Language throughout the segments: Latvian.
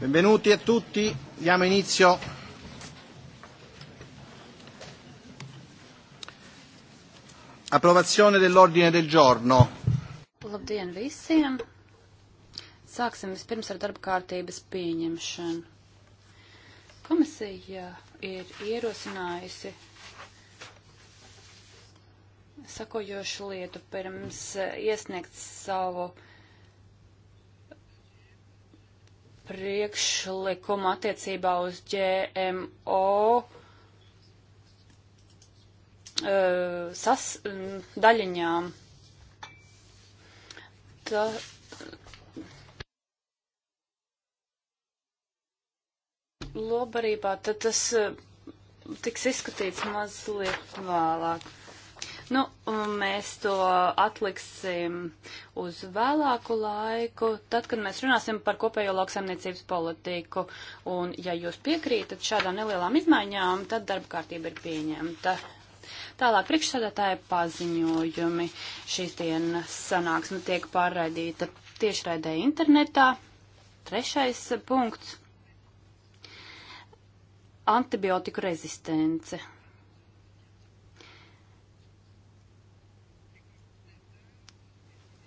Benvenuti a tutti, diamo inizio approvazione dell'ordine del giorno. Labdien visiem! Sāksim vispirms ar darba kārtības pieņemšanu. Komisija ir ierosinājusi sakojošu lietu pirms iesniegt savu uh, priekšlikumu attiecībā uz GMO e, sas, daļiņām. Ta, lobarībā tad tas e, tiks izskatīts mazliet vēlāk. Nu, mēs to atliksim uz vēlāku laiku, tad, kad mēs runāsim par kopējo lauksaimniecības politiku. Un, ja jūs piekrītat šādām nelielām izmaiņām, tad darba kārtība ir pieņemta. Tālāk priekšsēdētāja paziņojumi. Šīs dienas sanāksme tiek pārraidīta tiešraidē internetā. Trešais punkts - antibiotiku rezistence.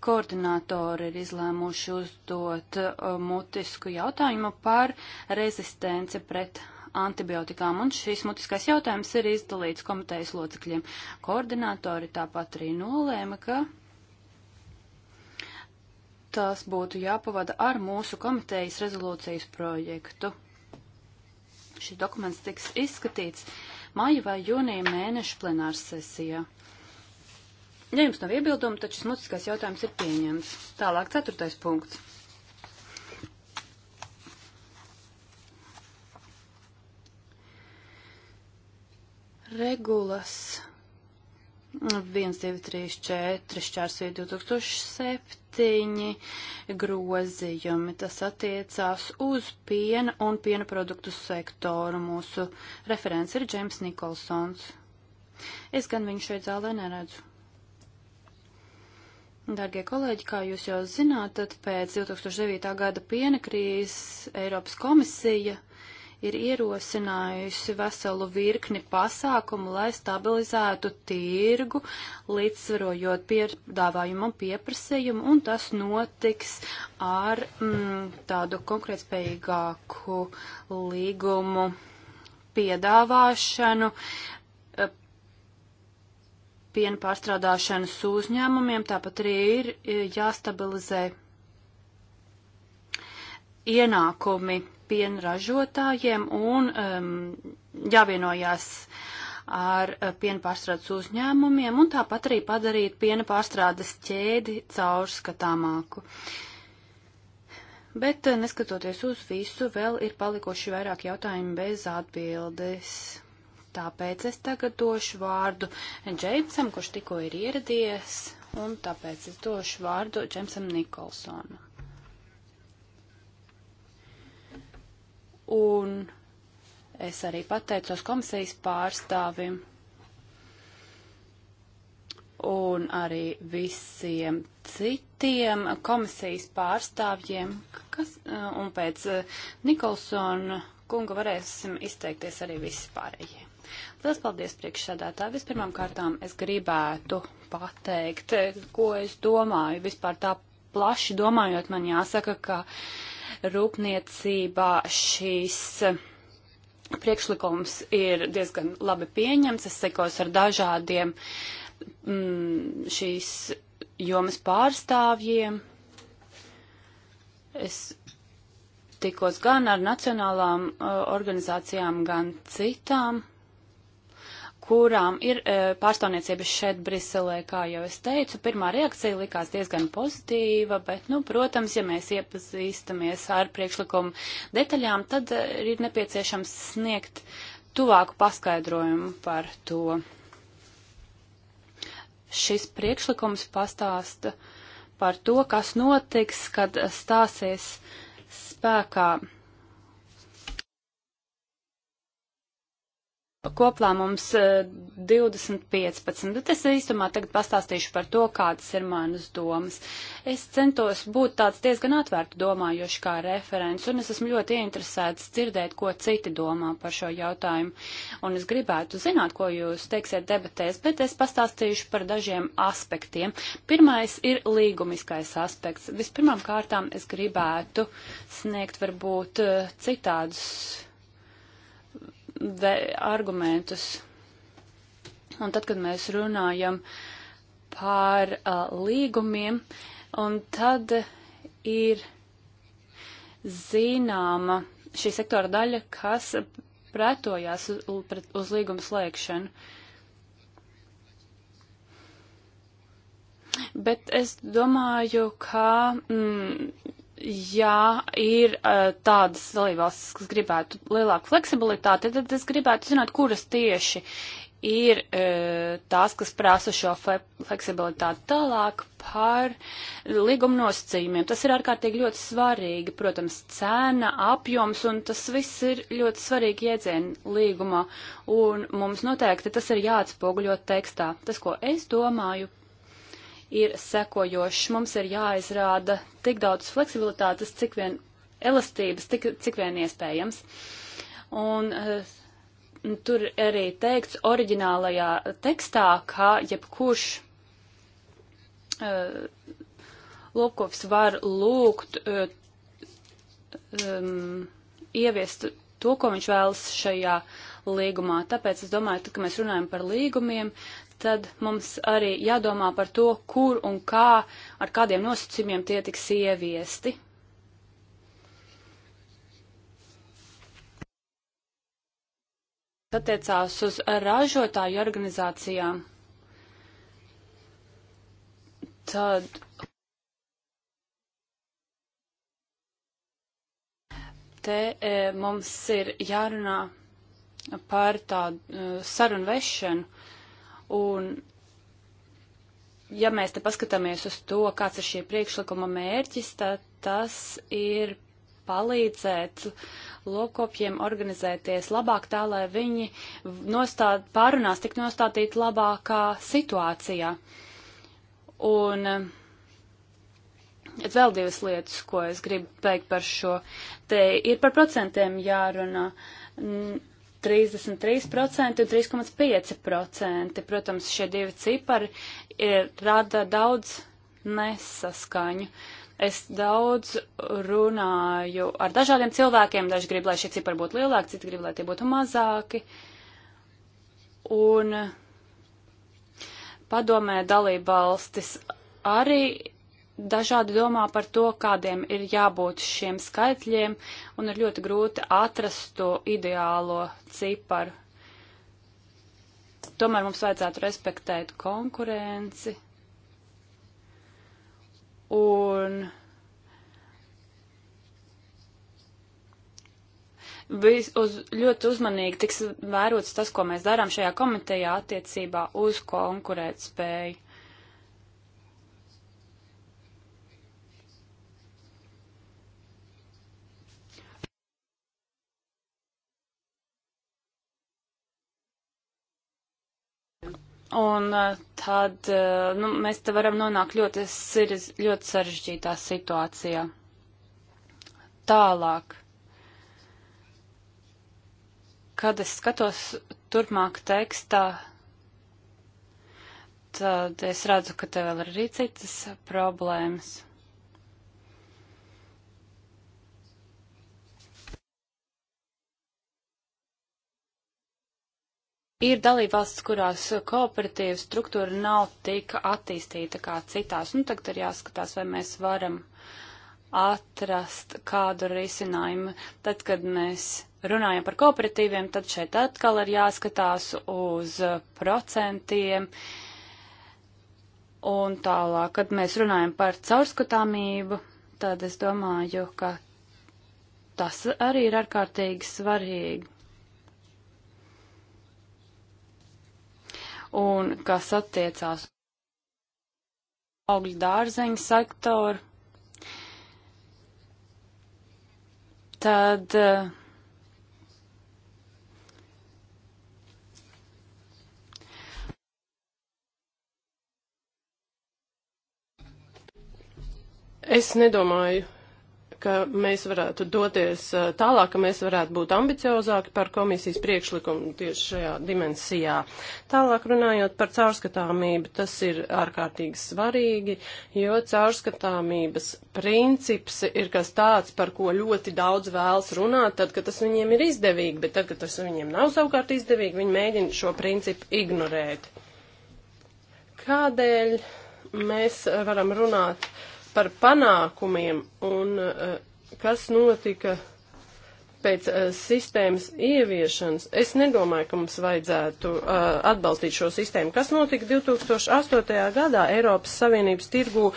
Koordinātori ir izlēmuši uzdot uh, mutisku jautājumu par rezistenci pret antibiotikām, un šis mutiskais jautājums ir izdalīts komitejas locekļiem. Koordinātori tāpat arī nolēma, ka tās būtu jāpavada ar mūsu komitejas rezolūcijas projektu. Šis dokuments tiks izskatīts māja vai jūnija mēneša plenārsesijā. sesijā. Ja jums nav iebildumi, tad šis mutiskais jautājums ir pieņemts. Tālāk, ceturtais punkts. Regulas 1, 2, 3, 4, 4, 2007 grozījumi. Tas attiecās uz piena un piena produktu sektoru. Mūsu referents ir Džeims Nikolsons. Es gan viņu šeit zālē neredzu. Dargie kolēģi, kā jūs jau zināt, tad pēc 2009. gada piena krīzes Eiropas komisija ir ierosinājusi veselu virkni pasākumu, lai stabilizētu tirgu, līdzsvarojot piedāvājumu un pieprasījumu, un tas notiks ar mm, tādu konkrētspējīgāku līgumu piedāvāšanu, piena pārstrādāšanas uzņēmumiem, tāpat arī ir e, jāstabilizē ienākumi piena ražotājiem un um, jāvienojās ar e, piena pārstrādes uzņēmumiem un tāpat arī padarīt piena pārstrādes ķēdi caurskatāmāku. Bet e, neskatoties uz visu, vēl ir palikuši vairāk jautājumu bez atbildes. Tāpēc es tagad došu vārdu Džeimsam, kurš tikko ir ieradies, un tāpēc es došu vārdu Džeimsam Nikolsonam. Un es arī pateicos komisijas pārstāvim un arī visiem citiem komisijas pārstāvjiem, kas, un pēc eh, Nikolsona kunga varēsim izteikties arī visi pārējie. Liels paldies priekšsēdētā. Vispirmām kārtām es gribētu pateikt, ko es domāju. Vispār tā plaši domājot, man jāsaka, ka rūpniecībā šīs priekšlikums ir diezgan labi pieņemts. Es sekos ar dažādiem mm, šīs jomas pārstāvjiem. Es tikos gan ar nacionālām uh, organizācijām, gan citām kurām ir e, pārstāvniecības šeit Briselē, kā jau es teicu. Pirmā reakcija likās diezgan pozitīva, bet, nu, protams, ja mēs iepazīstamies ar priekšlikumu detaļām, tad e, ir nepieciešams sniegt tuvāku paskaidrojumu par to. Šis priekšlikums pastāsta par to, kas notiks, kad stāsies spēkā Koplā mums 2015, eh, bet es īstumā tagad pastāstīšu par to, kādas ir manas domas. Es centos būt tāds diezgan atvērtu domājoši kā referents, un es esmu ļoti ieinteresēts dzirdēt, ko citi domā par šo jautājumu. Un es gribētu zināt, ko jūs teiksiet debatēs, bet es pastāstīšu par dažiem aspektiem. Pirmais ir līgumiskais aspekts. Vispirmām kārtām es gribētu sniegt varbūt eh, citādus argumentus. Un tad, kad mēs runājam par uh, līgumiem, un tad ir zināma šī sektora daļa, kas pretojās uz, pret, uz līgumu slēgšanu. Bet es domāju, ka mm, ja ir uh, tādas dalībvalstis, kas gribētu lielāku fleksibilitāti, tad es gribētu zināt, kuras tieši ir uh, tās, kas prasa šo fleksibilitāti tālāk par līguma nosacījumiem. Tas ir ārkārtīgi ļoti svarīgi, protams, cena, apjoms, un tas viss ir ļoti svarīgi iedzieni līgumā, un mums noteikti tas ir jāatspoguļot tekstā. Tas, ko es domāju ir sekojošs. Mums ir jāizrāda tik daudz fleksibilitātes, cik vien elastības, tik, cik vien iespējams. Un uh, tur arī teikts oriģinālajā tekstā, ka jebkurš uh, eh, lopkops var lūgt uh, um, ieviest to, ko viņš vēlas šajā līgumā. Tāpēc es domāju, tad, kad mēs runājam par līgumiem, tad mums arī jādomā par to, kur un kā, ar kādiem nosacījumiem tie tiks ieviesti. Attiecās uz ražotāju organizācijām. Tad te e, mums ir jārunā par tādu e, sarunu vešanu Un ja mēs te paskatāmies uz to, kāds ir šī priekšlikuma mērķis, tad tas ir palīdzēt lokopiem organizēties labāk tā, lai viņi nostād, pārunās tik nostādīt labākā situācijā. Un vēl divas lietas, ko es gribu teikt par šo. Te ir par procentiem jārunā. N 33% un 3,5%. Protams, šie divi cipari ir, e, rada daudz nesaskaņu. Es daudz runāju ar dažādiem cilvēkiem, daži grib, lai šie cipari būtu lielāki, citi grib, lai tie būtu mazāki. Un padomē dalība valstis arī dažādi domā par to, kādiem ir jābūt šiem skaitļiem, un ir ļoti grūti atrast to ideālo ciparu. Tomēr mums vajadzētu respektēt konkurenci un vis, uz, ļoti uzmanīgi tiks vērots tas, ko mēs darām šajā komitejā attiecībā uz konkurētspēju. Un eh, tad eh, nu, mēs te varam nonākt ļoti, siris, ļoti sarežģītā situācijā. Tālāk. Kad es skatos turpmāk tekstā, tad es redzu, ka te vēl ir arī citas problēmas. Ir dalībvalstis, kurās kooperatīva struktūra nav tik attīstīta kā citās. Nu, tagad ir jāskatās, vai mēs varam atrast kādu risinājumu. Tad, kad mēs runājam par kooperatīviem, tad šeit atkal ir jāskatās uz procentiem. Un tālāk, kad mēs runājam par caurskatāmību, tad es domāju, ka tas arī ir ārkārtīgi svarīgi. un kas attiecās augļu dārzeņu sektoru, tad Es nedomāju, ka mēs varētu doties eh, tālāk, ka mēs varētu būt ambiciozāki par komisijas priekšlikumu tieši šajā dimensijā. Tālāk runājot par caurskatāmību, tas ir ārkārtīgi svarīgi, jo caurskatāmības princips ir kas tāds, par ko ļoti daudz vēlas runāt, tad, kad tas viņiem ir izdevīgi, bet tad, kad tas viņiem nav savukārt izdevīgi, viņi mēģina šo principu ignorēt. Kādēļ mēs varam runāt? Uh, par panākumiem un uh, kas notika pēc uh, sistēmas ieviešanas. Es nedomāju, ka mums vajadzētu uh, atbalstīt šo sistēmu. Kas notika 2008. gadā? Eiropas Savienības tirgū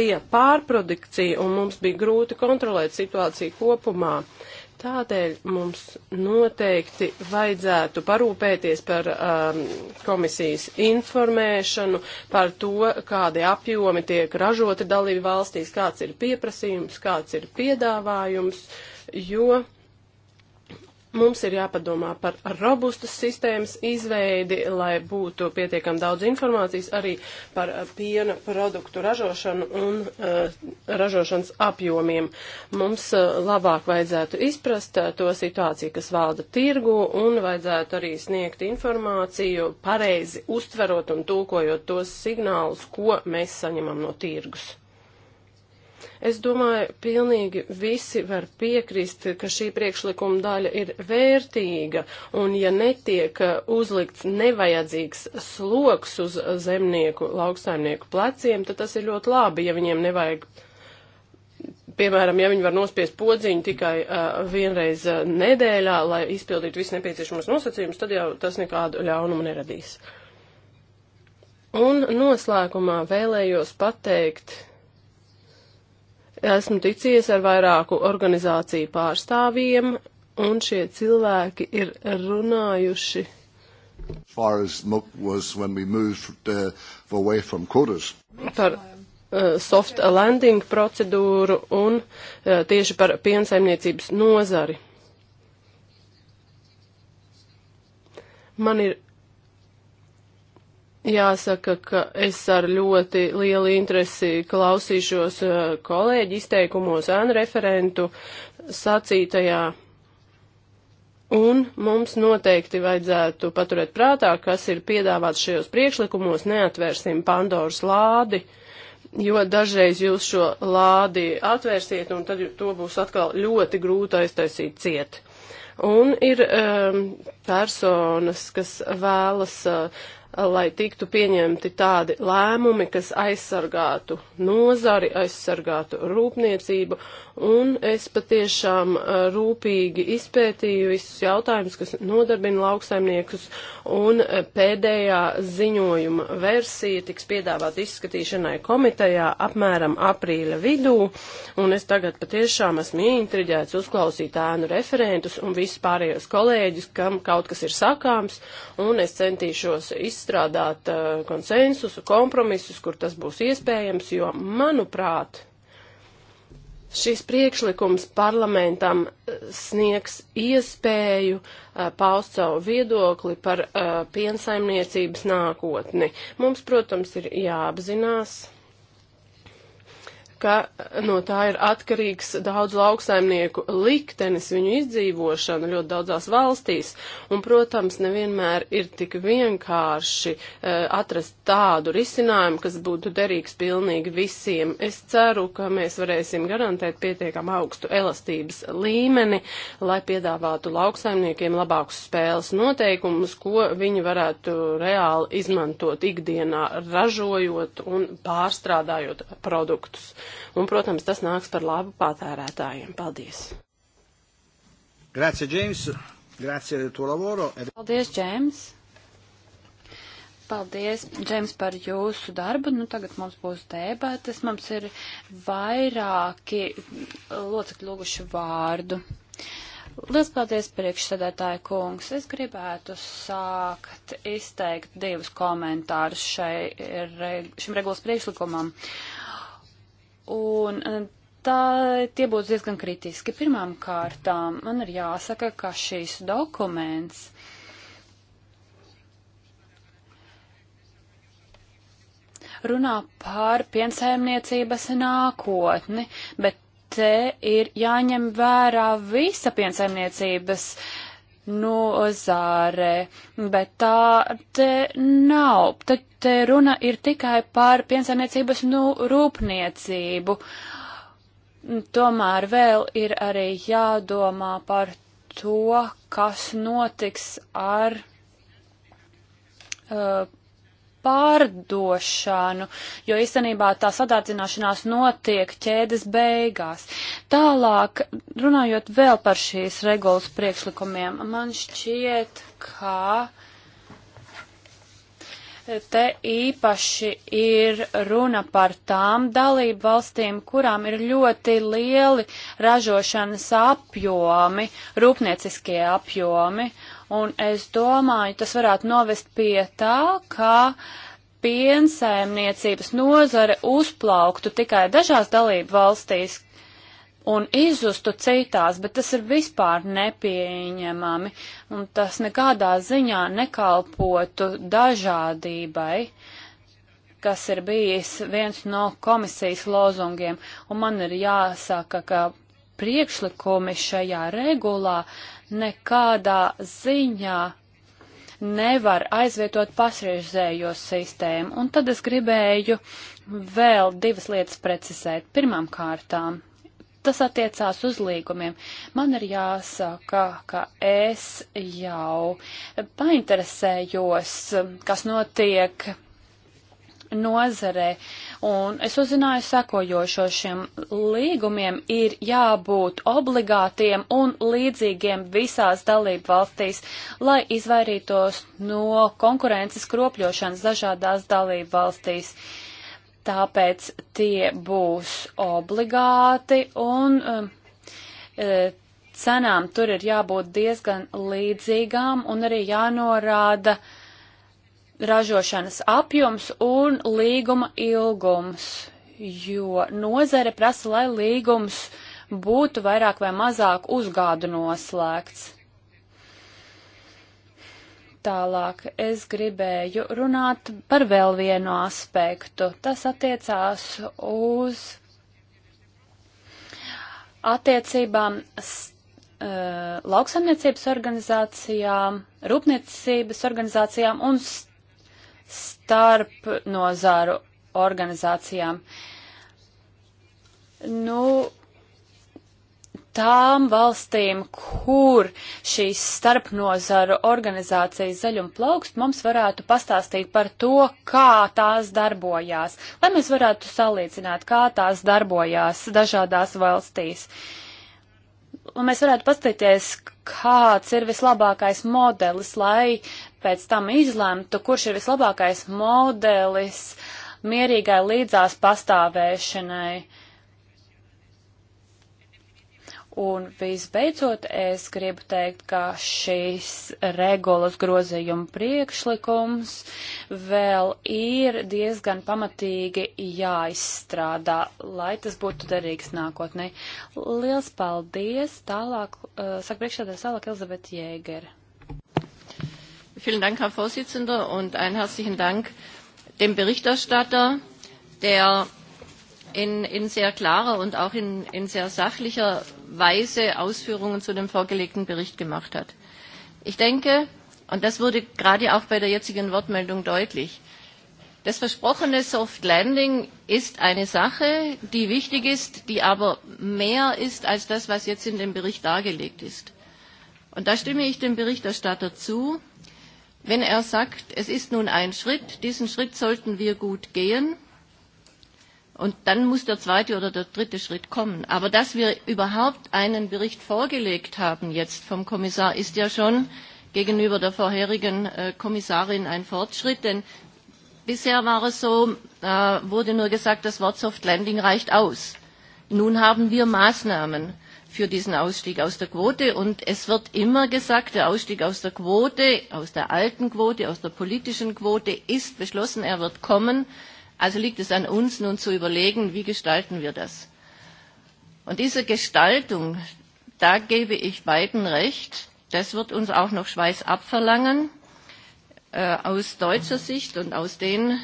bija pārprodukcija un mums bija grūti kontrolēt situāciju kopumā. Uh, Tādēļ mums noteikti vajadzētu parūpēties par um, komisijas informēšanu, par to, kādi apjomi tiek ražoti dalību valstīs, kāds ir pieprasījums, kāds ir piedāvājums, jo uh, Mums ir jāpadomā par robustas sistēmas izveidi, lai būtu pietiekam daudz informācijas arī par eh, piena produktu ražošanu un uh, ražošanas apjomiem. Mums uh, labāk vajadzētu izprast uh, to situāciju, kas valda tirgu, un vajadzētu arī sniegt informāciju pareizi uztverot un tūkojot tos signālus, ko mēs saņemam no tirgus. Es domāju, pilnīgi visi var piekrist, ka šī priekšlikuma daļa ir vērtīga, un ja netiek uh, uzlikts nevajadzīgs sloks uz zemnieku, lauksaimnieku pleciem, tad tas ir ļoti labi, ja viņiem nevajag. Piemēram, ja viņi var nospiest podziņu tikai uh, vienreiz uh, nedēļā, lai izpildītu visu nepieciešamos nosacījumus, tad jau tas nekādu ļaunumu neradīs. Un noslēgumā vēlējos pateikt, Esmu ticies ar vairāku organizāciju pārstāvjiem, un šie cilvēki ir runājuši. As as moved, uh, par uh, soft landing procedūru un uh, tieši par piensaimniecības nozari. Man ir Jāsaka, ka es ar ļoti lielu interesi klausīšos eh, kolēģi izteikumos ēnu referentu sacītajā. Un mums noteikti vajadzētu paturēt prātā, kas ir piedāvāts šajos priekšlikumos, neatvērsim Pandoras lādi, jo dažreiz jūs šo lādi atvērsiet, un tad to būs atkal ļoti grūti aiztaisīt ciet. Un ir um, personas, kas vēlas uh, lai tiktu pieņemti tādi lēmumi, kas aizsargātu nozari, aizsargātu rūpniecību, un es patiešām rūpīgi izpētīju visus jautājumus, kas nodarbina lauksaimniekus, un pēdējā ziņojuma versija tiks piedāvāt izskatīšanai komitejā apmēram aprīļa vidū, un es tagad patiešām esmu ieintriģēts uzklausīt ēnu referentus un visus pārējos kolēģus, kam kaut kas ir sakāms, un es centīšos izsākt izstrādāt uh, konsensusu, kompromisus, kur tas būs iespējams, jo, manuprāt, šis priekšlikums parlamentam uh, sniegs iespēju uh, paust savu viedokli par uh, piensaimniecības nākotni. Mums, protams, ir jāapzinās, ka no tā ir atkarīgs daudz lauksaimnieku liktenis, viņu izdzīvošana ļoti daudzās valstīs. Un, protams, nevienmēr ir tik vienkārši uh, atrast tādu risinājumu, kas būtu derīgs pilnīgi visiem. Es ceru, ka mēs varēsim garantēt pietiekam augstu elastības līmeni, lai piedāvātu lauksaimniekiem labākus spēles noteikumus, ko viņi varētu reāli izmantot ikdienā, ražojot un pārstrādājot produktus. Un, protams, tas nāks par labu patērētājiem. Paldies! Grazie, James! Grazie del tuo lavoro! Paldies, James! Paldies, Džems, par jūsu darbu. Nu, tagad mums būs debatas. Mums ir vairāki locekļi lūguši vārdu. Liels paldies, priekšsēdētāja kungs. Es gribētu sākt izteikt divus komentārus šai, šim regulas priekšlikumam. Uh, Un eh, tā, tie būtu diezgan kritiski. Pirmām kārtām man ir jāsaka, ka šīs dokuments runā par piensaimniecības nākotni, bet te ir jāņem vērā visa piensaimniecības uh, nozārē, bet tā te nav. Tad te runa ir tikai par piensaimniecības nu, rūpniecību. Tomēr vēl ir arī jādomā par to, kas notiks ar uh, pārdošanu, jo īstenībā tā sadārdzināšanās notiek ķēdes beigās. Tālāk, runājot vēl par šīs regulas priekšlikumiem, man šķiet, ka te īpaši ir runa par tām dalību valstīm, kurām ir ļoti lieli ražošanas apjomi, rūpnieciskie apjomi, Un es domāju, tas varētu novest pie tā, ka piensēmniecības nozare uzplauktu tikai dažās dalību valstīs un izustu citās, bet tas ir vispār nepieņemami, un tas nekādā ziņā nekalpotu dažādībai kas ir bijis viens no komisijas lozungiem, un man ir jāsaka, ka priekšlikumi šajā regulā nekādā ziņā nevar aizvietot pašreizējo sistēmu. Un tad es gribēju vēl divas lietas precizēt. Pirmām kārtām, tas attiecās uz līgumiem. Man ir jāsaka, ka es jau painteresējos, kas notiek nozarē. Un es uzzināju sekojošo šiem līgumiem ir jābūt obligātiem un līdzīgiem visās dalību valstīs, lai izvairītos no konkurences kropļošanas dažādās dalību valstīs tāpēc tie būs obligāti un um, e, cenām tur ir jābūt diezgan līdzīgām un arī jānorāda ražošanas apjoms un līguma ilgums, jo nozare prasa, lai līgums būtu vairāk vai mazāk uz gadu noslēgts. Tālāk es gribēju runāt par vēl vienu aspektu. Tas attiecās uz attiecībām uh, lauksaimniecības organizācijām, rūpniecības organizācijām un starp nozāru organizācijām. Nu, tām valstīm, kur šīs starpnozaru organizācijas zaļuma plaukst, mums varētu pastāstīt par to, kā tās darbojās, lai mēs varētu salīdzināt, kā tās darbojās dažādās valstīs. Un mēs varētu paskatīties, kāds ir vislabākais modelis, lai pēc tam izlemtu, kurš ir vislabākais modelis mierīgai līdzās pastāvēšanai. Un visbeidzot, es gribu teikt, ka šīs regulas grozījuma priekšlikums vēl ir diezgan pamatīgi jāizstrādā, lai tas būtu derīgs nākotnē. Liels paldies! Tālāk, uh, saka priekšsēdētājs, tālāk Elizabete Jēgere. Vielen Dank, Herr Vorsitzender, und einen herzlichen Dank dem Berichterstatter, der in, in sehr klarer und auch in, in sehr sachlicher Weise Ausführungen zu dem vorgelegten Bericht gemacht hat. Ich denke, und das wurde gerade auch bei der jetzigen Wortmeldung deutlich, das versprochene Soft Landing ist eine Sache, die wichtig ist, die aber mehr ist als das, was jetzt in dem Bericht dargelegt ist. Und da stimme ich dem Berichterstatter zu, wenn er sagt, es ist nun ein Schritt, diesen Schritt sollten wir gut gehen, und dann muss der zweite oder der dritte Schritt kommen. Aber dass wir überhaupt einen Bericht vorgelegt haben jetzt vom Kommissar, ist ja schon gegenüber der vorherigen äh, Kommissarin ein Fortschritt, denn bisher war es so, äh, wurde nur gesagt, das Wort Soft Landing reicht aus. Nun haben wir Maßnahmen für diesen Ausstieg aus der Quote. Und es wird immer gesagt, der Ausstieg aus der Quote, aus der alten Quote, aus der politischen Quote ist beschlossen, er wird kommen. Also liegt es an uns nun zu überlegen, wie gestalten wir das. Und diese Gestaltung, da gebe ich beiden recht, das wird uns auch noch Schweiß abverlangen. Äh, aus deutscher Sicht und aus den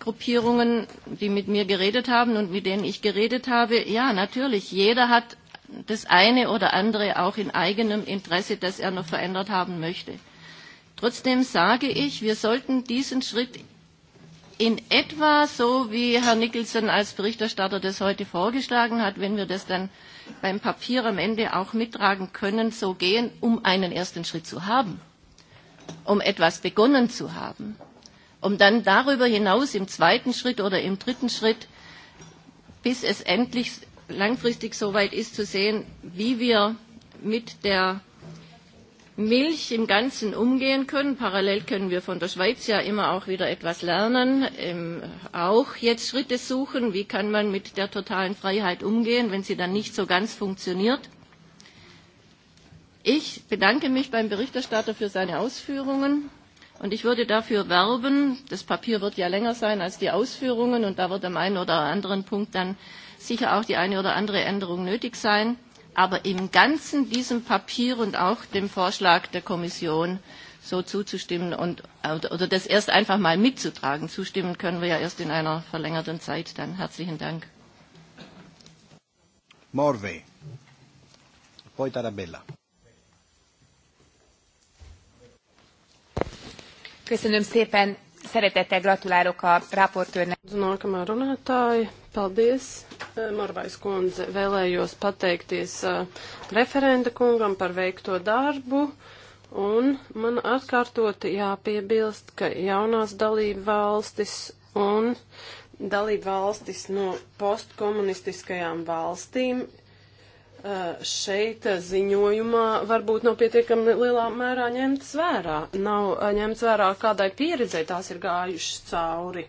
Gruppierungen, die mit mir geredet haben und mit denen ich geredet habe, ja, natürlich, jeder hat das eine oder andere auch in eigenem Interesse, das er noch verändert haben möchte. Trotzdem sage ich, wir sollten diesen Schritt in etwa so, wie Herr Nicholson als Berichterstatter das heute vorgeschlagen hat, wenn wir das dann beim Papier am Ende auch mittragen können, so gehen, um einen ersten Schritt zu haben, um etwas begonnen zu haben, um dann darüber hinaus im zweiten Schritt oder im dritten Schritt, bis es endlich langfristig soweit ist, zu sehen, wie wir mit der Milch im Ganzen umgehen können. Parallel können wir von der Schweiz ja immer auch wieder etwas lernen. Ähm, auch jetzt Schritte suchen, wie kann man mit der totalen Freiheit umgehen, wenn sie dann nicht so ganz funktioniert. Ich bedanke mich beim Berichterstatter für seine Ausführungen. Und ich würde dafür werben, das Papier wird ja länger sein als die Ausführungen und da wird am einen oder anderen Punkt dann äh, sicher auch die eine oder andere Änderung nötig sein. Aber im Ganzen diesem Papier und auch dem Vorschlag der Kommission so zuzustimmen und oder das erst einfach mal mitzutragen. Zustimmen können wir ja erst in einer verlängerten Zeit. Dann herzlichen Dank. Morve. Poi Tarabella. Köszönöm szépen. Szeretettel gratulálok a raportőrnek. Nākamā runātāja, paldies. Eh, Marvais kundze, vēlējos pateikties eh, referenda kungam par veikto darbu. Un man atkārtoti jāpiebilst, ka jaunās dalība valstis un dalība valstis no postkomunistiskajām valstīm Eh, šeit ziņojumā varbūt nav pietiekami lielā mērā ņemts vērā. Nav eh, ņemts vērā, kādai pieredzei tās ir gājušas cauri.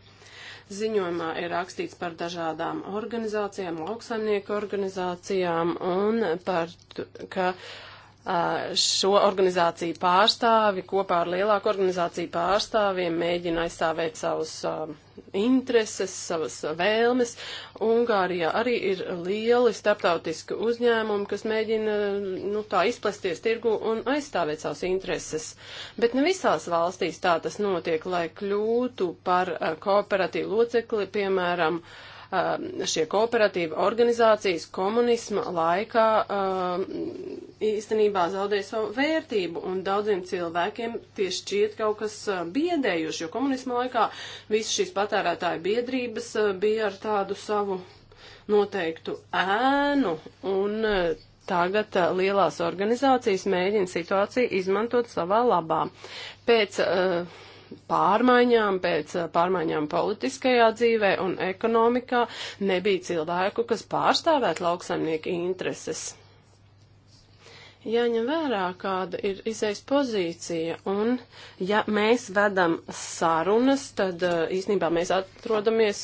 Ziņojumā ir rakstīts par dažādām organizācijām, lauksaimnieku organizācijām un par, ka uh, šo organizāciju pārstāvi kopā ar lielāku organizāciju pārstāvjiem mēģina aizstāvēt savus intereses, savas vēlmes. Ungārijā arī ir lieli starptautiski uzņēmumi, kas mēģina nu, tā izplesties tirgu un aizstāvēt savas intereses. Bet ne visās valstīs tā tas notiek, lai kļūtu par kooperatīvu locekli, piemēram, uh, Um, šie kooperatīva organizācijas komunisma laikā um, īstenībā zaudēja savu vērtību un daudziem cilvēkiem tieši šķiet kaut kas um, biedējuši, jo komunisma laikā visas šīs patērētāju biedrības uh, bija ar tādu savu noteiktu ēnu un uh, tagad uh, lielās organizācijas mēģina situāciju izmantot savā labā. Pēc uh, pārmaiņām, pēc pārmaiņām politiskajā dzīvē un ekonomikā nebija cilvēku, kas pārstāvētu lauksaimnieku intereses. Jāņem vērā, kāda ir izējas pozīcija, un ja mēs vedam sarunas, tad īsnībā mēs atrodamies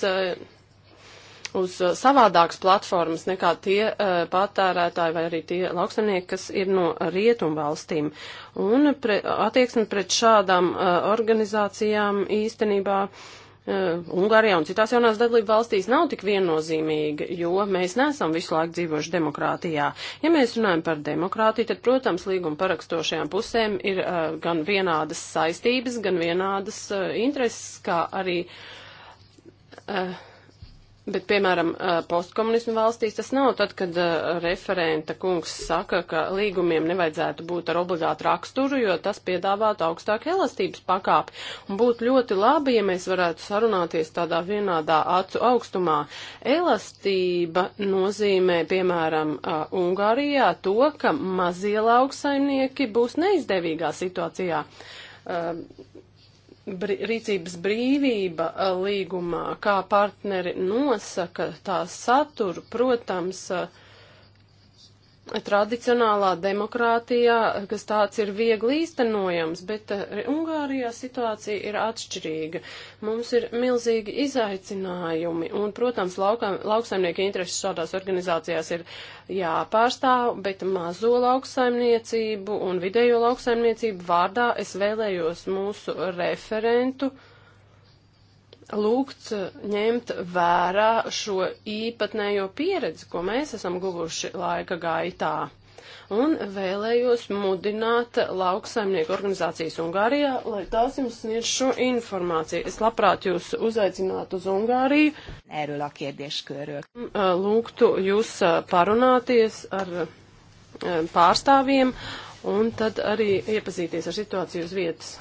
uz uh, savādākas platformas nekā tie uh, patērētāji vai arī tie lauksaimnieki, kas ir no rietumu valstīm. Un pre, attieksme pret šādām uh, organizācijām īstenībā uh, Ungārijā un citās jaunās dalību valstīs nav tik viennozīmīga, jo mēs neesam visu laiku dzīvojuši demokrātijā. Ja mēs runājam par demokrātiju, tad, protams, līguma parakstošajām pusēm ir uh, gan vienādas saistības, gan vienādas uh, intereses, kā arī. Uh, Bet, piemēram, postkomunismu valstīs tas nav tad, kad referenta kungs saka, ka līgumiem nevajadzētu būt ar obligātu raksturu, jo tas piedāvātu augstāku elastības pakāpi. Un būtu ļoti labi, ja mēs varētu sarunāties tādā vienādā acu augstumā. Elastība nozīmē, piemēram, Ungārijā to, ka mazie lauksaimnieki būs neizdevīgā situācijā br rīcības brīvība līgumā, kā partneri nosaka tā saturu, protams, uh, tradicionālā demokrātijā, kas tāds ir viegli īstenojams, bet eh, Ungārijā situācija ir atšķirīga. Mums ir milzīgi izaicinājumi, un, protams, laukā, lauksaimnieku intereses šādās organizācijās ir jāpārstāv, bet mazo lauksaimniecību un vidējo lauksaimniecību vārdā es vēlējos mūsu referentu uh, lūgts eh, ņemt vērā šo īpatnējo pieredzi, ko mēs esam guvuši laika gaitā un vēlējos mudināt lauksaimnieku organizācijas Ungārijā, lai tās jums sniedz šo informāciju. Es labprāt jūs uzaicinātu uz Ungāriju. Erről a kérdéskörről. Mm, eh, lūgtu jūs eh, parunāties ar pārstāvjiem un tad arī iepazīties ar situāciju uz vietas.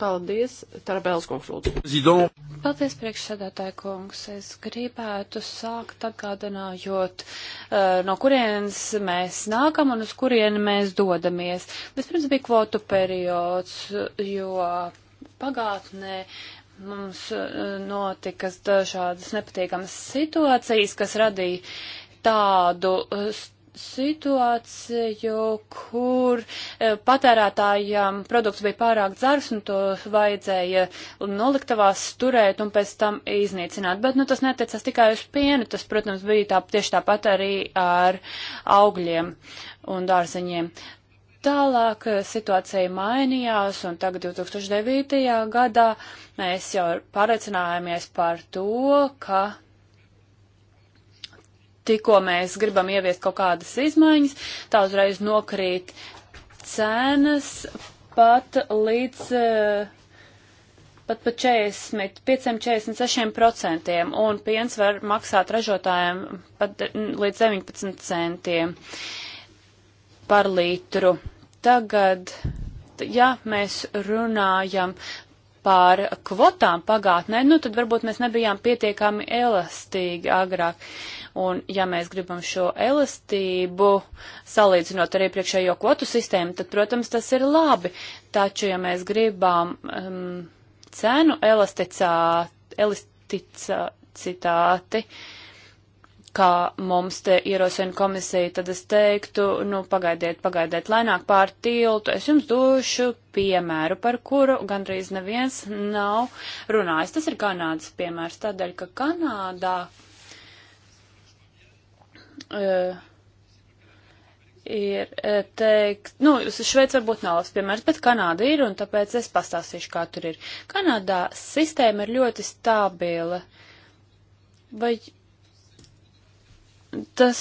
Paldies, Tarabēls kungs, lūdzu. Zidon. Paldies, priekšsēdētāji kungs. Es gribētu sākt atgādinājot, uh, no kurienes mēs nākam un uz kurieni mēs dodamies. Vispirms bija kvotu periods, jo pagātnē mums eh, notika dažādas nepatīkamas situācijas, kas radīja tādu. Uh, situāciju, kur e, patērētājiem produkts bija pārāk dzars un to vajadzēja noliktavās turēt un pēc tam iznīcināt. Bet nu, tas neatiecas tikai uz pienu, tas, protams, bija tā, tieši tāpat arī ar augļiem un dārzeņiem. Tālāk e, situācija mainījās, un tagad 2009. gadā mēs jau pārliecinājāmies par to, ka tikko mēs gribam ieviest kaut kādas izmaiņas, tā uzreiz nokrīt cenas pat līdz. Eh, pat pa 40, 546 procentiem, un piens var maksāt ražotājiem pat līdz 19 centiem par litru. Tagad, ja mēs runājam par kvotām pagātnē, nu tad varbūt mēs nebijām pietiekami elastīgi agrāk. Uh, Un ja mēs gribam šo elastību salīdzinot ar iepriekšējo kvotu sistēmu, tad, protams, tas ir labi. Taču, ja mēs gribam um, cenu elasticitāti, kā mums te ierosina komisija, tad es teiktu, nu, pagaidiet, pagaidiet, lēnāk pār tiltu, es jums došu piemēru, par kuru gandrīz neviens nav runājis. Tas ir Kanādas piemērs, tādēļ, ka Kanādā uh, ir eh, teikt, nu, Šveica varbūt nav labs piemērs, bet Kanāda ir, un tāpēc es pastāstīšu, kā tur ir. Kanādā sistēma ir ļoti stabila. Vai tas,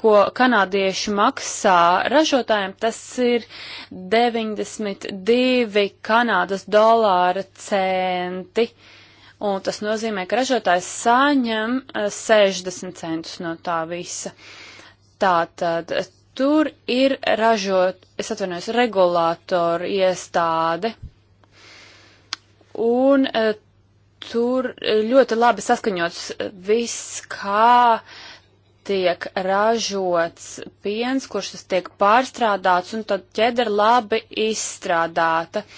ko kanādieši maksā ražotājiem, tas ir 92 Kanādas dolāra centi. Uh, un tas nozīmē, ka ražotājs saņem 60 eh, centus no tā visa. Tātad eh, tur ir ražot, es atvainojos, regulātoru iestāde, un eh, tur ļoti labi saskaņots viss, kā tiek ražots piens, kurš tas tiek pārstrādāts, un tad ķedra labi izstrādāta. Uh,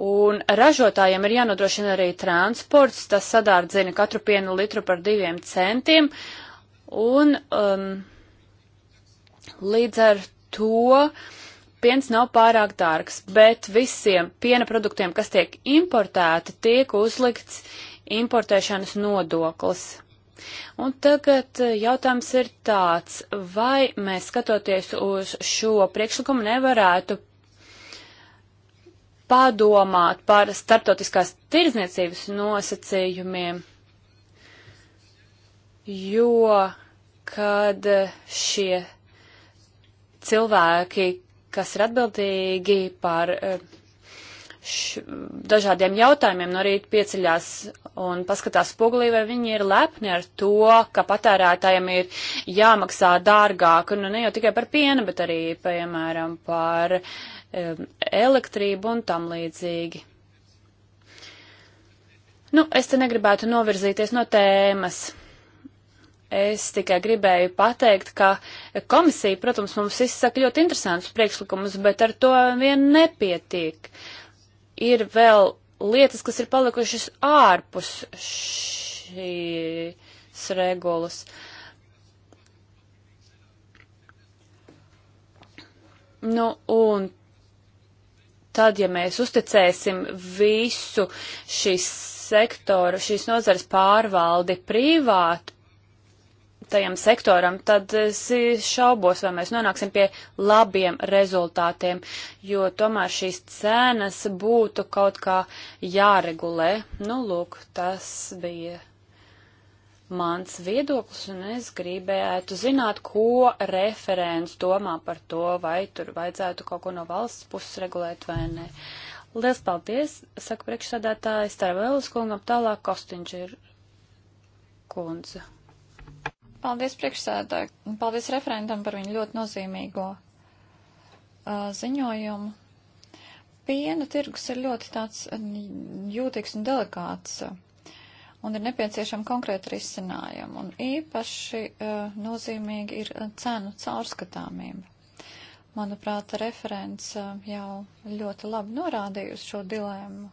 Un ražotājiem ir jānodrošina arī transports, tas sadārdzina katru pienu litru par diviem centiem. Un um, līdz ar to piens nav pārāk dārgs, bet visiem piena produktiem, kas tiek importēti, tiek uzlikts importēšanas nodoklis. Un tagad uh, jautājums ir tāds, vai mēs skatoties uz šo priekšlikumu nevarētu padomāt par starptautiskās tirdzniecības nosacījumiem, jo kad šie cilvēki, kas ir atbildīgi par eh, š, dažādiem jautājumiem, no rīta pieceļās un paskatās spogulī, vai viņi ir lepni ar to, ka patērētājiem ir jāmaksā dārgāk, nu ne jau tikai par pienu, bet arī, piemēram, par uh, Um, elektrību un tam līdzīgi. Nu, es te negribētu novirzīties no tēmas. Es tikai gribēju pateikt, ka komisija, protams, mums izsaka ļoti interesantus priekšlikumus, bet ar to vien nepietiek. Ir vēl lietas, kas ir palikušas ārpus šīs regulas. Nu, un tad, ja mēs uzticēsim visu šīs sektoru, šīs nozares pārvaldi privātu tajam sektoram, tad es šaubos, vai mēs nonāksim pie labiem rezultātiem, jo tomēr šīs cenas būtu kaut kā jāregulē. Nu, lūk, tas bija mans viedoklis, un es gribētu zināt, ko referents domā par to, vai tur vajadzētu kaut ko no valsts puses regulēt vai nē. Liels paldies, saka priekšsādātājs Tarvēlis kungam, tālāk Kostiņš ir kundze. Paldies priekšsēdētāji, paldies referentam par viņu ļoti nozīmīgo uh, ziņojumu. Piena tirgus ir ļoti tāds jūtīgs un delikāts. Uh, un ir nepieciešama konkrēta risinājuma. Un īpaši uh, nozīmīgi ir eh, cenu caurskatāmība. Manuprāt, referents uh, jau ļoti labi norādījusi šo dilēmu,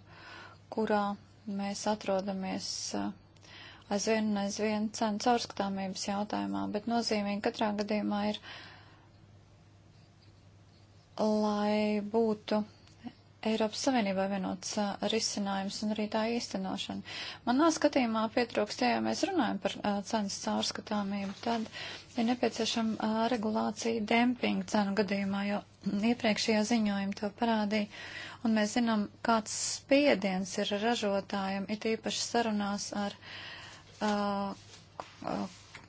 kurā mēs atrodamies uh, aizvien un aizvien cenu caurskatāmības jautājumā, bet nozīmīgi katrā gadījumā ir, lai būtu Eiropas Savienībā vienots uh, risinājums un arī tā īstenošana. Manā skatījumā pietrūkst, ja mēs runājam par uh, cenas caurskatāmību, tad ir nepieciešama uh, regulācija dempinga cenu gadījumā, jo iepriekšējā ziņojuma to parādīja, un mēs zinām, kāds spiediens ir ražotājiem, it īpaši sarunās ar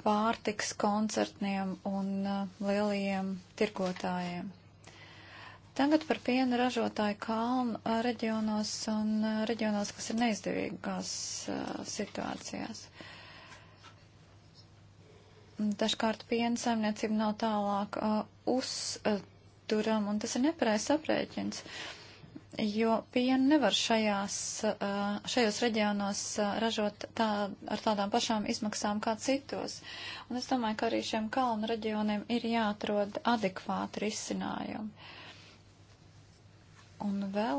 pārtiks koncertiem un lielajiem tirgotājiem. Tagad par piena ražotāju kalnu reģionos un reģionos, kas ir neizdevīgās situācijās. Dažkārt piena saimniecība nav tālāk uzturam, un tas ir nepareizs aprēķins, jo piena nevar šajās, šajos reģionos ražot tā, ar tādām pašām izmaksām kā citos. Un es domāju, ka arī šiem kalnu reģioniem ir jāatrod adekvāti risinājumi Un vēl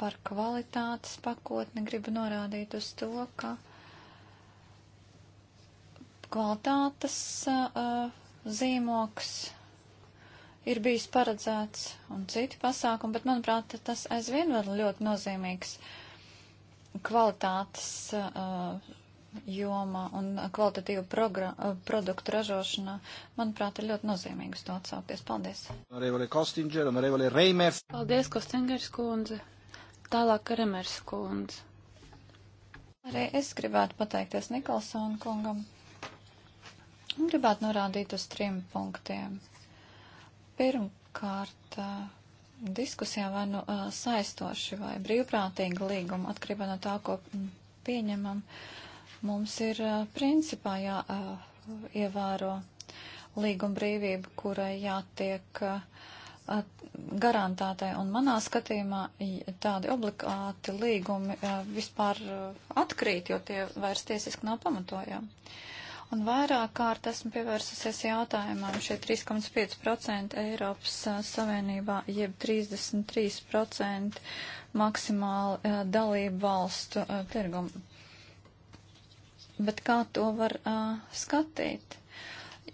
par kvalitātes pakotni gribu norādīt uz to, ka kvalitātes uh, zīmoks ir bijis paredzēts un citi pasākumi, bet, manuprāt, tas aizvien vēl ļoti nozīmīgs kvalitātes uh, jomā un kvalitatīvu eh, produktu ražošanā, manuprāt, ir ļoti nozīmīgs to atsaukties. Paldies. Honorevole Kostinger, honorevole Reimers. Paldies, Kostingers kundze. Tālāk Remers kundze. Arī es gribētu pateikties Nikolsonu kungam. Un gribētu norādīt uz trim punktiem. Pirmkārt, eh, diskusijā vai nu eh, saistoši vai brīvprātīgi līguma atkarībā no tā, ko mm, pieņemam. Uh, Mums ir principā jāievēro līguma brīvība, kurai jātiek garantētai. Un manā skatījumā tādi obligāti līgumi vispār atkrīt, jo tie vairs tiesiski nav pamatojami. Un vairāk kārt esmu pievērsusies jautājumam šie 3,5% Eiropas Savienībā, jeb 33% maksimāli dalību valstu tirgumu bet kā to var uh, skatīt?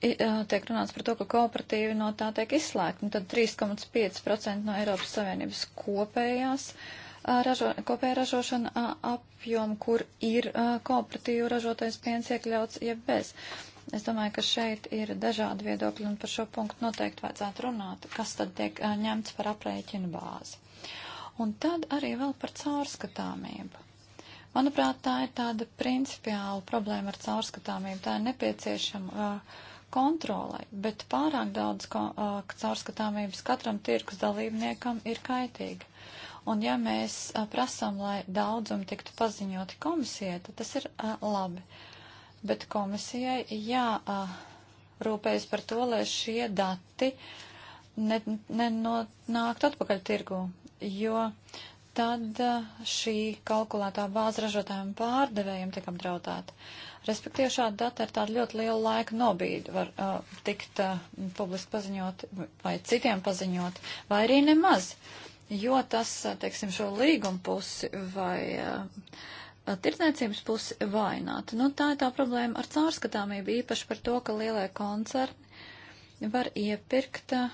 I, uh, tiek runāts par to, ka kooperatīvi no tā tiek izslēgti, un nu, tad 3,5% no Eiropas Savienības kopējās uh, ražo, kopējā ražošana uh, apjoma, kur ir uh, kooperatīvu ražotais piens iekļauts, ja bez. Es domāju, ka šeit ir dažādi viedokļi, un par šo punktu noteikti vajadzētu runāt, kas tad tiek ņemts par aprēķinu bāzi. Un tad arī vēl par caurskatāmību. Manuprāt, tā ir tāda principiāla problēma ar caurskatāmību. Tā ir nepieciešama uh, kontrolai, bet pārāk daudz ko, uh, caurskatāmības katram tirkus dalībniekam ir kaitīga. Un ja mēs uh, prasam, lai daudzumi tiktu paziņoti komisijai, tad tas ir uh, labi. Bet komisijai jārūpējas uh, par to, lai šie dati nenonāktu ne, ne atpakaļ tirgu, jo tad eh, šī kalkulētā bāze ražotājiem pārdevējiem tiek apdraudēta. Respektīvi šāda data ar tādu ļoti lielu laika nobīdu var uh, tikt uh, publiski paziņot vai citiem paziņot, vai arī nemaz, jo tas, teiksim, šo līgumu pusi vai uh, tirdzniecības pusi vainot. Nu, tā ir tā problēma ar caurskatāmību, īpaši par to, ka lielie koncerni var iepirkt uh,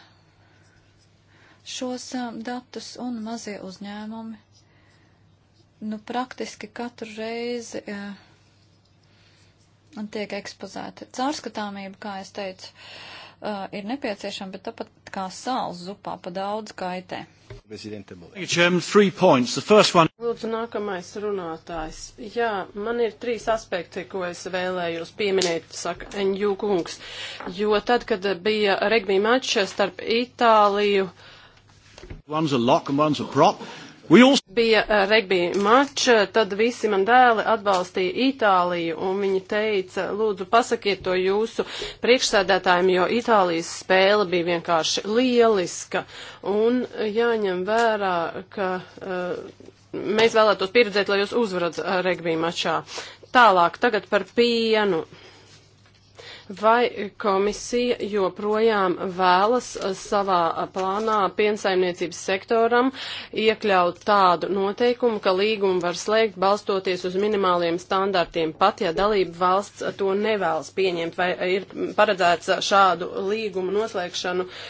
šos datus un mazie uzņēmumi. Nu, praktiski katru reizi uh, tiek ekspozēti. Cārskatāmība, kā es teicu, uh, ir nepieciešama, bet tāpat kā sāls zupā pa daudz kaitē. Lūdzu, nākamais runātājs. Jā, man ir trīs aspekti, ko es vēlējos pieminēt, saka Enju kungs. Jo tad, kad bija regbija mačs starp Itāliju, uh, Lock, all... Bija uh, regbija mačs, uh, tad visi man dēli atbalstīja Itāliju, un viņi teica, lūdzu, pasakiet to jūsu priekšsēdētājiem, jo Itālijas spēle bija vienkārši lieliska, un jāņem vērā, ka. Uh, mēs vēlētos pieredzēt, lai jūs uzvarat uh, regbija mačā. Tālāk, tagad par pienu. Vai komisija joprojām vēlas eh, savā eh, plānā piensaimniecības sektoram iekļaut tādu noteikumu, ka līgumu var slēgt balstoties uz minimāliem standartiem, pat ja dalība valsts to nevēlas pieņemt, vai ir paredzēts eh, šādu līgumu noslēgšanu uh,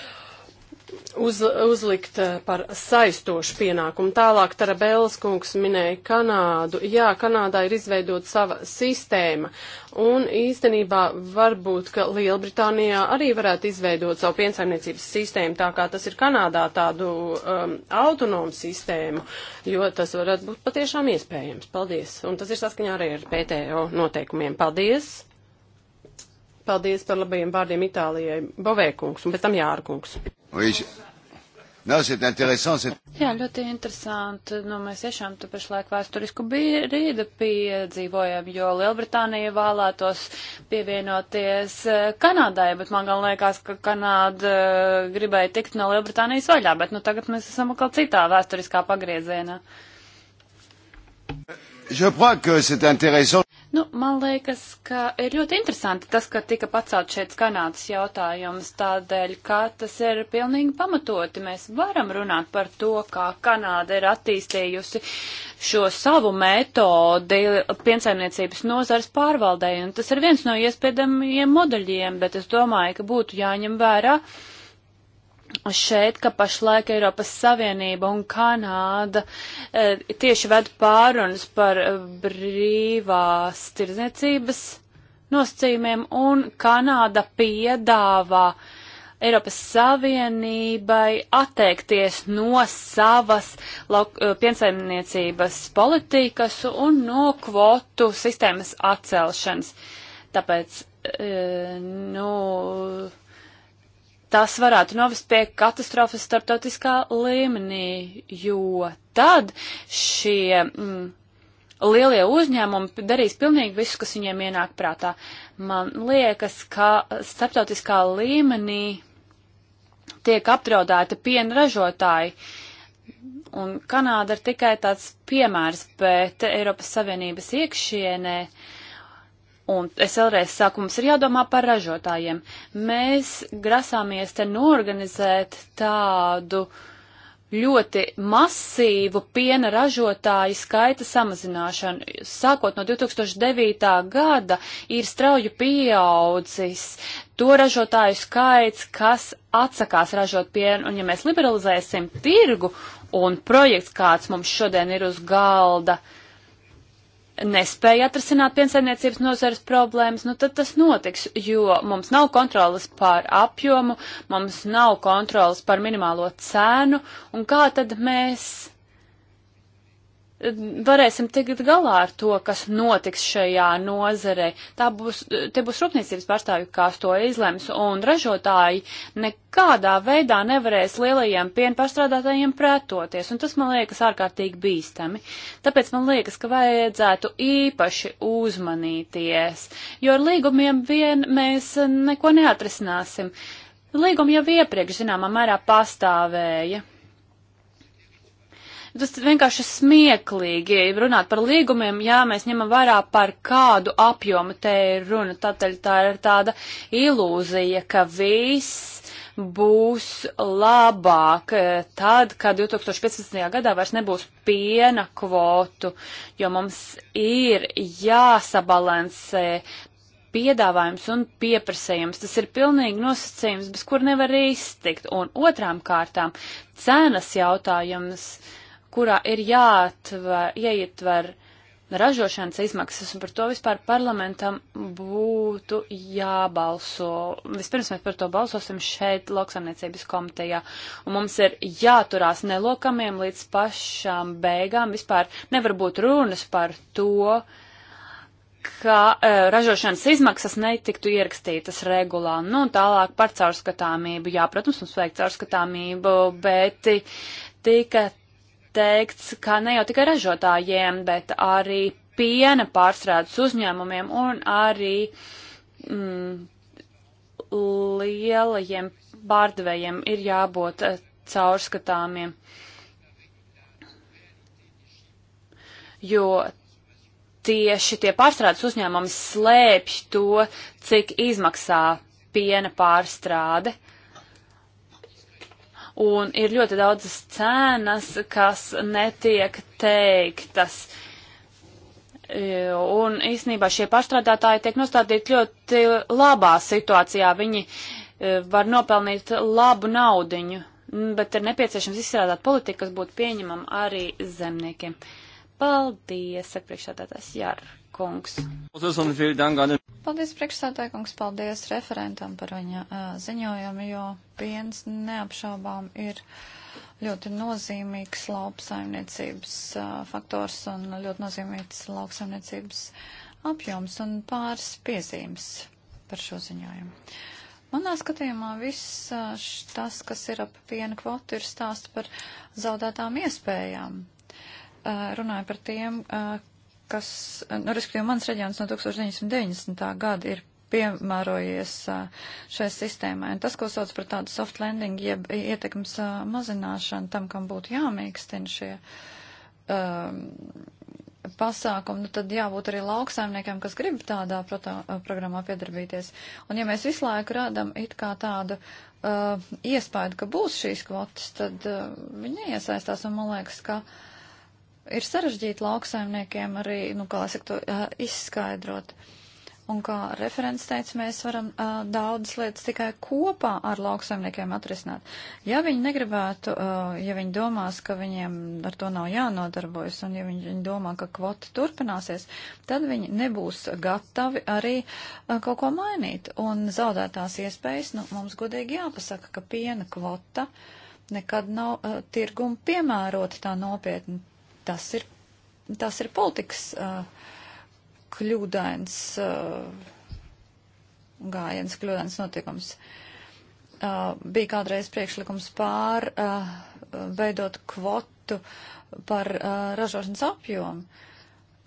uz, uzlikt eh, par saistošu pienākumu. Tālāk Tarabēlas kungs minēja Kanādu. Jā, Kanādā ir izveidot sava sistēma, un īstenībā varbūt, ka Lielbritānijā arī varētu izveidot savu piensaimniecības sistēmu, tā kā tas ir Kanādā tādu um, autonomu sistēmu, jo tas varētu būt patiešām iespējams. Paldies. Un tas ir saskaņā arī ar PTO noteikumiem. Paldies. Paldies par labajiem vārdiem Itālijai, Bovēkungs un pēc tam Jārkungs. Oui, je... No, Jā, ļoti interesanti. Nu, mēs tiešām te pašlaik vēsturisku brīdi piedzīvojam, jo Lielbritānija vēlētos pievienoties eh, Kanādai, bet man gan liekas, ka Kanāda eh, gribēja tikt no Lielbritānijas vaļā, bet nu tagad mēs esam atkal citā vēsturiskā pagriezienā. Uh, Nu, man liekas, ka ir ļoti interesanti tas, ka tika pacelt šeit Kanādas jautājums tādēļ, ka tas ir pilnīgi pamatoti. Mēs varam runāt par to, kā Kanāda ir attīstījusi šo savu metodi piensaimniecības nozars pārvaldē, un tas ir viens no iespējamiem modeļiem, bet es domāju, ka būtu jāņem vērā. Uh, šeit, ka pašlaik Eiropas Savienība un Kanāda e, tieši ved pārunas par e, brīvās tirdzniecības nosacījumiem, un Kanāda piedāvā Eiropas Savienībai atteikties no savas e, piensaimniecības politikas un no kvotu sistēmas atcelšanas. Tāpēc, e, nu, tas varētu novest pie katastrofas starptautiskā līmenī, jo tad šie mm, lielie uzņēmumi darīs pilnīgi visu, kas viņiem ienāk prātā. Man liekas, ka starptautiskā līmenī tiek apdraudēta piena ražotāji. Un Kanāda ir tikai tāds piemērs, bet Eiropas Savienības iekšienē uh, Un es vēlreiz saku, mums ir jādomā par ražotājiem. Mēs grasāmies te norganizēt tādu ļoti masīvu piena ražotāju skaita samazināšanu. Sākot no 2009. gada ir strauji pieaudzis to ražotāju skaits, kas atsakās ražot pienu. Un ja mēs liberalizēsim tirgu un projekts, kāds mums šodien ir uz galda, uh, nespēja atrasināt piensaimniecības nozares problēmas, nu tad tas notiks, jo mums nav kontrolas pār apjomu, mums nav kontrolas par minimālo cēnu, un kā tad mēs varēsim tikt galā ar to, kas notiks šajā nozarē. Tā būs, te būs rūpniecības pārstāvju, kas to izlems, un ražotāji nekādā veidā nevarēs lielajiem pienpārstrādātājiem pretoties, un tas man liekas ārkārtīgi bīstami. Tāpēc man liekas, ka vajadzētu īpaši uzmanīties, jo ar līgumiem vien mēs neko neatrisināsim. Līgumi jau iepriekš zināmā mērā pastāvēja. Tas vienkārši smieklīgi runāt par līgumiem, jā, mēs ņemam vērā par kādu apjomu te ir runa. Tātad tā ir tāda ilūzija, ka viss būs labāk eh, tad, kad 2015. gadā vairs nebūs piena kvotu, jo mums ir jāsabalansē piedāvājums un pieprasījums. Tas ir pilnīgi nosacījums, bez kur nevar iztikt. Un otrām kārtām cenas jautājums. Uh, kurā ir jāatver, jāietver ražošanas izmaksas, un par to vispār parlamentam būtu jābalso. Vispirms mēs par to balsosim šeit, lauksamniecības komitejā, un mums ir jāturās nelokamiem līdz pašām beigām. Vispār nevar būt runas par to, ka e, ražošanas izmaksas netiktu ierakstītas regulā. Nu, un tālāk par caurskatāmību. Jā, protams, mums vajag caurskatāmību, bet tika teikts, ka ne jau tikai ražotājiem, bet arī piena pārstrādes uzņēmumiem un arī mm, lielajiem pārdevējiem ir jābūt eh, caurskatāmiem. Jo tieši tie pārstrādes uzņēmumi slēpj to, cik izmaksā piena pārstrāde. Uh, un ir ļoti daudzas cenas, kas netiek teiktas. E, un īsnībā šie pašstrādātāji tiek nostādīti ļoti labā situācijā. Viņi e, var nopelnīt labu naudiņu, bet ir nepieciešams izstrādāt politiku, kas būtu pieņemama arī zemniekiem. Paldies, saka priekšādātājs Jārs kungs. Paldies priekšsētāji kungs, paldies referentam par viņa uh, ziņojumu, jo piens neapšaubām ir ļoti nozīmīgs lauksaimniecības uh, faktors un ļoti nozīmīgs lauksaimniecības apjoms un pāris piezīmes par šo ziņojumu. Manā skatījumā viss tas, kas ir ap piena kvotu, ir stāsts par zaudētām iespējām. Runāju par tiem, kas, nu, respektīvi, mans reģions no 1990. gada ir piemērojies šai sistēmai. Un tas, ko sauc par tādu soft landing, jeb ietekmes mazināšanu tam, kam būtu jāmīkstina šie um, pasākumi, nu tad jābūt arī lauksaimniekiem, kas grib tādā protā, programmā piedarbīties. Un ja mēs visu laiku rādam it kā tādu uh, iespēju, ka būs šīs kvotas, tad uh, viņi neiesaistās un man liekas, ka. Uh, ir sarežģīti lauksaimniekiem arī, nu, kā es to uh, izskaidrot. Un kā referents teica, mēs varam uh, daudzas lietas tikai kopā ar lauksaimniekiem atrisināt. Ja viņi negribētu, uh, ja viņi domās, ka viņiem ar to nav jānodarbojas, un ja viņi, viņi domā, ka kvota turpināsies, tad viņi nebūs gatavi arī uh, kaut ko mainīt. Un zaudētās iespējas, nu, mums godīgi jāpasaka, ka piena kvota nekad nav uh, tirguma piemērota tā nopietni Tas ir, tas ir politikas uh, kļūdains uh, gājiens, kļūdains notikums. Uh, bija kādreiz priekšlikums pār uh, veidot kvotu par uh, ražošanas apjomu.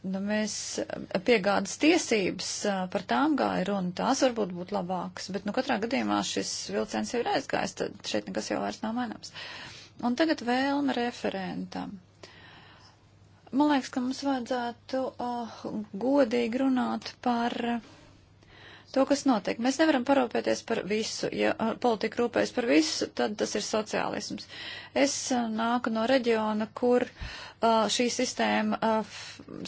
Nu, mēs uh, piegādas tiesības uh, par tām gāja runa, tās varbūt būtu labākas, bet nu katrā gadījumā šis vilciens jau ir aizgājis, tad šeit nekas jau vairs nav mainams. Un tagad vēlme referentam. Man liekas, ka mums vajadzētu uh, godīgi runāt par uh, to, kas notiek. Mēs nevaram parūpēties par visu. Ja uh, politika rūpējas par visu, tad tas ir sociālisms. Es uh, nāku no reģiona, kur uh, šī sistēma uh,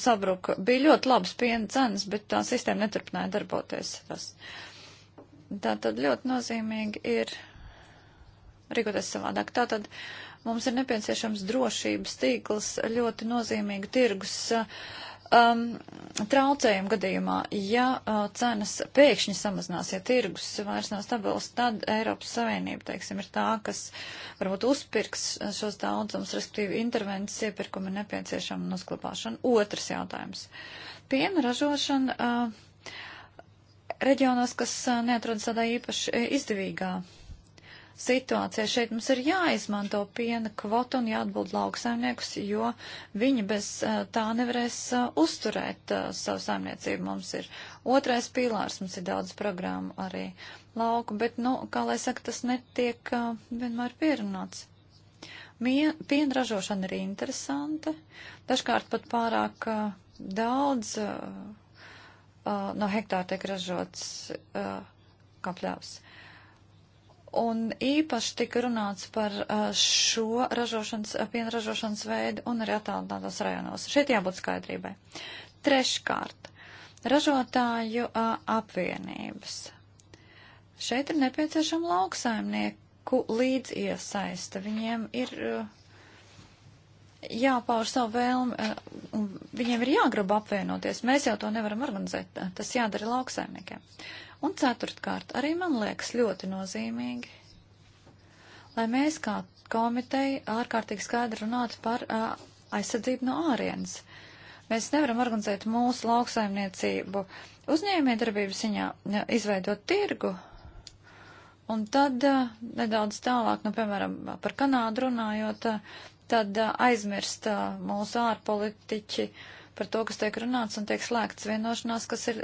sabruka. Bija ļoti labs piena cenas, bet tā sistēma neturpināja darboties. Tas. Tā tad ļoti nozīmīgi ir rīkoties savādāk. Tātad. Uh, Mums ir nepieciešams drošības tīkls ļoti nozīmīgi tirgus. Um, traucējumu gadījumā, ja uh, cenas pēkšņi samazinās, ja tirgus vairs nav stabils, tad Eiropas Savienība, teiksim, ir tā, kas varbūt uzpirks šos daudzums, respektīvi intervences iepirkumi nepieciešama un uzklabāšana. Otrs jautājums. Piena ražošana. Uh, reģionos, kas uh, neatrodas tādā īpaši uh, izdevīgā situācija. Šeit mums ir jāizmanto piena kvota un jāatbild lauksaimniekus, jo viņi bez eh, tā nevarēs eh, uzturēt eh, savu saimniecību. Mums ir otrais pīlārs, mums ir daudz programmu arī lauku, bet, nu, kā lai saka, tas netiek vienmēr pierunāts. Piena ražošana ir interesanta, dažkārt pat pārāk daudz no hektāra tiek ražots kapļāvs. Un īpaši tika runāts par šo ražošanas, piena ražošanas veidu un arī attālinātos rajonos. Šeit jābūt skaidrībai. Treškārt, ražotāju apvienības. Šeit ir nepieciešama lauksaimnieku līdz iesaista. Viņiem ir jāpauž savu vēlmi, un viņiem ir jāgrib apvienoties. Mēs jau to nevaram organizēt. Tas jādara lauksaimniekiem. Un ceturtkārt, arī man liekas ļoti nozīmīgi, lai mēs kā komiteja ārkārtīgi skaidri runātu par uh, aizsardzību no ārienes. Mēs nevaram organizēt mūsu lauksaimniecību uzņēmējdarbības ziņā, izveidot tirgu, Un tad nedaudz tālāk, nu, piemēram, par Kanādu runājot, tad aizmirst mūsu ārpolitiķi par to, kas tiek runāts un tiek slēgts vienošanās, kas, ir,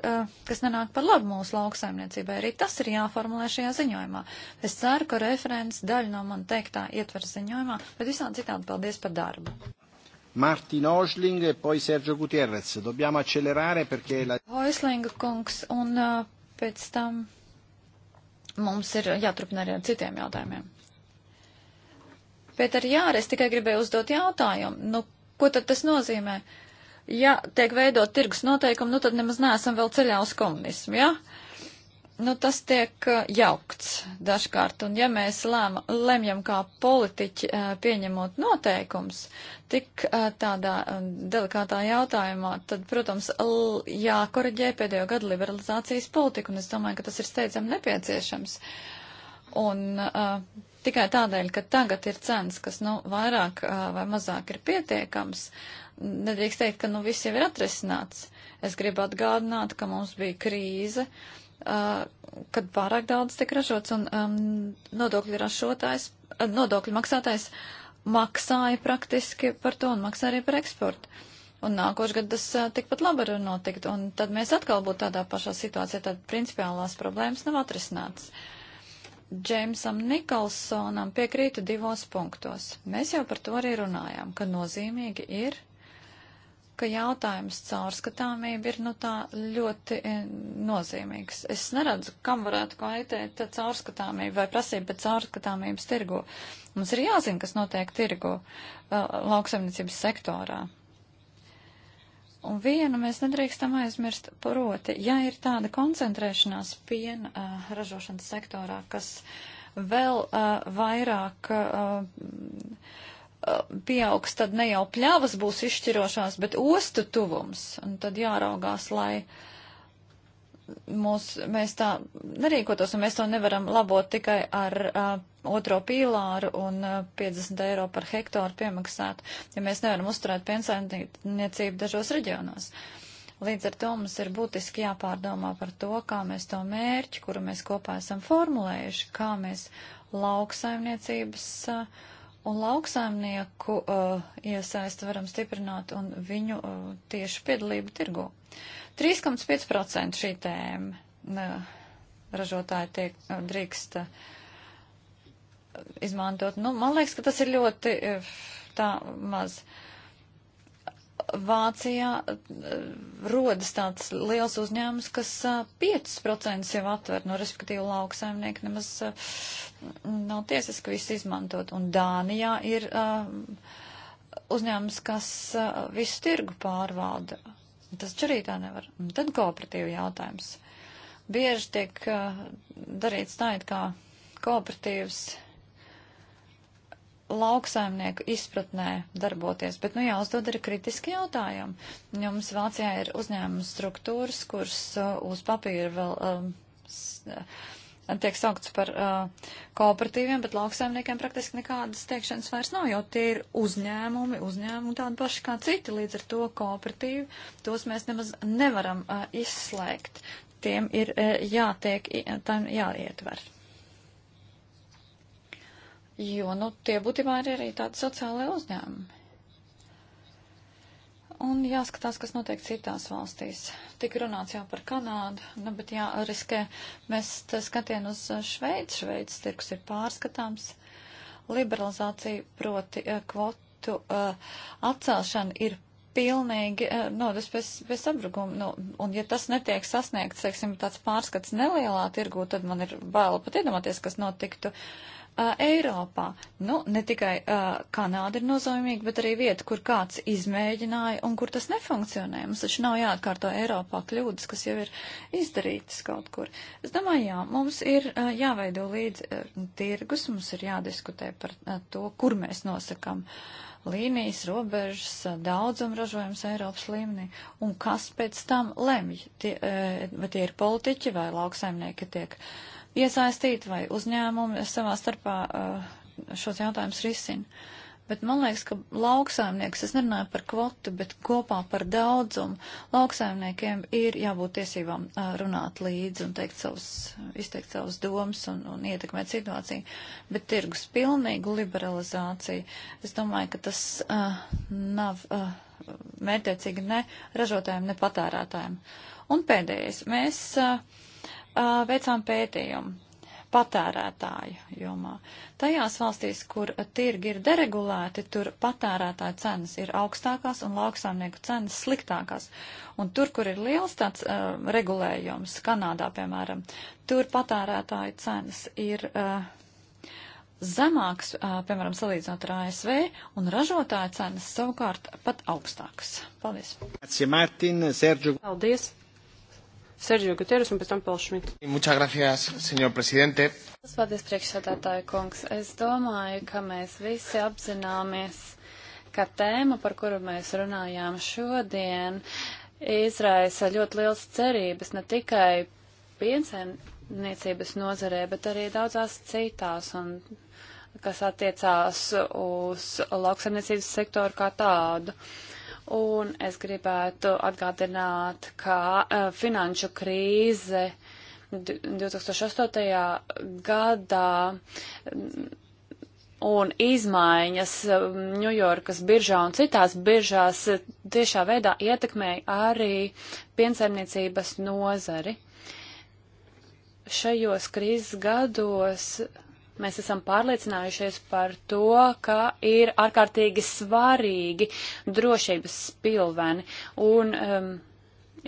kas nenāk par labu mūsu lauksaimniecībai. Arī tas ir jāformulē šajā ziņojumā. Es ceru, ka referents daļu no man teiktā ietver ziņojumā, bet visādi citādi paldies par darbu. Martin Osling e poi Sergio Gutierrez. Dobbiamo accelerare perché la... Osling kungs un uh, pēc tam mums ir jāturpina arī ar citiem jautājumiem. Pēc ar jāres tikai gribēju uzdot jautājumu. Nu, ko tad tas nozīmē? Uh, ja tiek veidot tirgus noteikumi, nu tad nemaz neesam vēl ceļā uz komunismu, jā? Ja? Nu, tas tiek uh, jaukts dažkārt, un ja mēs lēma, lemjam kā politiķi uh, pieņemot noteikums tik uh, tādā um, delikātā jautājumā, tad, protams, jākoriģē pēdējo gadu liberalizācijas politika, un es domāju, ka tas ir steidzami nepieciešams. Un uh, tikai tādēļ, ka tagad ir cenas, kas, nu, vairāk uh, vai mazāk ir pietiekams, uh, nedrīkst teikt, ka nu viss jau ir atrisināts. Es gribu atgādināt, ka mums bija krīze, uh, kad pārāk daudz tika ražots un um, nodokļu ražotājs, uh, nodokļu maksātājs maksāja praktiski par to un maksāja arī par eksportu. Un nākošais gads tas uh, tikpat labi var notikt, un tad mēs atkal būtu tādā pašā situācijā, tad principiālās problēmas nav atrisināts. Džeimsam Nikolsonam piekrītu divos punktos. Mēs jau par to arī runājām, ka nozīmīgi ir ka jautājums caurskatāmība ir nu tā ļoti e, nozīmīgs. Es neredzu, kam varētu kaitēt e, caurskatāmība vai prasība pēc caurskatāmības tirgo. Mums ir jāzina, kas notiek tirgo e, lauksaimniecības sektorā. Un vienu mēs nedrīkstam aizmirst, proti, ja ir tāda koncentrēšanās piena uh, ražošanas sektorā, kas vēl uh, vairāk uh, pieaugs, tad ne jau pļavas būs izšķirošās, bet ostu tuvums. Un tad jāraugās, lai mūs, mēs tā nerīkotos, un mēs to nevaram labot tikai ar uh, otro pīlāru un uh, 50 eiro par hektāru piemaksāt, ja mēs nevaram uzturēt piensaimniecību dažos reģionos. Līdz ar to mums ir būtiski jāpārdomā par to, kā mēs to mērķi, kuru mēs kopā esam formulējuši, kā mēs lauksaimniecības uh, Un lauksaimnieku uh, iesaistu varam stiprināt un viņu uh, tieši piedalību tirgu. 3,5% šī tēma uh, ražotāji tiek uh, drīkst uh, izmantot. Nu, man liekas, ka tas ir ļoti uh, tā maz. Uh, Vācijā eh, rodas tāds liels uzņēmums, kas 5% eh, jau atver, no respektīvi lauksaimnieki nemaz eh, nav tiesiski visu izmantot. Un Dānijā ir uzņēmums, kas visu tirgu pārvalda. Tas arī tā nevar. Un tad kooperatīva jautājums. Bieži tiek darīts tā, it kā kooperatīvas lauksaimnieku izpratnē darboties, bet, nu, jāuzdod arī kritiski jautājumi. Jums Vācijā ir uzņēmuma struktūras, kuras uh, uz papīra vēl uh, tiek saukts par uh, kooperatīviem, bet lauksaimniekiem praktiski nekādas teikšanas vairs nav, jo tie ir uzņēmumi, uzņēmumi tādi paši kā citi, līdz ar to kooperatīvi, tos mēs nemaz nevaram uh, izslēgt. Tiem ir uh, jātiek, tam jāietver jo, nu, tie būtībā ir arī tādi sociālai uzņēmumi. Un jāskatās, kas notiek citās valstīs. Tik runāts jau par Kanādu, nu, bet jāriskē mēs skatienu uz Šveici. Šveicis tirkus ir pārskatāms. Liberalizācija proti eh, kvotu uh, atcelšana ir pilnīgi eh, nodas bez, bez abruguma. Nu, un ja tas netiek sasniegts, teiksim, tāds pārskats nelielā tirgū, tad man ir baila pat iedomāties, kas notiktu uh, Eiropā. Nu, ne tikai uh, Kanāda ir nozīmīga, bet arī vieta, kur kāds izmēģināja un kur tas nefunkcionē. Mums taču nav jāatkārto Eiropā kļūdas, kas jau ir izdarītas kaut kur. Es domāju, jā, mums ir uh, jāveido līdz uh, tirgus, mums ir jādiskutē par uh, to, kur mēs nosakam līnijas, robežas, uh, daudzumu ražojums Eiropas līmenī un kas pēc tam lemj. Tie, uh, vai tie ir politiķi vai lauksaimnieki tiek. Uh, iesaistīti vai uzņēmumi savā starpā uh, šos jautājumus risina. Bet man liekas, ka lauksaimnieks, es nerunāju par kvotu, bet kopā par daudzumu, lauksaimniekiem ir jābūt tiesībām uh, runāt līdzi un teikt savus, izteikt savus domas un, un ietekmēt situāciju. Bet tirgus pilnīgu liberalizāciju, es domāju, ka tas uh, nav uh, mērķiecīgi ne ražotājiem, ne patērētājiem. Un pēdējais, mēs. Uh, veicām pētījumu patērētāju jomā. Tajās valstīs, kur tirgi ir deregulēti, tur patērētāja cenas ir augstākās un lauksaimnieku cenas sliktākās. Un tur, kur ir liels tāds uh, regulējums, Kanādā, piemēram, tur patērētāja cenas ir uh, zemāks, uh, piemēram, salīdzinot ar ASV, un ražotāja cenas savukārt pat augstākas. Paldies. Paldies, Mārtiņ, Sergio. Paldies. Sergio Guterres un pēc tam Pauls Šmits. Muchas gracias, senor presidente. Paldies, priekšsādātāja kungs. Es domāju, ka mēs visi apzināmies, ka tēma, par kuru mēs runājām šodien, izraisa ļoti liels cerības ne tikai piensaimniecības nozarē, bet arī daudzās citās, un kas attiecās uz lauksaimniecības sektoru kā tādu. Uh, Un es gribētu atgādināt, ka uh, finanšu krīze 2008. gadā mm, un izmaiņas Ņujorkas mm, biržā un citās biržās eh, tiešā veidā ietekmēja arī piensaimniecības nozari. Šajos krīzes gados Mēs esam pārliecinājušies par to, ka ir ārkārtīgi svarīgi drošības spilveni. Un, um,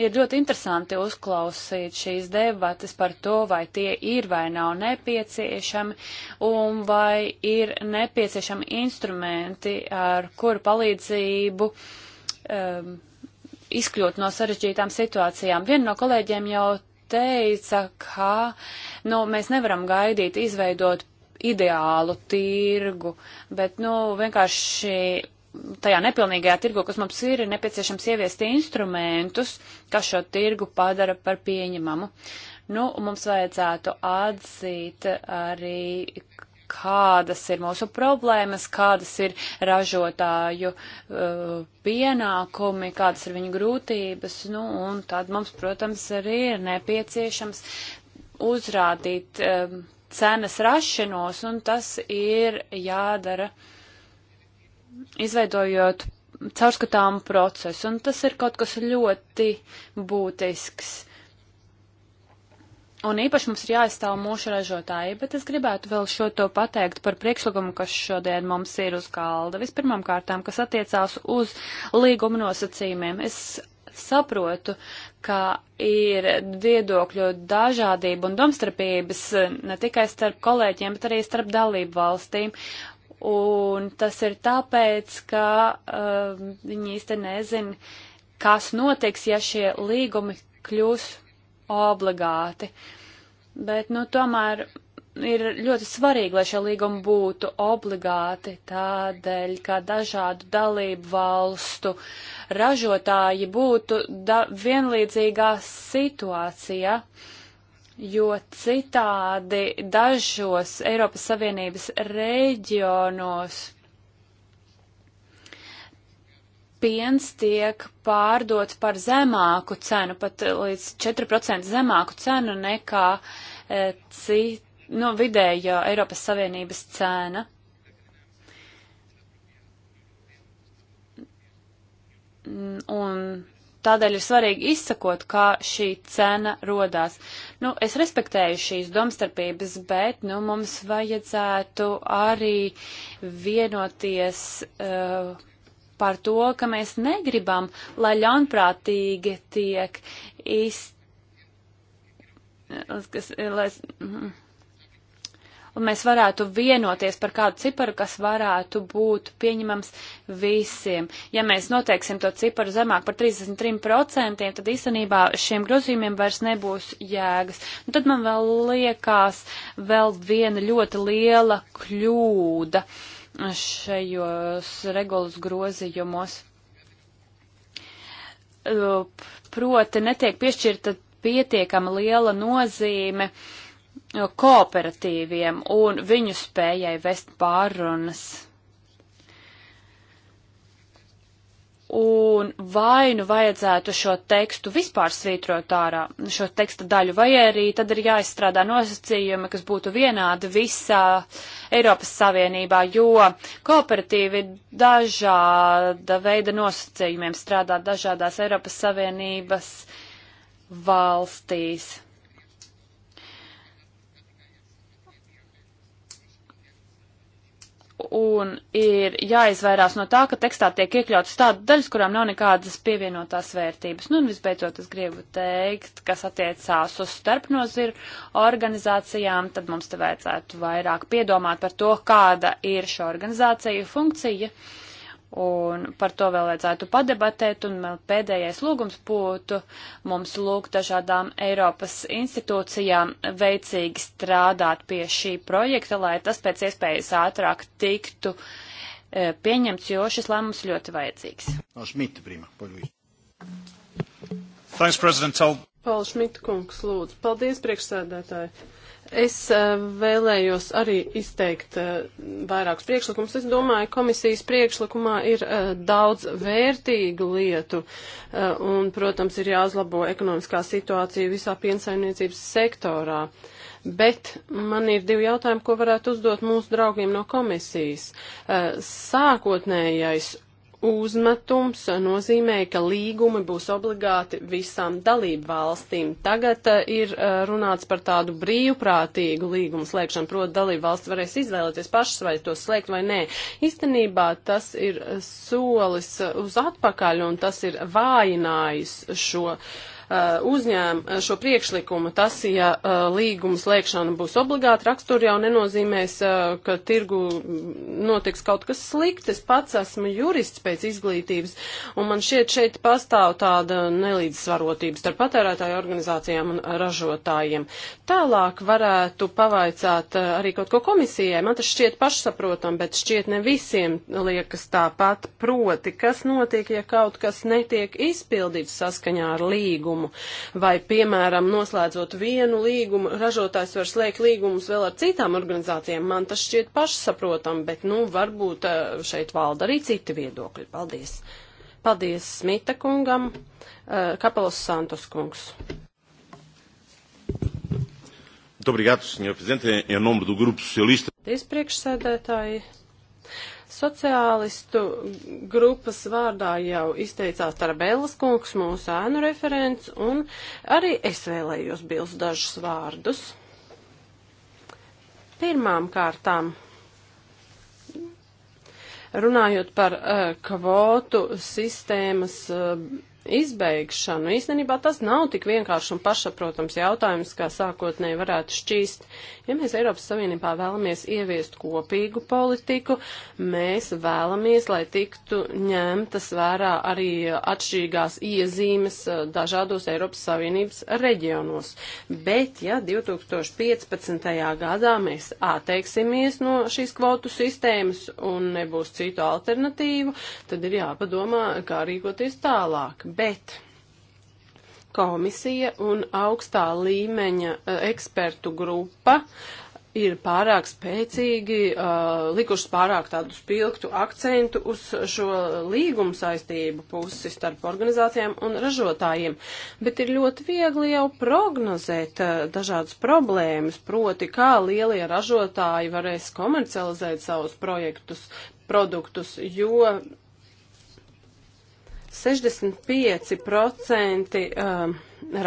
ir ļoti interesanti uzklausīt šīs debatas par to, vai tie ir vai nav nepieciešami, un vai ir nepieciešami instrumenti, ar kuru palīdzību. Um, izkļūt no sarežģītām situācijām. Viena no kolēģiem jau teica, ka nu, mēs nevaram gaidīt izveidot ideālu tirgu, bet, nu, vienkārši tajā nepilnīgajā tirgu, kas mums ir, ir nepieciešams ieviest instrumentus, kas šo tirgu padara par pieņemamu. Nu, mums vajadzētu atzīt arī, kādas ir mūsu problēmas, kādas ir ražotāju uh, pienākumi, kādas ir viņu grūtības, nu, un tad mums, protams, arī ir nepieciešams uzrādīt um, cenas rašanos, un tas ir jādara izveidojot caurskatāmu procesu, un tas ir kaut kas ļoti būtisks. Un īpaši mums ir jāizstāv mūsu ražotāji, bet es gribētu vēl šo to pateikt par priekšlikumu, kas šodien mums ir uz galda. Vispirmām kārtām, kas attiecās uz līguma nosacījumiem. Es saprotu, ka ir viedokļu dažādība un domstarpības eh, ne tikai starp kolēģiem, bet arī starp dalību valstīm. Un tas ir tāpēc, ka uh, viņi īsti nezina, kas notiks, ja šie līgumi kļūs obligāti. Bet, nu, tomēr ir ļoti svarīgi, lai šie līgumi būtu obligāti tādēļ, ka dažādu dalību valstu ražotāji būtu vienlīdzīgā situācijā, jo citādi dažos Eiropas Savienības reģionos piens tiek pārdots par zemāku cenu, pat līdz 4% zemāku cenu nekā e, citi no nu, vidējā Eiropas Savienības cēna. Un tādēļ ir svarīgi izsakot, kā šī cena rodās. Nu, es respektēju šīs domstarpības, bet, nu, mums vajadzētu arī vienoties uh, par to, ka mēs negribam, lai ļaunprātīgi tiek iz... Kas, lai... Mm un mēs varētu vienoties par kādu ciparu, kas varētu būt pieņemams visiem. Ja mēs noteiksim to ciparu zemāk par 33%, tad īstenībā šiem grozījumiem vairs nebūs jēgas. Un tad man vēl liekas vēl viena ļoti liela kļūda šajos regulas grozījumos. Proti netiek piešķirta pietiekama liela nozīme uh, kooperatīviem un viņu spējai vest pārrunas. Un vai nu vajadzētu šo tekstu vispār svītrot ārā, šo teksta daļu, vai arī tad ir jāizstrādā nosacījumi, kas būtu vienādi visā Eiropas Savienībā, jo kooperatīvi dažāda veida nosacījumiem strādā dažādās Eiropas Savienības valstīs. un ir jāizvairās no tā, ka tekstā tiek iekļautas tādas daļas, kurām nav nekādas pievienotās vērtības. Nu, un visbeidzot, es gribu teikt, kas attiecās uz starpnoziru organizācijām, tad mums te vajadzētu vairāk piedomāt par to, kāda ir šo organizāciju funkcija. Uh, Un par to vēl vajadzētu padebatēt, un pēdējais lūgums būtu mums lūgt dažādām Eiropas institūcijām veicīgi strādāt pie šī projekta, lai tas pēc iespējas ātrāk tiktu e, pieņemts, jo šis lēmums ļoti vajadzīgs. Paul Šmita kungs, lūdzu. Paldies, priekšsēdētāji. Es eh, vēlējos arī izteikt eh, vairākus priekšlikumus. Es domāju, komisijas priekšlikumā ir eh, daudz vērtīgu lietu un, protams, ir jāuzlabo ekonomiskā situācija visā piensaimniecības sektorā. Bet man ir divi jautājumi, ko varētu uzdot mūsu draugiem no komisijas. Sākotnējais uzmetums nozīmēja, ka līgumi būs obligāti visām dalību valstīm. Tagad uh, ir uh, runāts par tādu brīvprātīgu līgumu slēgšanu, proti dalību valsts varēs izvēlēties pašas, vai to slēgt vai nē. Īstenībā tas ir eh, solis uz atpakaļ un tas ir vājinājis šo. Uh, Uh, uzņēma uh, šo priekšlikumu. Tas, ja uh, līguma slēgšana būs obligāta rakstura, jau nenozīmēs, ka tirgu notiks kaut kas slikts. Es pats esmu jurists pēc izglītības, un man šķiet šeit pastāv tāda nelīdzsvarotība starp patērētāju organizācijām un ražotājiem. Tālāk varētu pavaicāt arī kaut ko komisijai. Man tas šķiet pašsaprotam, bet šķiet ne visiem liekas tāpat proti, kas notiek, ja kaut kas netiek izpildīts saskaņā ar līgumu līgumu. Vai, piemēram, noslēdzot vienu līgumu, ražotājs var slēgt līgumus vēl ar citām organizācijām. Man tas šķiet pašsaprotam, bet, nu, varbūt eh, šeit valda arī citi viedokļi. Paldies. Paldies Smita kungam. Eh, Kapelos Santos kungs. Muito obrigado, Sr. Presidente. Em nome do Grupo Socialista. Paldies, priekšsēdētāji. Sociālistu grupas vārdā jau izteicās Tarabellas kungs, mūsu ēnu referents, un arī es vēlējos bilst dažus vārdus. Pirmām kārtām, runājot par uh, kvotu sistēmas uh, izbeigšanu. Īstenībā tas nav tik vienkārši un pašaprotams jautājums, kā sākotnēji varētu šķīst. Ja mēs Eiropas Savienībā vēlamies ieviest kopīgu politiku, mēs vēlamies, lai tiktu ņemtas vērā arī atšķirīgās iezīmes eh, dažādos Eiropas Savienības reģionos. Bet, ja 2015. gadā mēs atteiksimies no šīs kvotu sistēmas un nebūs citu alternatīvu, tad ir jāpadomā, kā rīkoties tālāk bet komisija un augstā līmeņa eh, ekspertu grupa ir pārāk spēcīgi uh, likušas pārāk tādu spilgtu akcentu uz šo līgumu saistību pusi starp organizācijām un ražotājiem. Bet ir ļoti viegli jau prognozēt uh, dažādas problēmas, proti, kā lielie ražotāji varēs komercializēt savus projektus, produktus, jo 65% um,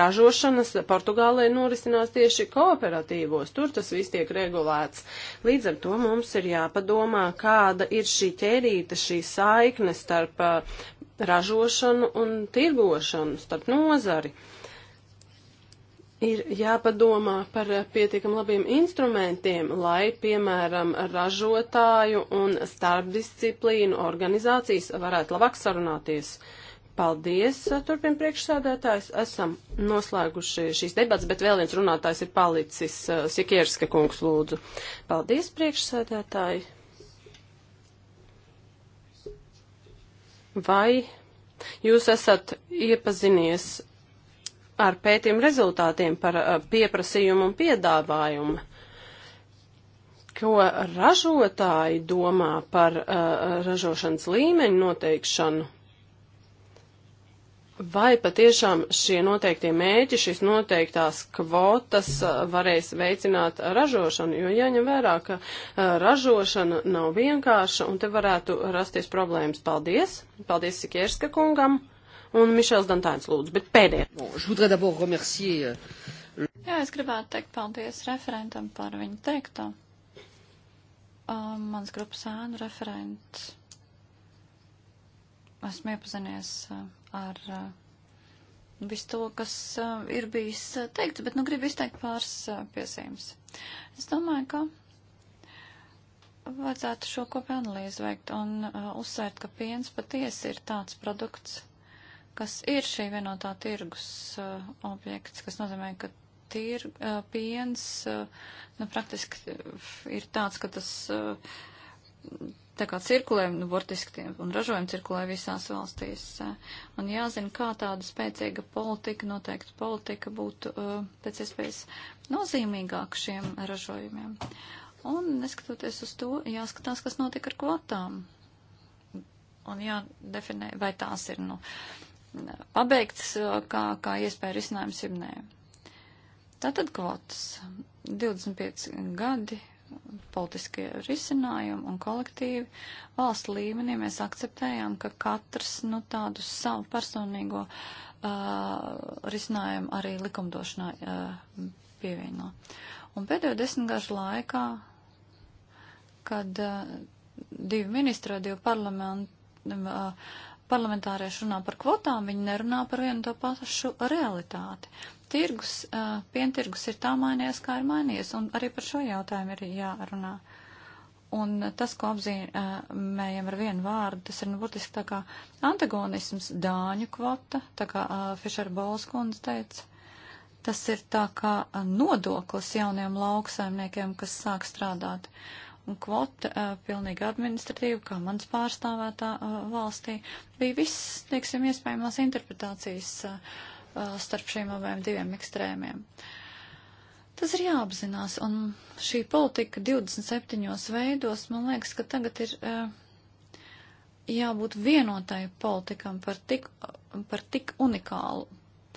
ražošanas Portugālē norisinās tieši kooperatīvos. Tur tas viss tiek regulēts. Līdz ar to mums ir jāpadomā, kāda ir šī ķērīta, šī saikne starp uh, ražošanu un tirgošanu, starp nozari. Uh, ir jāpadomā par pietiekam labiem instrumentiem, lai, piemēram, ražotāju un starpdisciplīnu organizācijas varētu labāk sarunāties. Paldies, turpin priekšsēdētājs. Esam noslēguši šīs debats, bet vēl viens runātājs ir palicis. Eh, Sikierska kungs lūdzu. Paldies, priekšsēdētāji. Vai jūs esat iepazinies ar pētījumu rezultātiem par uh, pieprasījumu un piedāvājumu. Ko ražotāji domā par uh, ražošanas līmeņu noteikšanu? Vai patiešām šie noteiktie mēķi, šīs noteiktās kvotas uh, varēs veicināt ražošanu, jo jāņem vērā, ka uh, ražošana nav vienkārša un te varētu rasties problēmas. Paldies! Paldies Sikierska kungam! un Mišels Dantāns lūdzu, bet pēdējā. Euh, Jā, es gribētu teikt paldies referentam par viņu teikto. Um, mans grupas ēnu referents. Esmu iepazinies ar visu to, kas ir bijis teikts, bet nu gribu izteikt pāris piesījums. Es domāju, ka vajadzētu šo kopiju analīzi veikt un uh, uzsvērt, ka piens patiesi ir tāds produkts, kas ir šī vienotā tirgus uh, objekts, kas nozīmē, ka tir, uh, piens uh, nu, praktiski ir tāds, ka tas uh, tā kā cirkulē, nu, burtiski un ražojumi cirkulē visās valstīs. Uh, un jāzina, kā tāda spēcīga politika, noteikti politika būtu uh, pēc iespējas nozīmīgāk šiem ražojumiem. Un neskatoties uz to, jāskatās, kas notika ar kvotām. Un jādefinē, vai tās ir, nu, uh, pabeigts eh, kā, kā iespēja risinājums, ja nē. Tātad kvotas. 25 gadi, politiskie risinājumi un kolektīvi. Valsts līmenī mēs akceptējām, ka katrs nu, tādu savu personīgo uh, risinājumu arī likumdošanā uh, pievieno. Un pēdējo desmitgažu laikā, kad uh, divi ministri, divi parlamenti, uh, parlamentārieši runā par kvotām, viņi nerunā par vienu to pašu realitāti. Tirgus, pientirgus ir tā mainījies, kā ir mainījies, un arī par šo jautājumu ir jārunā. Un tas, ko apzīmējam ar vienu vārdu, tas ir nu, burtiski tā kā antagonisms dāņu kvota, tā kā uh, Fišera Bols kundze teica. Tas ir tā kā nodoklis jauniem lauksaimniekiem, kas sāk strādāt. Uh, kvota uh, pilnīgi administratīva, kā mans pārstāvētā uh, valstī, bija viss, teiksim, iespējamās interpretācijas uh, starp šiem abiem diviem ekstrēmiem. Tas ir jāapzinās, un šī politika 27 veidos, man liekas, ka tagad ir uh, jābūt vienotai politikam par tik, par tik unikālu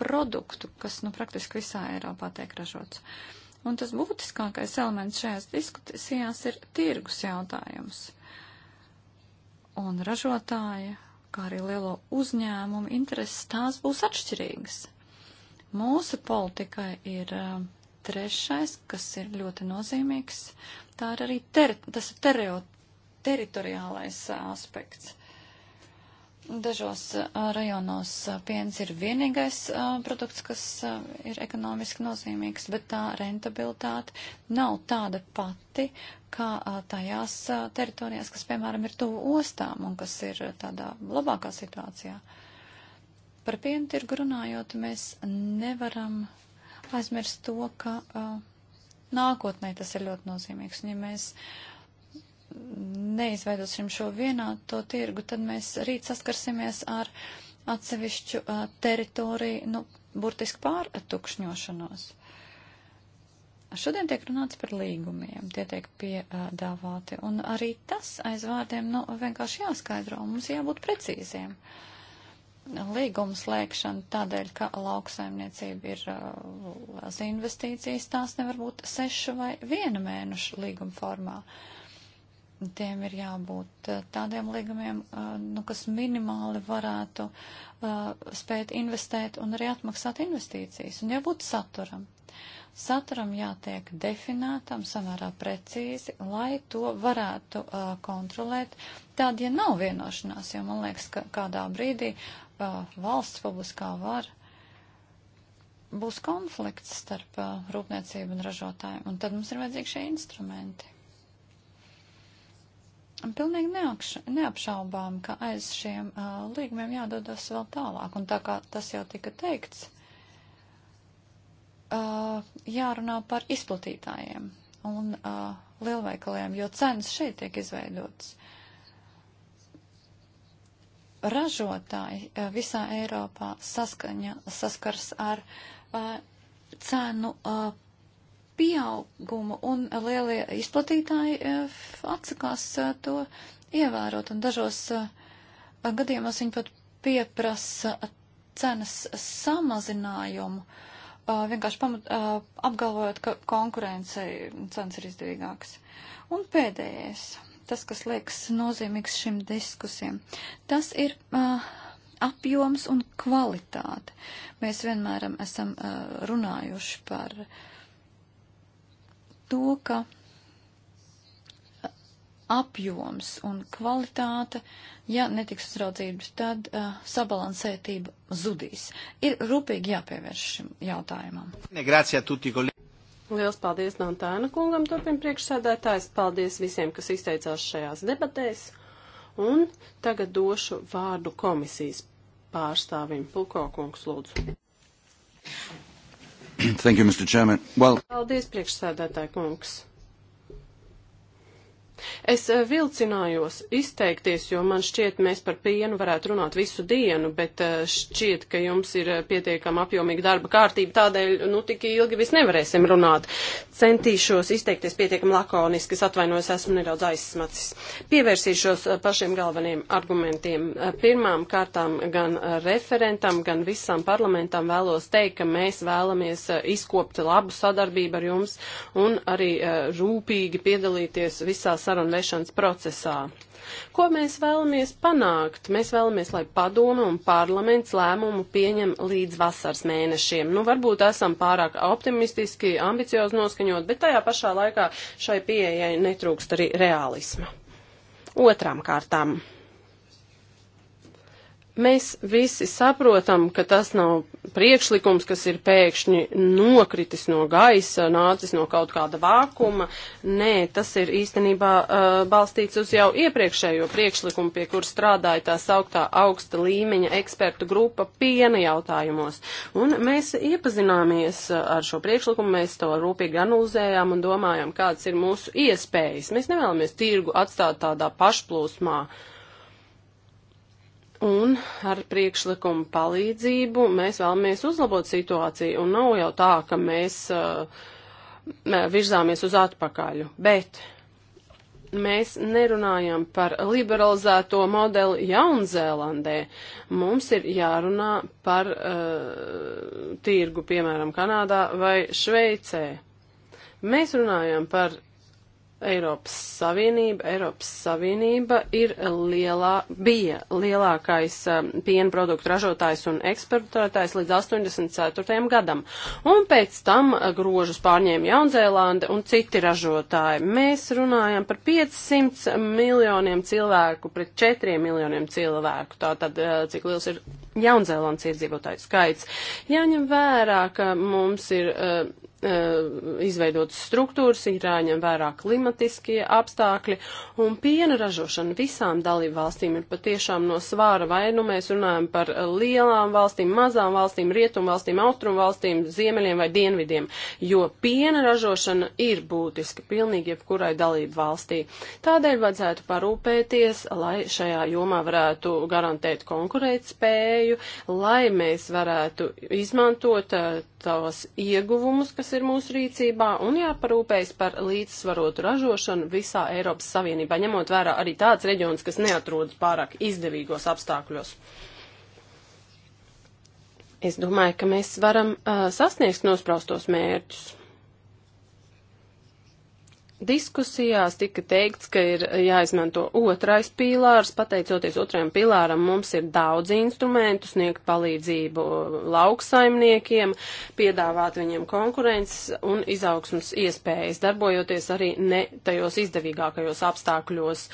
produktu, kas, nu, praktiski visā Eiropā tiek ražots. Uh, Un tas būtiskākais elements šajās diskusijās ir tirgus jautājums. Un ražotāja, kā arī lielo uzņēmumu intereses, tās būs atšķirīgas. Mūsu politikai ir uh, trešais, kas ir ļoti nozīmīgs, tā ir arī ter tas ir tereo, teritoriālais uh, aspekts. Dažos rajonos piens ir vienīgais produkts, kas ir ekonomiski nozīmīgs, bet tā rentabilitāte nav tāda pati, kā tajās teritorijās, kas, piemēram, ir tuvu ostām un kas ir tādā labākā situācijā. Par pienu tirgu runājot, mēs nevaram aizmirst to, ka nākotnē tas ir ļoti nozīmīgs. Un, ja mēs uh, neizveidosim šo vienāto tirgu, tad mēs rīt saskarsimies ar atsevišķu uh, teritoriju, nu, burtiski pārtukšņošanos. Šodien tiek runāts par līgumiem, tie tiek piedāvāti, un arī tas aiz vārdiem, nu, vienkārši jāskaidro, mums jābūt precīziem. Līguma slēgšana tādēļ, ka lauksaimniecība ir uh, investīcijas, tās nevar būt sešu vai vienu mēnešu līguma formā. Uh, tiem ir jābūt eh, tādiem līgumiem, eh, nu, kas minimāli varētu eh, spēt investēt un arī atmaksāt investīcijas un jābūt saturam. Saturam jātiek definētam samērā precīzi, lai to varētu uh, kontrolēt. Tād, ja nav vienošanās, jo man liekas, ka kādā brīdī uh, valsts publiskā var būs konflikts starp uh, rūpniecību un ražotājiem, un tad mums ir vajadzīgi šie instrumenti. Pilnīgi neakš, neapšaubām, ka aiz šiem uh, līgumiem jādodas vēl tālāk, un tā kā tas jau tika teikts, uh, jārunā par izplatītājiem un uh, lielveikaliem, jo cenas šeit tiek izveidotas. Ražotāji uh, visā Eiropā saskaņa, saskars ar uh, cenu uh, pieaugumu un lielie izplatītāji eh, atsakās eh, to ievērot. Un dažos eh, gadījumos viņi pat pieprasa cenas samazinājumu, vienkārši pamat, apgalvojot, ka konkurencei cenas ir izdevīgākas. Un pēdējais, tas, kas liekas nozīmīgs šim diskusijam, tas ir apjoms un kvalitāte. Mēs vienmēr esam runājuši par uh, to, ka apjoms un kvalitāte, ja netiks uzraudzības, tad uh, sabalansētība zudīs. Ir rūpīgi jāpievērš šim jautājumam. Liels paldies Dantāna kungam, turpin priekšsēdētājs. Paldies visiem, kas izteicās šajās debatēs. Un tagad došu vārdu komisijas pārstāvim. Pulko kungs, lūdzu. Thank you, Mr. Chairman. Well... Paldies, priekšsēdētāji kungs. Es eh, vilcinājos izteikties, jo man šķiet, mēs par pienu varētu runāt visu dienu, bet eh, šķiet, ka jums ir eh, pietiekama apjomīga darba kārtība, tādēļ, nu, tik ilgi vis nevarēsim runāt. Centīšos izteikties pietiekami lakoniski, es atvainojos, esmu nedaudz aizsmacis. Pievērsīšos pašiem galveniem argumentiem. Pirmām kārtām gan referentam, gan visam parlamentam vēlos teikt, ka mēs vēlamies izkopt labu sadarbību ar jums un arī rūpīgi piedalīties visā sarunā sarunvešanas procesā. Ko mēs vēlamies panākt? Mēs vēlamies, lai padome un parlaments lēmumu pieņem līdz vasaras mēnešiem. Nu, varbūt esam pārāk optimistiski, ambiciozi noskaņot, bet tajā pašā laikā šai pieejai netrūkst arī realisma. Otram kārtām Mēs visi saprotam, ka tas nav priekšlikums, kas ir pēkšņi nokritis no gaisa, nācis no kaut kāda vākuma. Nē, tas ir īstenībā uh, balstīts uz jau iepriekšējo priekšlikumu, pie kur strādāja tā sauktā augsta līmeņa ekspertu grupa piena jautājumos. Un mēs iepazināmies uh, ar šo priekšlikumu, mēs to rūpīgi analizējām un domājām, kādas ir mūsu iespējas. Mēs nevēlamies tirgu atstāt tādā pašplūsmā. Uh, Un ar priekšlikumu palīdzību mēs vēlamies uzlabot situāciju, un nav jau tā, ka mēs uh, virzāmies uz atpakaļ, bet mēs nerunājam par liberalizēto modeli Jaunzēlandē. Mums ir jārunā par uh, tirgu, piemēram, Kanādā vai Šveicē. Mēs runājam par Eiropas Savienība. Eiropas Savienība ir lielā, bija lielākais um, piena produktu ražotājs un eksportētājs līdz 84. gadam. Un pēc tam uh, grožus pārņēma Jaunzēlanda un citi ražotāji. Mēs runājam par 500 miljoniem cilvēku pret 4 miljoniem cilvēku. Tātad, uh, cik liels ir Jaunzēlandes iedzīvotāju skaits. Jāņem vērā, ka mums ir. Uh, Eh, izveidotas struktūras, ir jāņem vērā klimatiskie apstākļi, un piena ražošana visām dalību valstīm ir patiešām no svāra, vai nu mēs runājam par lielām valstīm, mazām valstīm, rietumu valstīm, austrumu valstīm, ziemeļiem vai dienvidiem, jo piena ražošana ir būtiska pilnīgi jebkurai dalību valstī. Tādēļ vajadzētu parūpēties, lai šajā jomā varētu garantēt konkurētspēju, lai mēs varētu izmantot eh, tos ieguvumus, kas ir mūsu rīcībā, un jāparūpējas par līdzsvarotu ražošanu visā Eiropas Savienībā, ņemot vērā arī tāds reģions, kas neatrodas pārāk izdevīgos apstākļos. Es domāju, ka mēs varam uh, sasniegt nospraustos mērķus. Diskusijās tika teikts, ka ir jāizmanto otrais pīlārs. Pateicoties otrajam pīlāram, mums ir daudz instrumentu sniegt palīdzību lauksaimniekiem, piedāvāt viņiem konkurences un izaugsmas iespējas, darbojoties arī ne tajos izdevīgākajos apstākļos.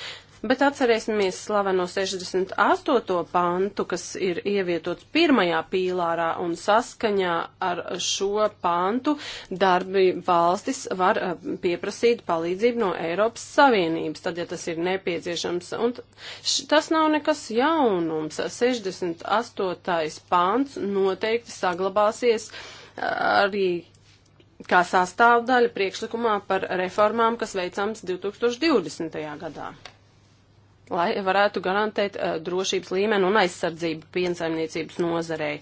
Bet atcerēsimies slaveno 68. pantu, kas ir ievietots pirmajā pīlārā un saskaņā ar šo pantu darbi valstis var eh, pieprasīt palīdzību no Eiropas Savienības, tad, ja tas ir nepieciešams. Un tas nav nekas jaunums. 68. pants noteikti saglabāsies eh, arī kā sastāvdaļa priekšlikumā par reformām, kas veicams 2020. gadā lai varētu garantēt uh, drošības līmeni un aizsardzību piensaimniecības nozarei.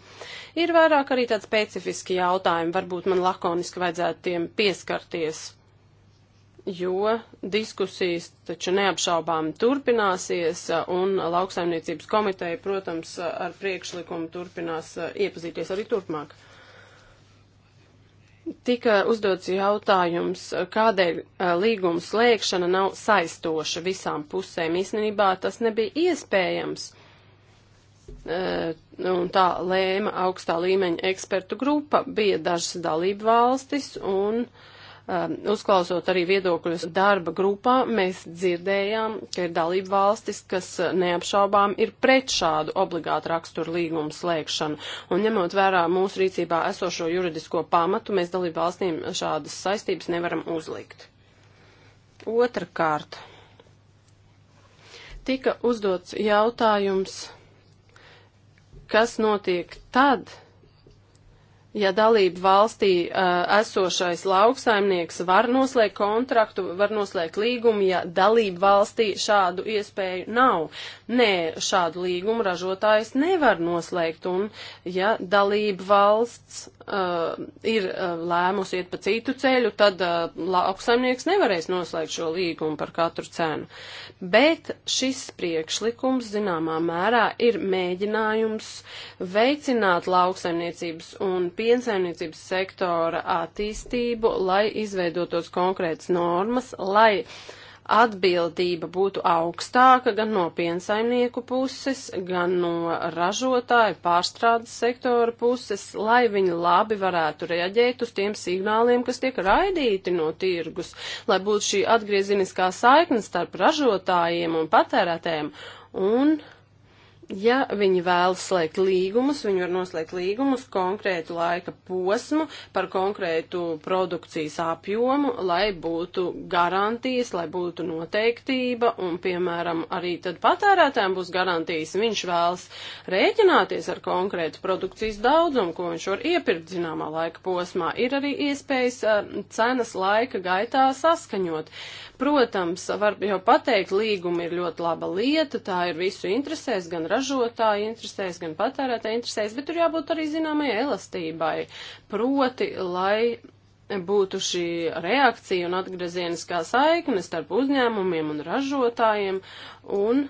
Ir vairāk arī tādi specifiski jautājumi, varbūt man lakoniski vajadzētu tiem pieskarties, jo diskusijas taču neapšaubām turpināsies uh, un lauksaimniecības komiteja, protams, uh, ar priekšlikumu turpinās uh, iepazīties arī turpmāk. Tika uzdots jautājums, kādēļ līguma slēgšana nav saistoša visām pusēm. Īstenībā tas nebija iespējams. Un tā lēma augstā līmeņa ekspertu grupa, bija dažas dalību valstis un uh, Um, uzklausot arī viedokļus darba grupā, mēs dzirdējām, ka ir dalība valstis, kas uh, neapšaubām ir pret šādu obligātu raksturu līgumu slēgšanu. Un ņemot vērā mūsu rīcībā esošo juridisko pamatu, mēs dalību valstīm šādas saistības nevaram uzlikt. Otra kārta. Tika uzdots jautājums, kas notiek tad, Ja dalība valstī uh, esošais lauksaimnieks var noslēgt kontraktu, var noslēgt līgumu, ja dalība valstī šādu iespēju nav. Nē, šādu līgumu ražotājs nevar noslēgt, un ja dalība valsts uh, ir uh, lēmusi iet pa citu ceļu, tad uh, lauksaimnieks nevarēs noslēgt šo līgumu par katru cenu. Bet šis priekšlikums zināmā mērā ir mēģinājums veicināt lauksaimniecības un piensaimniecības sektora attīstību, lai izveidotos konkrētas normas, lai uh, atbildība būtu augstāka gan no piensaimnieku puses, gan no ražotāju pārstrādes sektora puses, lai viņi labi varētu reaģēt uz tiem signāliem, kas tiek raidīti no tirgus, lai būtu šī atgrieziniskā saikne starp ražotājiem un patērētēm. Un Ja viņi vēlas slēgt līgumus, viņi var noslēgt līgumus konkrētu laika posmu par konkrētu produkcijas apjomu, lai būtu garantijas, lai būtu noteiktība un, piemēram, arī tad patērētājiem būs garantijas. Viņš vēlas rēķināties ar konkrētu produkcijas daudzumu, ko viņš var iepirkt zināmā laika posmā. Ir arī iespējas eh, cenas laika gaitā saskaņot. Protams, var jau pateikt, līguma ir ļoti laba lieta, tā ir visu interesēs, gan ražotāja interesēs, gan patērētāja interesēs, bet tur jābūt arī zināmai elastībai. Proti, lai būtu šī reakcija un atgriezieniskā saikne starp uzņēmumiem un ražotājiem, un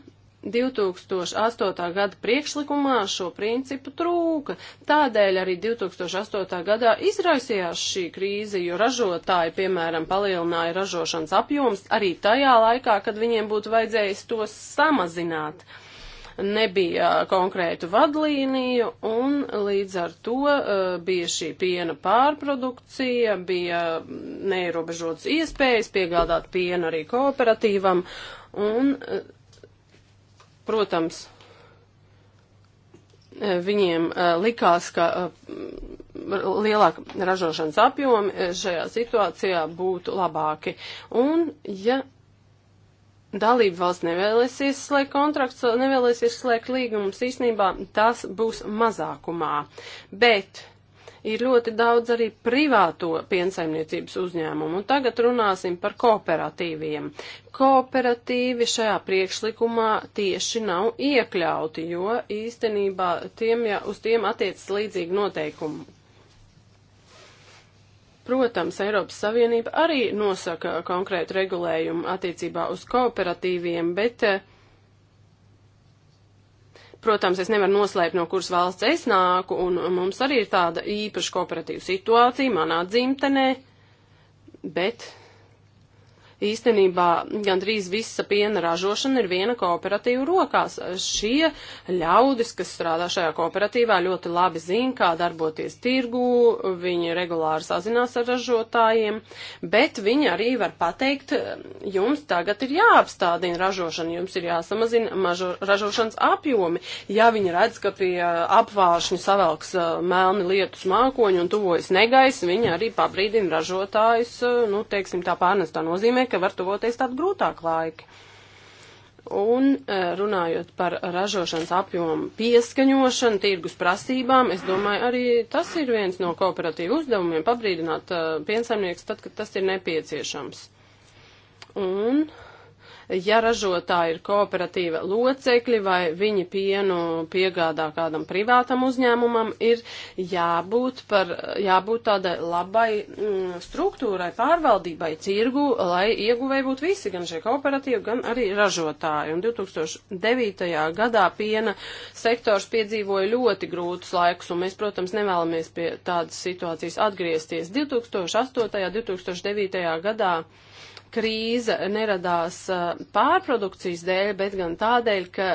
2008. gada priekšlikumā šo principu trūka. Tādēļ arī 2008. gadā izraisījās šī krīze, jo ražotāji, piemēram, palielināja ražošanas apjoms arī tajā laikā, kad viņiem būtu vajadzējis tos samazināt. Nebija konkrētu vadlīniju un līdz ar to uh, bija šī piena pārprodukcija, bija neierobežotas iespējas piegādāt pienu arī kooperatīvam un uh, Protams, e, viņiem e, likās, ka e, lielāka ražošanas apjomi šajā situācijā būtu labāki. Un, ja dalību valsts nevēlēs izslēgt kontrakts, nevēlēs izslēgt līgumus, īstenībā tas būs mazākumā. Bet ir ļoti daudz arī privāto piensaimniecības uzņēmumu. Un tagad runāsim par kooperatīviem. Kooperatīvi šajā priekšlikumā tieši nav iekļauti, jo īstenībā tiem, ja uz tiem attiecas līdzīgi noteikumi. Protams, Eiropas Savienība arī nosaka konkrētu regulējumu attiecībā uz kooperatīviem, bet uh, Protams, es nevaru noslēpt, no kuras valsts es nāku, un mums arī ir tāda īpaša kooperatīva situācija manā dzimtenē, bet īstenībā gandrīz visa piena ražošana ir viena kooperatīva rokās. Šie ļaudis, kas strādā šajā kooperatīvā, ļoti labi zina, kā darboties tirgū, viņi regulāri sazinās ar ražotājiem, bet viņi arī var pateikt, jums tagad ir jāapstādina ražošana, jums ir jāsamazina mažo, ražošanas apjomi. Ja viņi redz, ka pie uh, apvāršņa savelks uh, melni lietus mākoņi un tuvojas negaiss, viņi arī pabrīdina ražotājus, uh, nu, teiksim, tā pārnestā nozīmē, domāju, ka var tuvoties tādu grūtāku laiku. Un e, runājot par ražošanas apjomu pieskaņošanu, tirgus prasībām, es domāju, arī tas ir viens no kooperatīvu uzdevumiem - pabrīdināt uh, piensaimnieks tad, kad tas ir nepieciešams. Un uh, ja ražotāji ir kooperatīva locekļi vai viņi pienu piegādā kādam privātam uzņēmumam, ir jābūt, par, jābūt tādai labai mm, struktūrai, pārvaldībai tirgu, lai ieguvēji būtu visi, gan šie kooperatīvi, gan arī ražotāji. Un 2009. gadā piena sektors piedzīvoja ļoti grūtus laikus, un mēs, protams, nevēlamies pie tādas situācijas atgriezties. 2008. un 2009. gadā krīze neradās pārprodukcijas dēļ, bet gan tādēļ, ka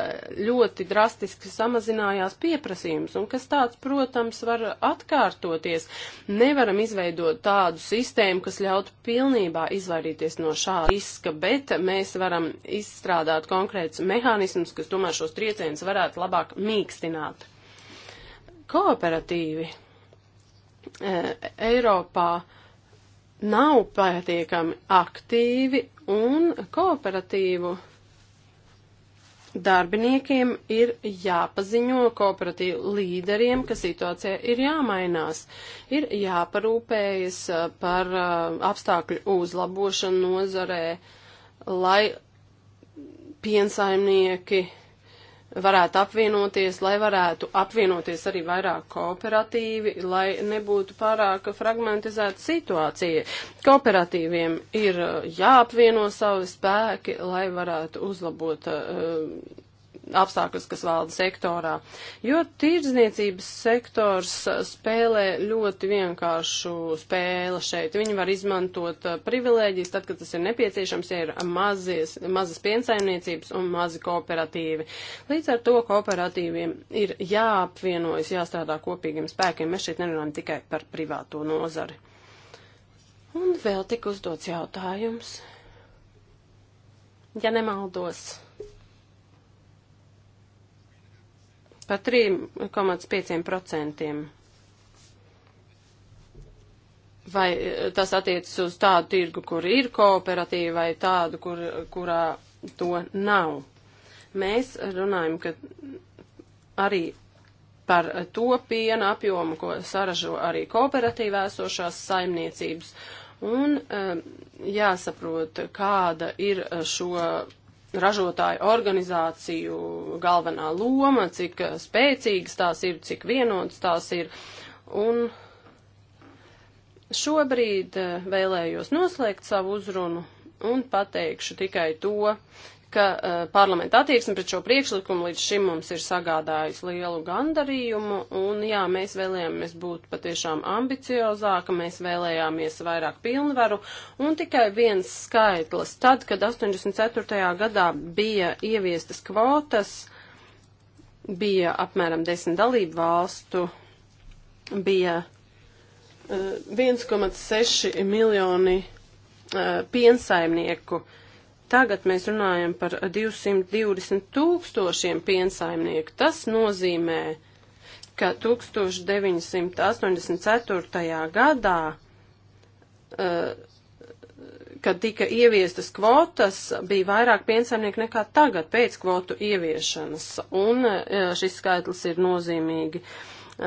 ļoti drastiski samazinājās pieprasījums, un kas tāds, protams, var atkārtoties. Nevaram izveidot tādu sistēmu, kas ļautu pilnībā izvairīties no šāda riska, bet mēs varam izstrādāt konkrēts mehānismus, kas tomēr šos triecienus varētu labāk mīkstināt. Kooperatīvi e, Eiropā nav pietiekami aktīvi un kooperatīvu darbiniekiem ir jāpaziņo kooperatīvu līderiem, ka situācija ir jāmainās, ir jāparūpējas uh, par uh, apstākļu uzlabošanu nozarē, lai piensaimnieki varētu apvienoties, lai varētu apvienoties arī vairāk kooperatīvi, lai nebūtu pārāk fragmentizēta situācija. Kooperatīviem ir uh, jāapvieno savi spēki, lai varētu uzlabot uh, apstākļus, kas valda sektorā. Jo tirdzniecības sektors spēlē ļoti vienkāršu spēli šeit. Viņi var izmantot uh, privilēģijas tad, kad tas ir nepieciešams, ja ir mazies, mazas piensaimniecības un mazi kooperatīvi. Līdz ar to kooperatīviem ir jāapvienojas, jāstrādā kopīgiem spēkiem. Mēs šeit nerunājam tikai par privāto nozari. Un vēl tik uzdots jautājums. Ja nemaldos pa 3,5%. Vai eh, tas attiecas uz tādu tirgu, kur ir kooperatīva, vai tādu, kur, kurā to nav? Mēs runājam, ka arī par to piena apjomu, ko saražo arī kooperatīvā esošās saimniecības. Un eh, jāsaprot, kāda ir šo ražotāju organizāciju galvenā loma, cik spēcīgas tās ir, cik vienotas tās ir. Un šobrīd eh, vēlējos noslēgt savu uzrunu un pateikšu tikai to, ka uh, parlamenta attieksme pret šo priekšlikumu līdz šim mums ir sagādājusi lielu gandarījumu, un jā, mēs vēlējāmies būt patiešām ambiciozāka, mēs vēlējāmies vairāk pilnvaru, un tikai viens skaitlis. Tad, kad 84. gadā bija ieviestas kvotas, bija apmēram 10 dalību valstu, bija uh, eh, 1,6 miljoni uh, piensaimnieku. Uh, Tagad mēs runājam par 220 tūkstošiem piensaimnieku. Tas nozīmē, ka 1984. gadā, eh, kad tika ieviestas kvotas, bija vairāk piensaimnieku nekā tagad pēc kvotu ieviešanas, un eh, šis skaitlis ir nozīmīgi uh,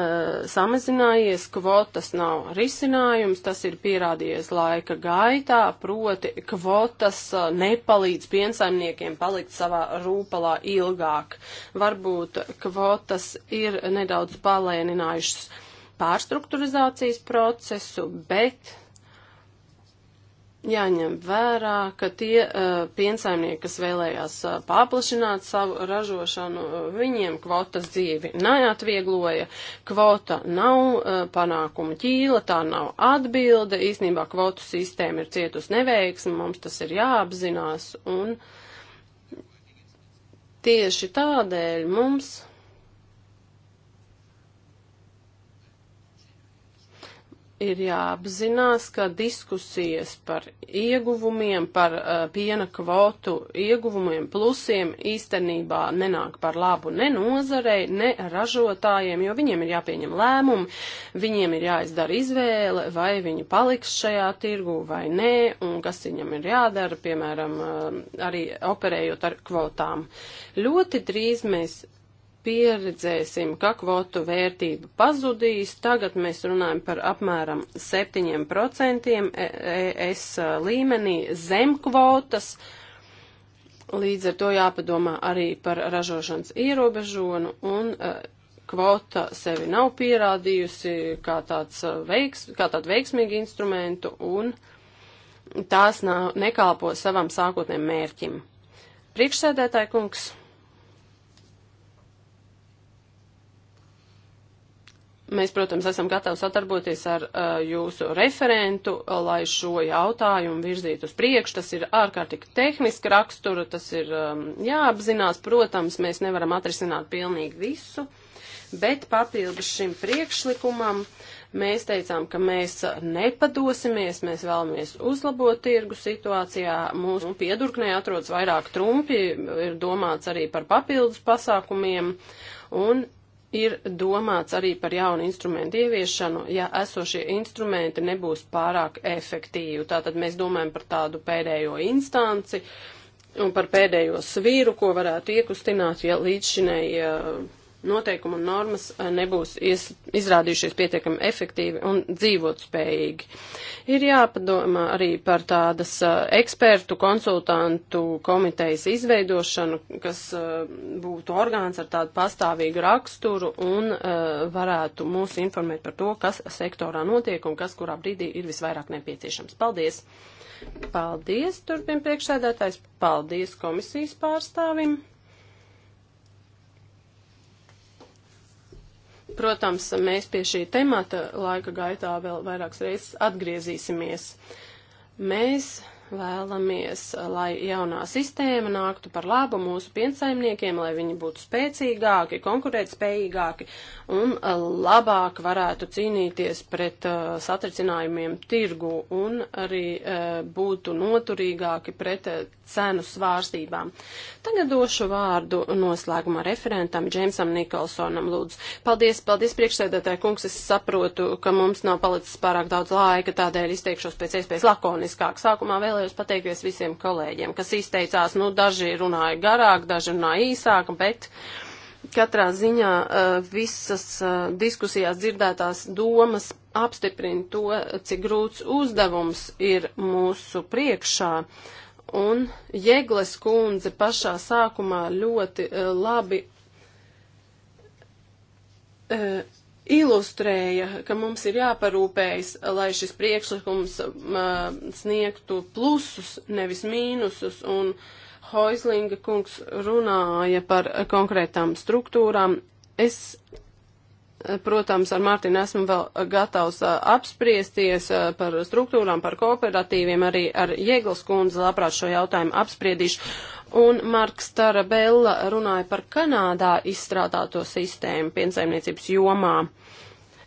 Eh, samazinājies, kvotas nav risinājums, tas ir pierādījies laika gaitā, proti kvotas eh, nepalīdz piensaimniekiem palikt savā rūpalā ilgāk. Varbūt kvotas ir nedaudz palēninājušas pārstrukturizācijas procesu, bet jāņem vērā, ka tie uh, piensaimnieki, kas vēlējās uh, paplašināt savu ražošanu, uh, viņiem kvotas dzīvi neatviegloja, kvota nav uh, panākuma ķīla, tā nav atbilde, īsnībā kvotu sistēma ir cietus neveiksmi, mums tas ir jāapzinās, un tieši tādēļ mums ir jāapzinās, ka diskusijas par ieguvumiem, par uh, piena kvotu ieguvumiem, plusiem īstenībā nenāk par labu ne nozarei, ne ražotājiem, jo viņiem ir jāpieņem lēmumi, viņiem ir jāizdara izvēle, vai viņi paliks šajā tirgu vai nē, un kas viņam ir jādara, piemēram, uh, arī operējot ar kvotām. Ļoti drīz mēs pieredzēsim, ka kvotu vērtība pazudīs. Tagad mēs runājam par apmēram 7% e, e, ES uh, līmenī zem kvotas. Līdz ar to jāpadomā arī par ražošanas ierobežonu un uh, kvota sevi nav pierādījusi kā, tāds uh, veiks, kā tādu veiksmīgu instrumentu un tās nav, nekalpo savam sākotnēm mērķim. Priekšsēdētāji kungs. Mēs, protams, esam gatavi sadarboties ar uh, jūsu referentu, uh, lai šo jautājumu virzītu uz priekšu. Tas ir ārkārtīgi tehniski rakstura, tas ir um, jāapzinās. Protams, mēs nevaram atrisināt pilnīgi visu, bet papildus šim priekšlikumam mēs teicām, ka mēs nepadosimies, mēs vēlamies uzlabot tirgu situācijā. Mūsu piedurknē atrodas vairāk trumpi, ir domāts arī par papildus pasākumiem. Un ir domāts arī par jaunu instrumentu ieviešanu, ja esošie instrumenti nebūs pārāk efektīvi. Tātad mēs domājam par tādu pēdējo instanci un par pēdējo svīru, ko varētu iekustināt, ja līdz šinēji eh, noteikumi un normas eh, nebūs ies, izrādījušies pietiekami efektīvi un dzīvotspējīgi. Ir jāpadomā arī par tādas eh, ekspertu konsultantu komitejas izveidošanu, kas eh, būtu orgāns ar tādu pastāvīgu raksturu un varētu mūs informēt par to, kas sektorā notiek un kas kurā brīdī ir visvairāk nepieciešams. Paldies! Paldies, turpin priekšsēdētājs, paldies komisijas pārstāvim! Protams, mēs pie šī temata laika gaitā vēl vairākas reizes atgriezīsimies. Mēs Vēlamies, lai jaunā sistēma nāktu par labu mūsu piensaimniekiem, lai viņi būtu spēcīgāki, konkurētspējīgāki un eh, labāk varētu cīnīties pret uh, satricinājumiem tirgu un arī uh, būtu noturīgāki pret uh, cenu svārstībām. Tagad došu vārdu noslēgumā referentam Džeimsam Nikolsonam lūdzu. Paldies, paldies priekšsēdētāji kungs, es saprotu, ka mums nav palicis pārāk daudz laika, tādēļ izteikšos pēc iespējas lakoniskāk. Sākumā vēl vēlējos pateikties visiem kolēģiem, kas izteicās, nu, daži runāja garāk, daži runāja īsāk, bet katrā ziņā eh, visas eh, diskusijās dzirdētās domas apstiprina to, cik grūts uzdevums ir mūsu priekšā. Un Jēgles kundze pašā sākumā ļoti eh, labi ilustrēja, ka mums ir jāparūpējas, lai šis priekšlikums sniegtu plusus, nevis mīnusus, un Hoizlinga kungs runāja par konkrētām struktūrām. Es, protams, ar Mārtiņu esmu vēl gatavs apspriesties par struktūrām, par kooperatīviem, arī ar Jēglas kundzi labprāt šo jautājumu apspriedīšu. Un Marks Tarabella runāja par Kanādā izstrādāto sistēmu piensaimniecības jomā.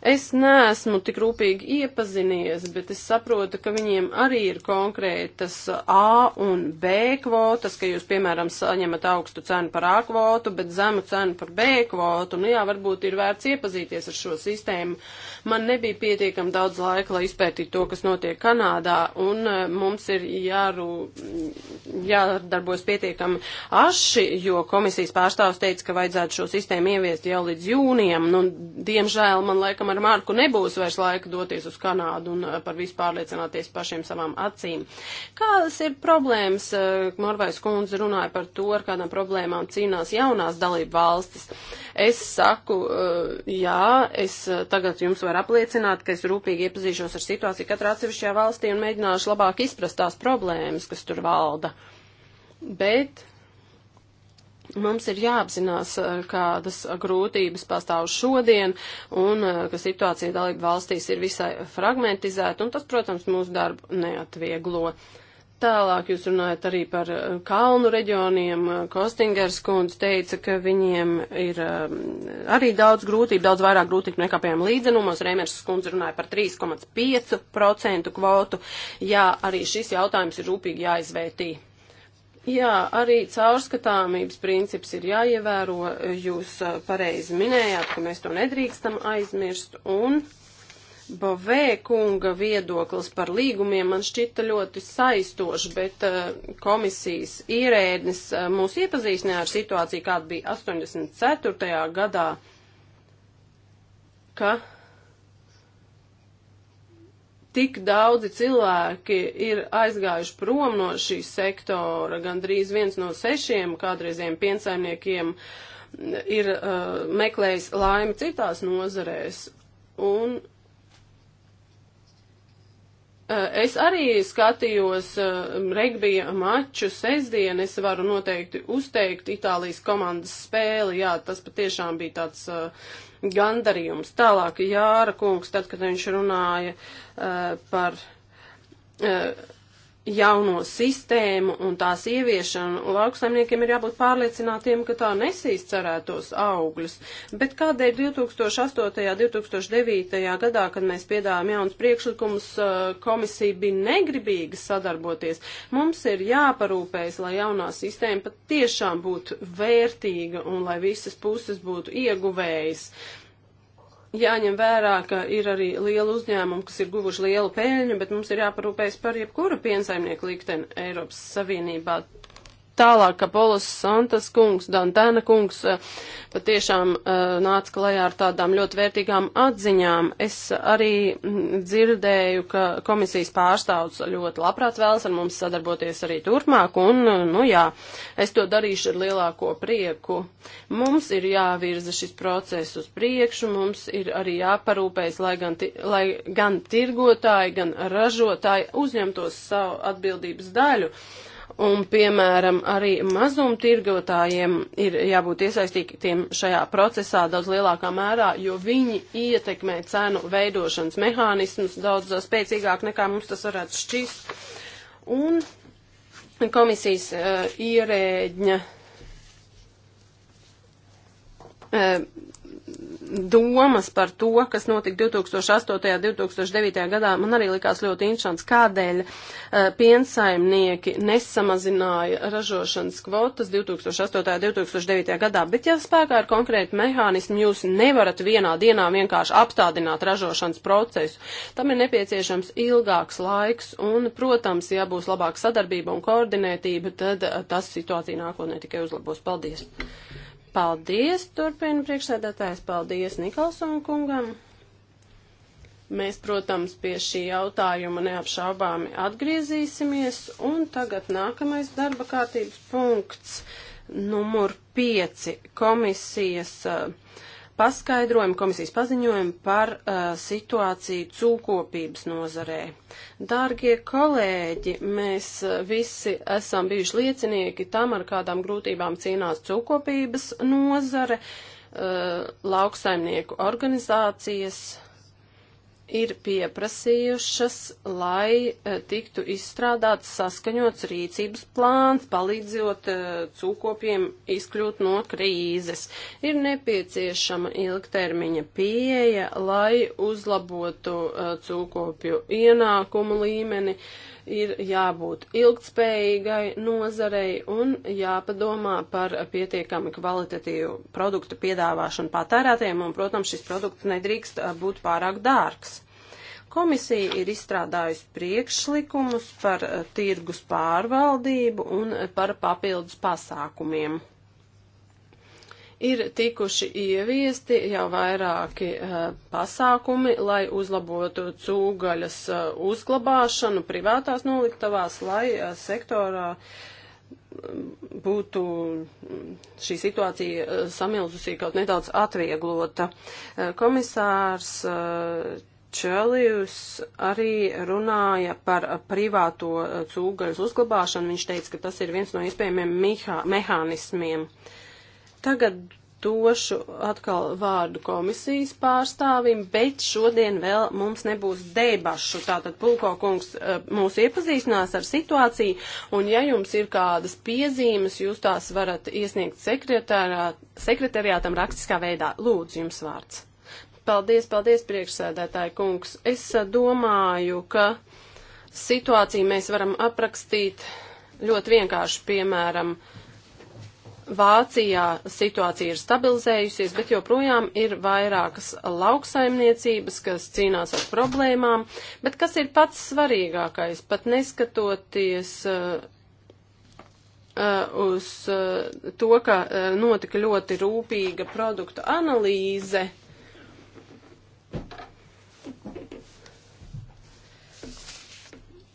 Es neesmu tik rūpīgi iepazinies, bet es saprotu, ka viņiem arī ir konkrētas A un B kvotas, ka jūs, piemēram, saņemat augstu cenu par A kvotu, bet zemu cenu par B kvotu. Nu jā, varbūt ir vērts iepazīties ar šo sistēmu, Man nebija pietiekam daudz laika, lai izpētītu to, kas notiek Kanādā, un eh, mums ir jāru, jādarbojas pietiekam aši, jo komisijas pārstāvs teica, ka vajadzētu šo sistēmu ieviest jau līdz jūnijam. Nu, diemžēl man laikam ar Mārku nebūs vairs laika doties uz Kanādu un eh, par visu pārliecināties pašiem savām acīm. Kādas ir problēmas? Eh, Morvais kundze runāja par to, ar kādām problēmām cīnās jaunās dalību valstis. Es saku, jā, es tagad jums varu var apliecināt, ka es rūpīgi iepazīšos ar situāciju katrā atsevišķajā valstī un mēģināšu labāk izprast tās problēmas, kas tur valda. Bet mums ir jāapzinās, eh, kādas grūtības pastāv šodien un eh, ka situācija dalība valstīs ir visai fragmentizēta, un tas, protams, mūsu darbu neatvieglo. Uh, Tālāk jūs runājat arī par eh, kalnu reģioniem. Kostingers kundze teica, ka viņiem ir eh, arī daudz grūtību, daudz vairāk grūtību nekā, piemēram, līdzenumos. Rēmers kundze runāja par 3,5% kvotu. Jā, arī šis jautājums ir rūpīgi jāizvērtī. Jā, arī caurskatāmības princips ir jāievēro. Jūs eh, pareizi minējāt, ka mēs to nedrīkstam aizmirst. Un Bovē kunga viedoklis par līgumiem man šķita ļoti saistošs, bet eh, komisijas ierēdnis eh, mūs iepazīstināja ar situāciju, kāda bija 84. gadā, ka tik daudzi cilvēki ir aizgājuši prom no šī sektora, gandrīz viens no sešiem kādreiziem piensaimniekiem mm, ir uh, meklējis laimi citās nozarēs. Un Eh, es arī skatījos eh, regbija maču sestdien, es varu noteikti uzteikt Itālijas komandas spēli, jā, tas patiešām bija tāds eh, gandarījums. Tālāk Jāra kungs, tad, kad viņš runāja par jauno sistēmu un tās ieviešanu lauksaimniekiem ir jābūt pārliecinātiem, ka tā nesīs cerētos augļus. Bet kādēļ 2008. un 2009. gadā, kad mēs piedāvājam jaunas priekšlikumus, komisija bija negribīga sadarboties? Mums ir jāparūpējas, lai jaunā sistēma pat tiešām būtu vērtīga un lai visas puses būtu ieguvējas. Uh, jāņem vērā, ka ir arī liela uzņēmuma, kas ir guvuši lielu peļņu, bet mums ir jāparūpējas par jebkuru piensaimnieku likteni Eiropas Savienībā. Tālāk, ka Polas Santas kungs, Dantēna kungs eh, patiešām eh, nāca klajā ar tādām ļoti vērtīgām atziņām. Es arī mm, dzirdēju, ka komisijas pārstāvs ļoti labprāt vēlas ar mums sadarboties arī turpmāk, un, eh, nu jā, es to darīšu ar lielāko prieku. Mums ir jāvirza šis process uz priekšu, mums ir arī jāparūpējas, lai gan, lai gan tirgotāji, gan ražotāji uzņemtos savu atbildības daļu. Uh, un, piemēram, arī mazumtirgotājiem ir jābūt iesaistītiem šajā procesā daudz lielākā mērā, jo viņi ietekmē cenu veidošanas mehānismus daudz spēcīgāk nekā mums tas varētu šķist. Un komisijas uh, ierēģņa uh, domas par to, kas notika 2008. un 2009. gadā, man arī likās ļoti interesants, kādēļ uh, piensaimnieki nesamazināja ražošanas kvotas 2008. un 2009. gadā. Bet, ja spēkā ir konkrēti mehānismi, jūs nevarat vienā dienā vienkārši apstādināt ražošanas procesu. Tam ir nepieciešams ilgāks laiks, un, protams, ja būs labāka sadarbība un koordinētība, tad uh, tas situācija nākotnē tikai uzlabos. Paldies! Paldies, turpina priekšsēdētājs, paldies Nikolsonu kungam. Mēs, protams, pie šī jautājuma neapšaubāmi atgriezīsimies, un tagad nākamais darba kārtības punkts, numur 5, komisijas uh, paskaidrojumu, komisijas paziņojumu par uh, situāciju cūkopības nozarē. Dārgie kolēģi, mēs uh, visi esam bijuši liecinieki tam, ar kādām grūtībām cīnās cūkopības nozare, uh, lauksaimnieku organizācijas, ir pieprasījušas, lai e, tiktu izstrādāts saskaņots rīcības plāns, palīdzot e, cūkopiem izkļūt no krīzes. Ir nepieciešama ilgtermiņa pieeja, lai uzlabotu e, cūkopju ienākumu līmeni, ir jābūt ilgtspējīgai nozarei un jāpadomā par pietiekami kvalitatīvu produktu piedāvāšanu patērētiem, un, protams, šis produkts nedrīkst būt pārāk dārgs. Komisija ir izstrādājusi priekšlikumus par eh, tirgus pārvaldību un eh, par papildus pasākumiem. Ir tikuši ieviesti jau vairāki uh, pasākumi, lai uzlabotu cūgaļas uh, uzglabāšanu privātās noliktavās, lai uh, sektorā mm, būtu mm, šī situācija samilzusī kaut nedaudz atvieglota. Komisārs Čelijus arī runāja par privāto eh, cūgaļas uzglabāšanu. Viņš teica, ka tas ir viens no iespējamiem mihā, mehānismiem. Tagad došu atkal vārdu komisijas pārstāvim, bet šodien vēl mums nebūs debašu. Tātad Pulko kungs eh, mūs iepazīstinās ar situāciju, un ja jums ir kādas piezīmes, jūs tās varat iesniegt sekretariātam rakstiskā veidā. Lūdzu, jums vārds. Paldies, paldies, priekšsēdētāji kungs. Es domāju, ka situāciju mēs varam aprakstīt ļoti vienkārši, piemēram, Vācijā situācija ir stabilizējusies, bet joprojām ir vairākas lauksaimniecības, kas cīnās ar problēmām. Bet kas ir pats svarīgākais, pat neskatoties uh, uz uh, to, ka uh, notika ļoti rūpīga produktu analīze, uh,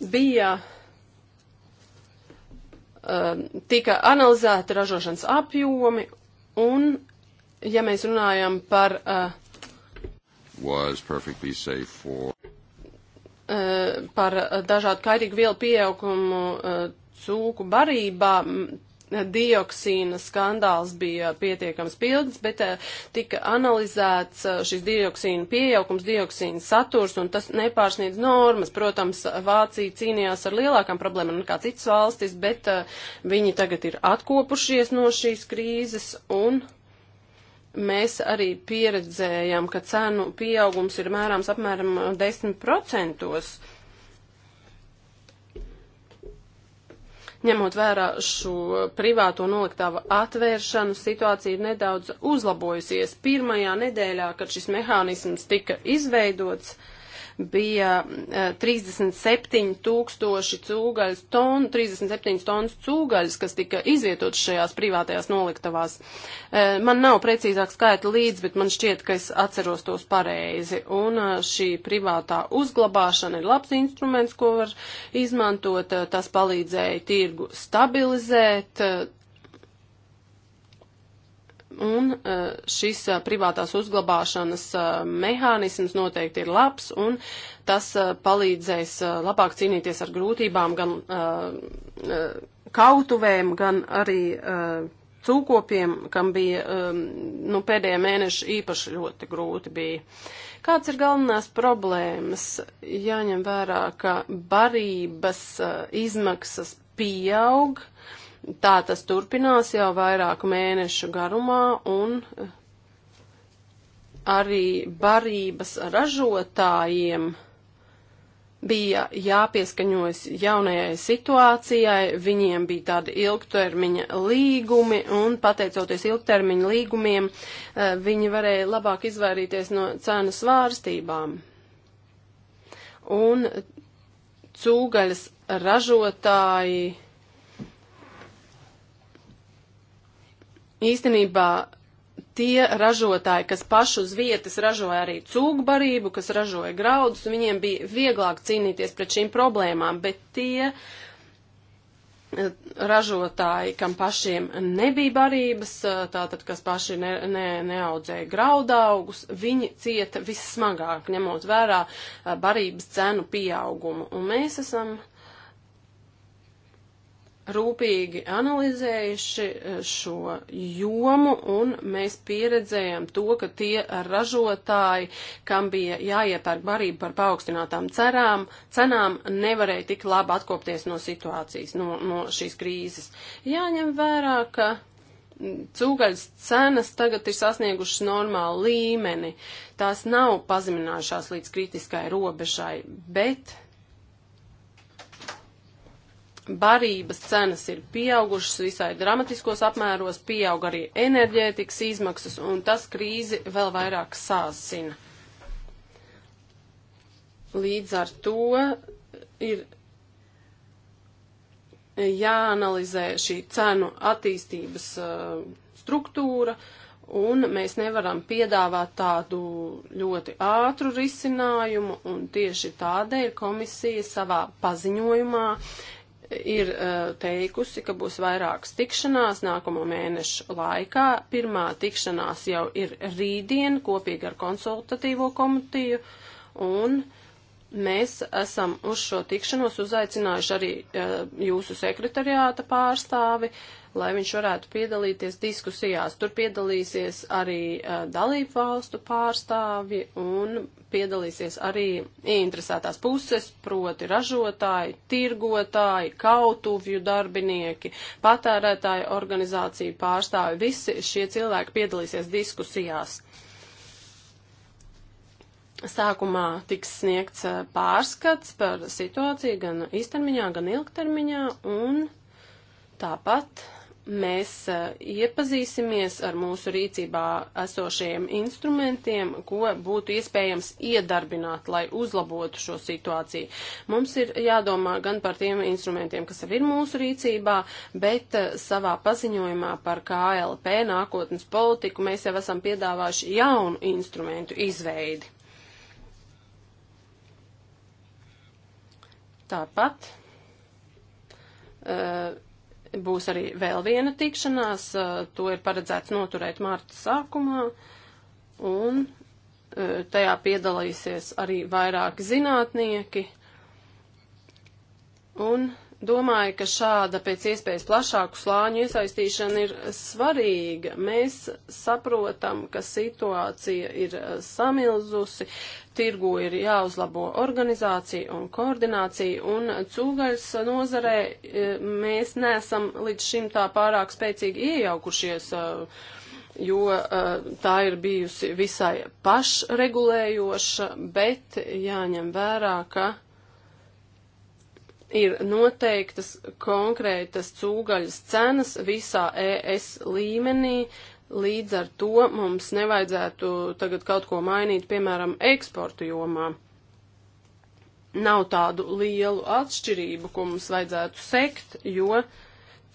Bija um, tika analizēti ražošanas apjomi, un, ja mēs runājam par uh, for... uh, par dažādu kaitīgu vielu pieaugumu uh, cūku barībā, dioksīna skandāls bija pietiekams pilgs, bet eh, tika analizēts eh, šis dioksīna pieaugums, dioksīna saturs, un tas nepārsniedz normas. Protams, Vācija cīnījās ar lielākām problēmām nekā citas valstis, bet eh, viņi tagad ir atkopušies no šīs krīzes un mēs arī pieredzējām, ka cenu pieaugums ir mērāms apmēram 10%. Ņemot vērā šo privāto noliktavu atvēršanu, situācija ir nedaudz uzlabojusies. Pirmajā nedēļā, kad šis mehānisms tika izveidots, uh, bija 37 eh, tūkstoši cūgaļas tonu, 37 tonnas cūgaļas, kas tika izvietotas šajās privātajās noliktavās. Eh, man nav precīzāk skaita līdz, bet man šķiet, ka es atceros tos pareizi. Un eh, šī privātā uzglabāšana ir labs instruments, ko var izmantot. Tas palīdzēja tirgu stabilizēt, Un eh, šis eh, privātās uzglabāšanas eh, mehānisms noteikti ir labs, un tas palīdzēs labāk cīnīties ar grūtībām gan kautuvēm, gan arī cūkopiem, kam bija nu, pēdējie mēneši īpaši ļoti grūti bija. Kāds ir galvenās problēmas? Jāņem vērā, ka barības izmaksas pieaug. Uh, Tā tas turpinās jau vairāku mēnešu garumā un eh, arī barības ražotājiem bija jāpieskaņojas jaunajai situācijai, viņiem bija tādi ilgtermiņa līgumi, un pateicoties ilgtermiņa līgumiem, eh, viņi varēja labāk izvairīties no cenu svārstībām. Un cūgaļas ražotāji īstenībā tie ražotāji, kas paši uz vietas ražoja arī cūkbarību, kas ražoja graudus, viņiem bija vieglāk cīnīties pret šīm problēmām, bet tie eh, ražotāji, kam pašiem nebija barības, eh, tātad, kas paši ne, ne, neaudzēja graudaugus, viņi cieta vissmagāk, ņemot vērā eh, barības cenu pieaugumu. Un mēs esam rūpīgi analizējuši eh, šo jomu un mēs pieredzējām to, ka tie ražotāji, kam bija jāiepērk barību par paaugstinātām cerām, cenām, nevarēja tik labi atkopties no situācijas, no, no šīs krīzes. Jāņem vērā, ka cūgaļas cenas tagad ir sasniegušas normālu līmeni. Tās nav pazeminājušās līdz kritiskai robežai, bet barības cenas ir pieaugušas visai dramatiskos apmēros, pieaug arī enerģētikas izmaksas, un tas krīzi vēl vairāk sāsina. Līdz ar to ir jāanalizē šī cenu attīstības uh, struktūra, un mēs nevaram piedāvāt tādu ļoti ātru risinājumu, un tieši tādēļ komisija savā paziņojumā ir eh, teikusi, ka būs vairākas tikšanās nākamo mēnešu laikā. Pirmā tikšanās jau ir rītdien kopīgi ar konsultatīvo komitiju, un mēs esam uz šo tikšanos uzaicinājuši arī eh, jūsu sekretariāta pārstāvi, lai viņš varētu piedalīties diskusijās. Tur piedalīsies arī eh, dalību valstu pārstāvi un piedalīsies arī ieinteresētās puses, proti ražotāji, tirgotāji, kautuvju darbinieki, patērētāju organizāciju pārstāvi. Visi šie cilvēki piedalīsies diskusijās. Sākumā tiks sniegts eh, pārskats par situāciju gan īstermiņā, gan ilgtermiņā un tāpat mēs iepazīsimies ar mūsu rīcībā esošajiem instrumentiem, ko būtu iespējams iedarbināt, lai uzlabotu šo situāciju. Mums ir jādomā gan par tiem instrumentiem, kas jau ir mūsu rīcībā, bet savā paziņojumā par KLP nākotnes politiku mēs jau esam piedāvājuši jaunu instrumentu izveidi. Tāpat. Uh, būs arī vēl viena tikšanās, to ir paredzēts noturēt mārta sākumā, un tajā piedalīsies arī vairāki zinātnieki, un Domāju, ka šāda pēc iespējas plašāku slāņu iesaistīšana ir svarīga. Mēs saprotam, ka situācija ir eh, samilzusi, tirgu ir jāuzlabo organizācija un koordinācija, un cūgaļas nozarē eh, mēs neesam līdz šim tā pārāk spēcīgi iejaukušies, eh, jo tā ir bijusi visai pašregulējoša, bet jāņem vērā, ka ir noteiktas konkrētas cūgaļas cenas visā ES līmenī, līdz ar to mums nevajadzētu tagad kaut ko mainīt, piemēram, eksporta jomā nav tādu lielu atšķirību, ko mums vajadzētu sekt, jo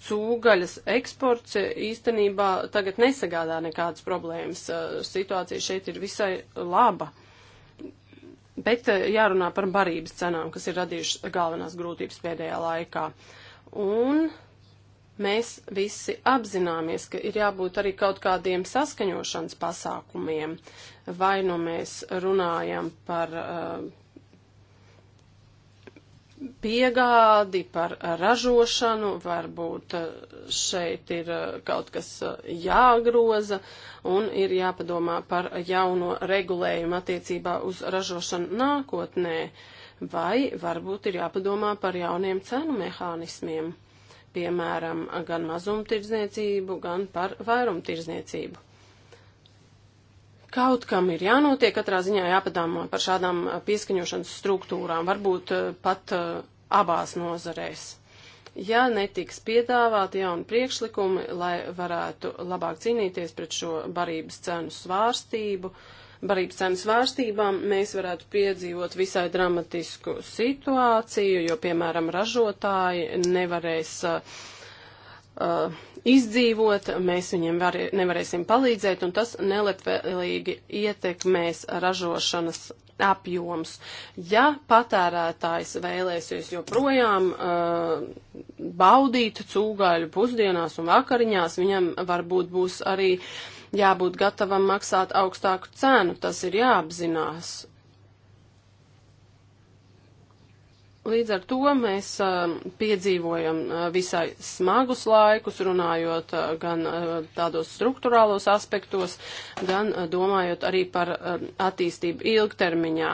cūgaļas eksports īstenībā tagad nesagādā nekādas problēmas. Situācija šeit ir visai laba. Bet eh, jārunā par barības cenām, kas ir radījušas galvenās grūtības pēdējā laikā. Un mēs visi apzināmies, ka ir jābūt arī kaut kādiem saskaņošanas pasākumiem. Vai nu mēs runājam par uh, piegādi, par ražošanu, varbūt eh, šeit ir eh, kaut kas eh, jāgroza un ir jāpadomā par jauno regulējumu attiecībā uz ražošanu nākotnē, vai varbūt ir jāpadomā par jauniem cenu mehānismiem, piemēram, gan mazumtirdzniecību, gan par vairumtirdzniecību. Kaut kam ir jānotiek, katrā ziņā jāpadomā par šādām eh, pieskaņošanas struktūrām, varbūt eh, pat eh, abās nozarēs. Ja netiks piedāvāti jauni priekšlikumi, lai varētu labāk cīnīties pret šo barības cenu svārstību, barības cenas vārstībām, mēs varētu piedzīvot visai dramatisku situāciju, jo, piemēram, ražotāji nevarēs uh, uh, izdzīvot, mēs viņiem var, nevarēsim palīdzēt, un tas nelabvēlīgi ietekmēs ražošanas apjoms. Ja patērētājs vēlēsies joprojām uh, baudīt cūgaļu pusdienās un vakariņās, viņam varbūt būs arī jābūt gatavam maksāt augstāku cenu, tas ir jāapzinās. Līdz ar to mēs um, piedzīvojam uh, visai smagus laikus, runājot uh, gan uh, tādos struktūrālos aspektos, gan domājot arī par um, attīstību ilgtermiņā.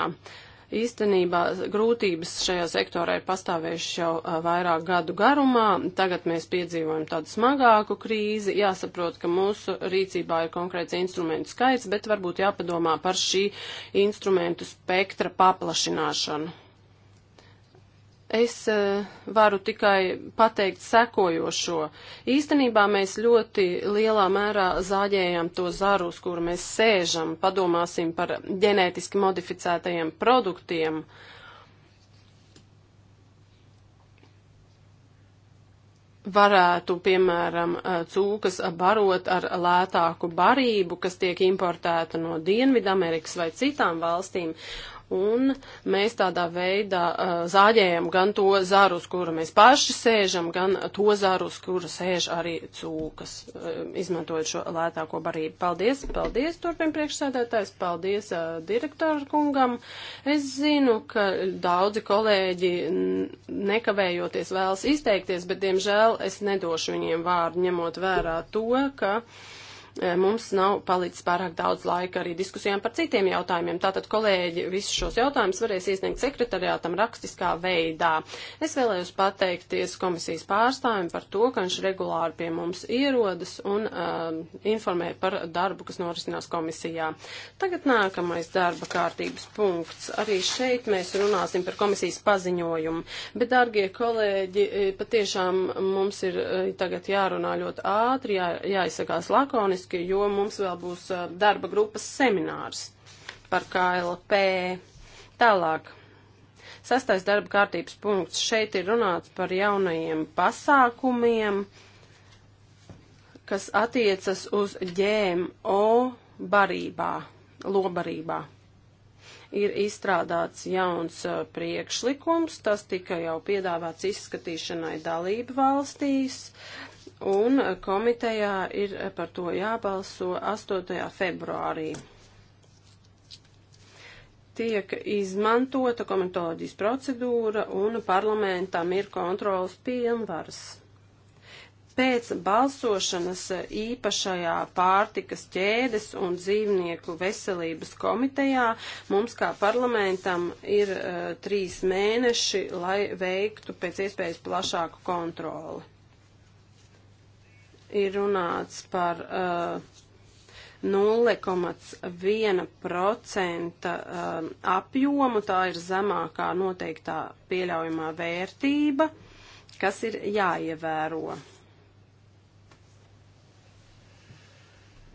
Īstenībā grūtības šajā sektorā ir pastāvējušas jau vairāk gadu garumā. Tagad mēs piedzīvojam tādu smagāku krīzi. Jāsaprot, ka mūsu rīcībā ir konkrēts instrumentu skaits, bet varbūt jāpadomā par šī instrumentu spektra paplašināšanu. Es e, varu tikai pateikt sekojošo. Īstenībā mēs ļoti lielā mērā zāģējam to zaru, uz kuru mēs sēžam, padomāsim par ģenētiski modificētajiem produktiem. varētu, piemēram, e, cūkas barot ar lētāku barību, kas tiek importēta no Dienvidamerikas vai citām valstīm, un mēs tādā veidā uh, zāģējam gan to zaru, uz kura mēs paši sēžam, gan to zaru, uz kura sēž arī cūkas, uh, izmantojot šo lētāko barību. Paldies, paldies, turpin priekšsēdētājs, paldies uh, direktoru kungam. Es zinu, ka daudzi kolēģi nekavējoties vēlas izteikties, bet, diemžēl, es nedošu viņiem vārdu, ņemot vērā to, ka. Uh, E, mums nav palicis pārāk daudz laika arī diskusijām par citiem jautājumiem. Tātad kolēģi visus šos jautājumus varēs iesniegt sekretariātam rakstiskā veidā. Es vēlējos pateikties komisijas pārstāvim par to, ka viņš regulāri pie mums ierodas un um, informē par darbu, kas norisinās komisijā. Tagad nākamais darba kārtības punkts. Arī šeit mēs runāsim par komisijas paziņojumu. Bet, dārgie kolēģi, e, patiešām mums ir tagad jārunā ļoti ātri, jā, jāizsakās lakoniski būtiski, jo mums vēl būs darba grupas seminārs par KLP. Tālāk. Sastais darba kārtības punkts. Šeit ir runāts par jaunajiem pasākumiem, kas attiecas uz ģēmo barībā, lobarībā. Ir izstrādāts jauns priekšlikums, tas tika jau piedāvāts izskatīšanai dalību valstīs. Uh, un komitejā ir par to jābalso 8. februārī. Tiek izmantota komitoloģijas procedūra un parlamentam ir kontrolas pilnvaras. Pēc balsošanas īpašajā pārtikas ķēdes un dzīvnieku veselības komitejā mums kā parlamentam ir uh, trīs mēneši, lai veiktu pēc iespējas plašāku kontroli ir runāts par uh, 0,1% uh, apjomu, tā ir zemākā noteiktā pieļaujamā vērtība, kas ir jāievēro.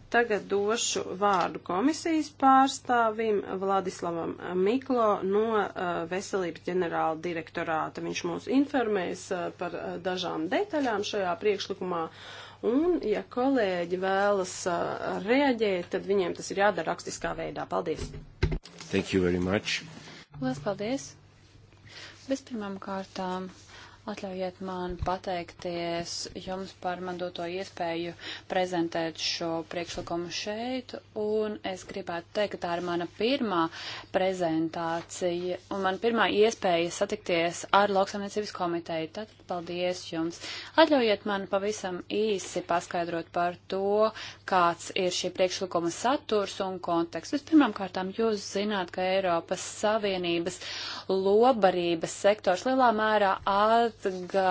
Tagad došu vārdu komisijas pārstāvim Vladislavam Miklo no uh, Veselības ģenerāla direktorāta. Viņš mūs informēs uh, par dažām detaļām šajā priekšlikumā Un, ja kolēģi vēlas uh, reaģēt, tad viņiem tas ir jādara rakstiskā veidā. Paldies! Thank you very much! Lielas paldies! Vispirmām kārtām. Uh, Atļaujiet man pateikties jums par man doto iespēju prezentēt šo priekšlikumu šeit, un es gribētu teikt, ka tā ir mana pirmā prezentācija un man pirmā iespēja satikties ar lauksaimniecības komiteju. Tad paldies jums. Atļaujiet man pavisam īsi paskaidrot par to, kāds ir šī priekšlikuma saturs un konteksts. Vispirmām kārtām jūs zināt, ka Eiropas Savienības lobarības sektors lielā mērā at jāsargā,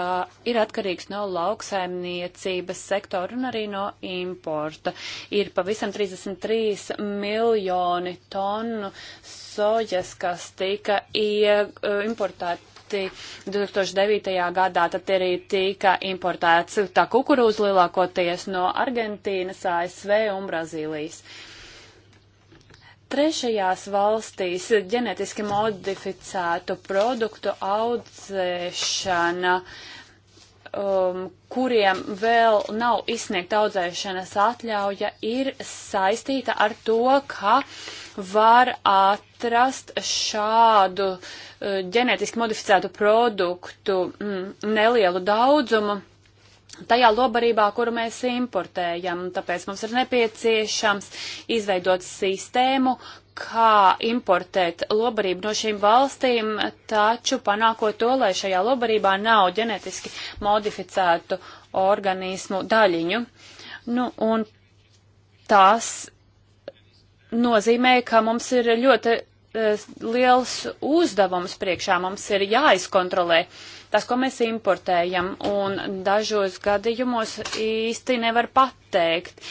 ir atkarīgs no lauksaimniecības sektora un arī no importa. Ir pavisam 33 miljoni tonu sojas, kas tika importēti 2009. gadā, tad arī tika importēts tā kukurūz lielākoties no Argentīnas, ASV un Brazīlijas. Uh, trešajās valstīs ģenetiski modificētu produktu audzēšana, um, kuriem vēl nav izsniegta audzēšanas atļauja, ir saistīta ar to, ka var atrast šādu uh, ģenetiski modificētu produktu mm, nelielu daudzumu tajā lobarībā, kuru mēs importējam. Tāpēc mums ir nepieciešams izveidot sistēmu, kā importēt lobarību no šīm valstīm, taču panākot to, lai šajā lobarībā nav ģenetiski modificētu organismu daļiņu. Nu, un tas nozīmē, ka mums ir ļoti Eh, liels uzdevums priekšā. Mums ir jāizkontrolē tas, ko mēs importējam, un dažos gadījumos īsti nevar pateikt,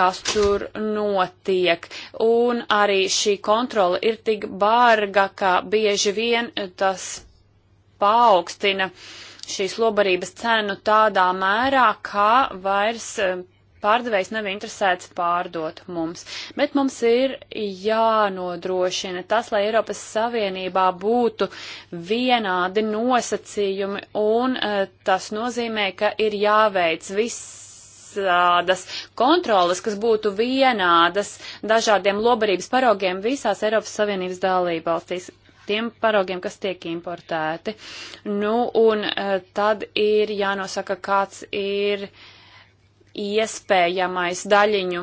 kas tur notiek. Un arī šī kontrola ir tik barga, ka bieži vien eh, tas paaugstina šīs lobarības cenu tādā mērā, kā vairs eh, pārdevējs nav interesēts pārdot mums, bet mums ir jānodrošina tas, lai Eiropas Savienībā būtu vienādi nosacījumi, un eh, tas nozīmē, ka ir jāveic visādas kontrolas, kas būtu vienādas dažādiem lobarības paraugiem visās Eiropas Savienības dalībvalstīs tiem paraugiem, kas tiek importēti. Nu, un eh, tad ir jānosaka, kāds ir uh, iespējamais daļiņu,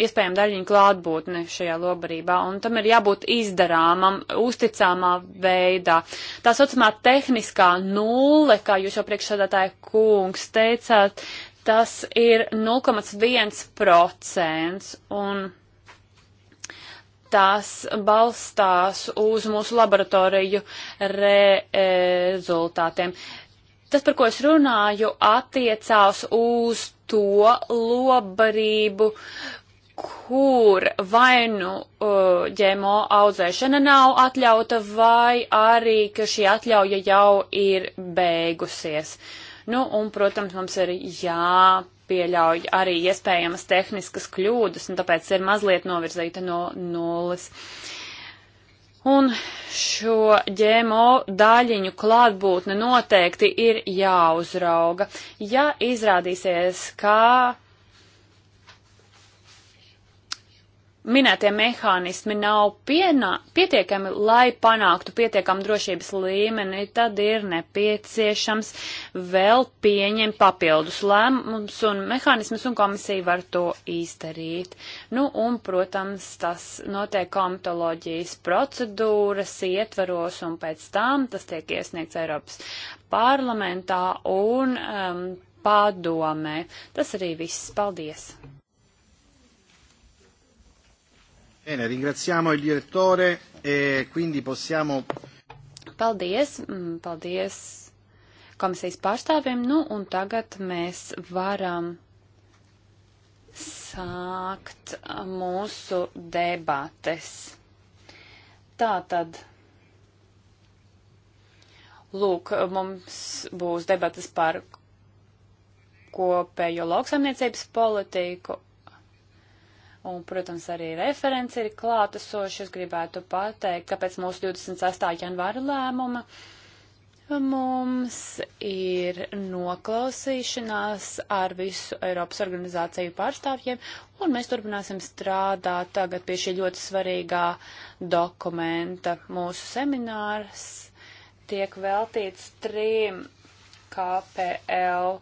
iespējama daļiņu klātbūtne šajā lobarībā, un tam ir jābūt izdarāmam, uzticāmā veidā. Tā saucamā tehniskā nulle, kā jūs jau priekšsādātāja kungs teicāt, tas ir 0,1%, un tās balstās uz mūsu laboratoriju re rezultātiem. Uh, Tas, par ko es runāju, attiecās uz to lobarību, kur vai nu uh, ģēmo audzēšana nav atļauta, vai arī, ka šī atļauja jau ir beigusies. Nu, un, protams, mums ir jā pieļauj arī iespējamas tehniskas kļūdas, un tāpēc ir mazliet novirzīta no nulles. No Un šo ģēmo daļiņu klātbūtne noteikti ir jāuzrauga. Ja izrādīsies, ka minētie mehānismi nav pienā, pietiekami, lai panāktu pietiekamu drošības līmeni, tad ir nepieciešams vēl pieņemt papildus lēmums un mehānismus, un komisija var to izdarīt. Nu, un, protams, tas notiek komitoloģijas procedūras ietvaros, un pēc tam tas tiek iesniegts Eiropas parlamentā un um, padomē. Tas arī viss. Paldies! Bene, ringraziamo il direttore e quindi possiamo. Paldies, mm, paldies komisijas pārstāvjiem. Nu, un tagad mēs varam sākt mūsu debates. Tātad. Lūk, mums būs debatas par kopējo lauksaimniecības politiku Un, protams, arī referents ir klātesoši. Es gribētu pateikt, ka pēc mūsu 26. janvāra lēmuma mums ir noklausīšanās ar visu Eiropas organizāciju pārstāvjiem, un mēs turpināsim strādāt tagad pie šī ļoti svarīgā dokumenta. Mūsu seminārs tiek veltīts trim KPL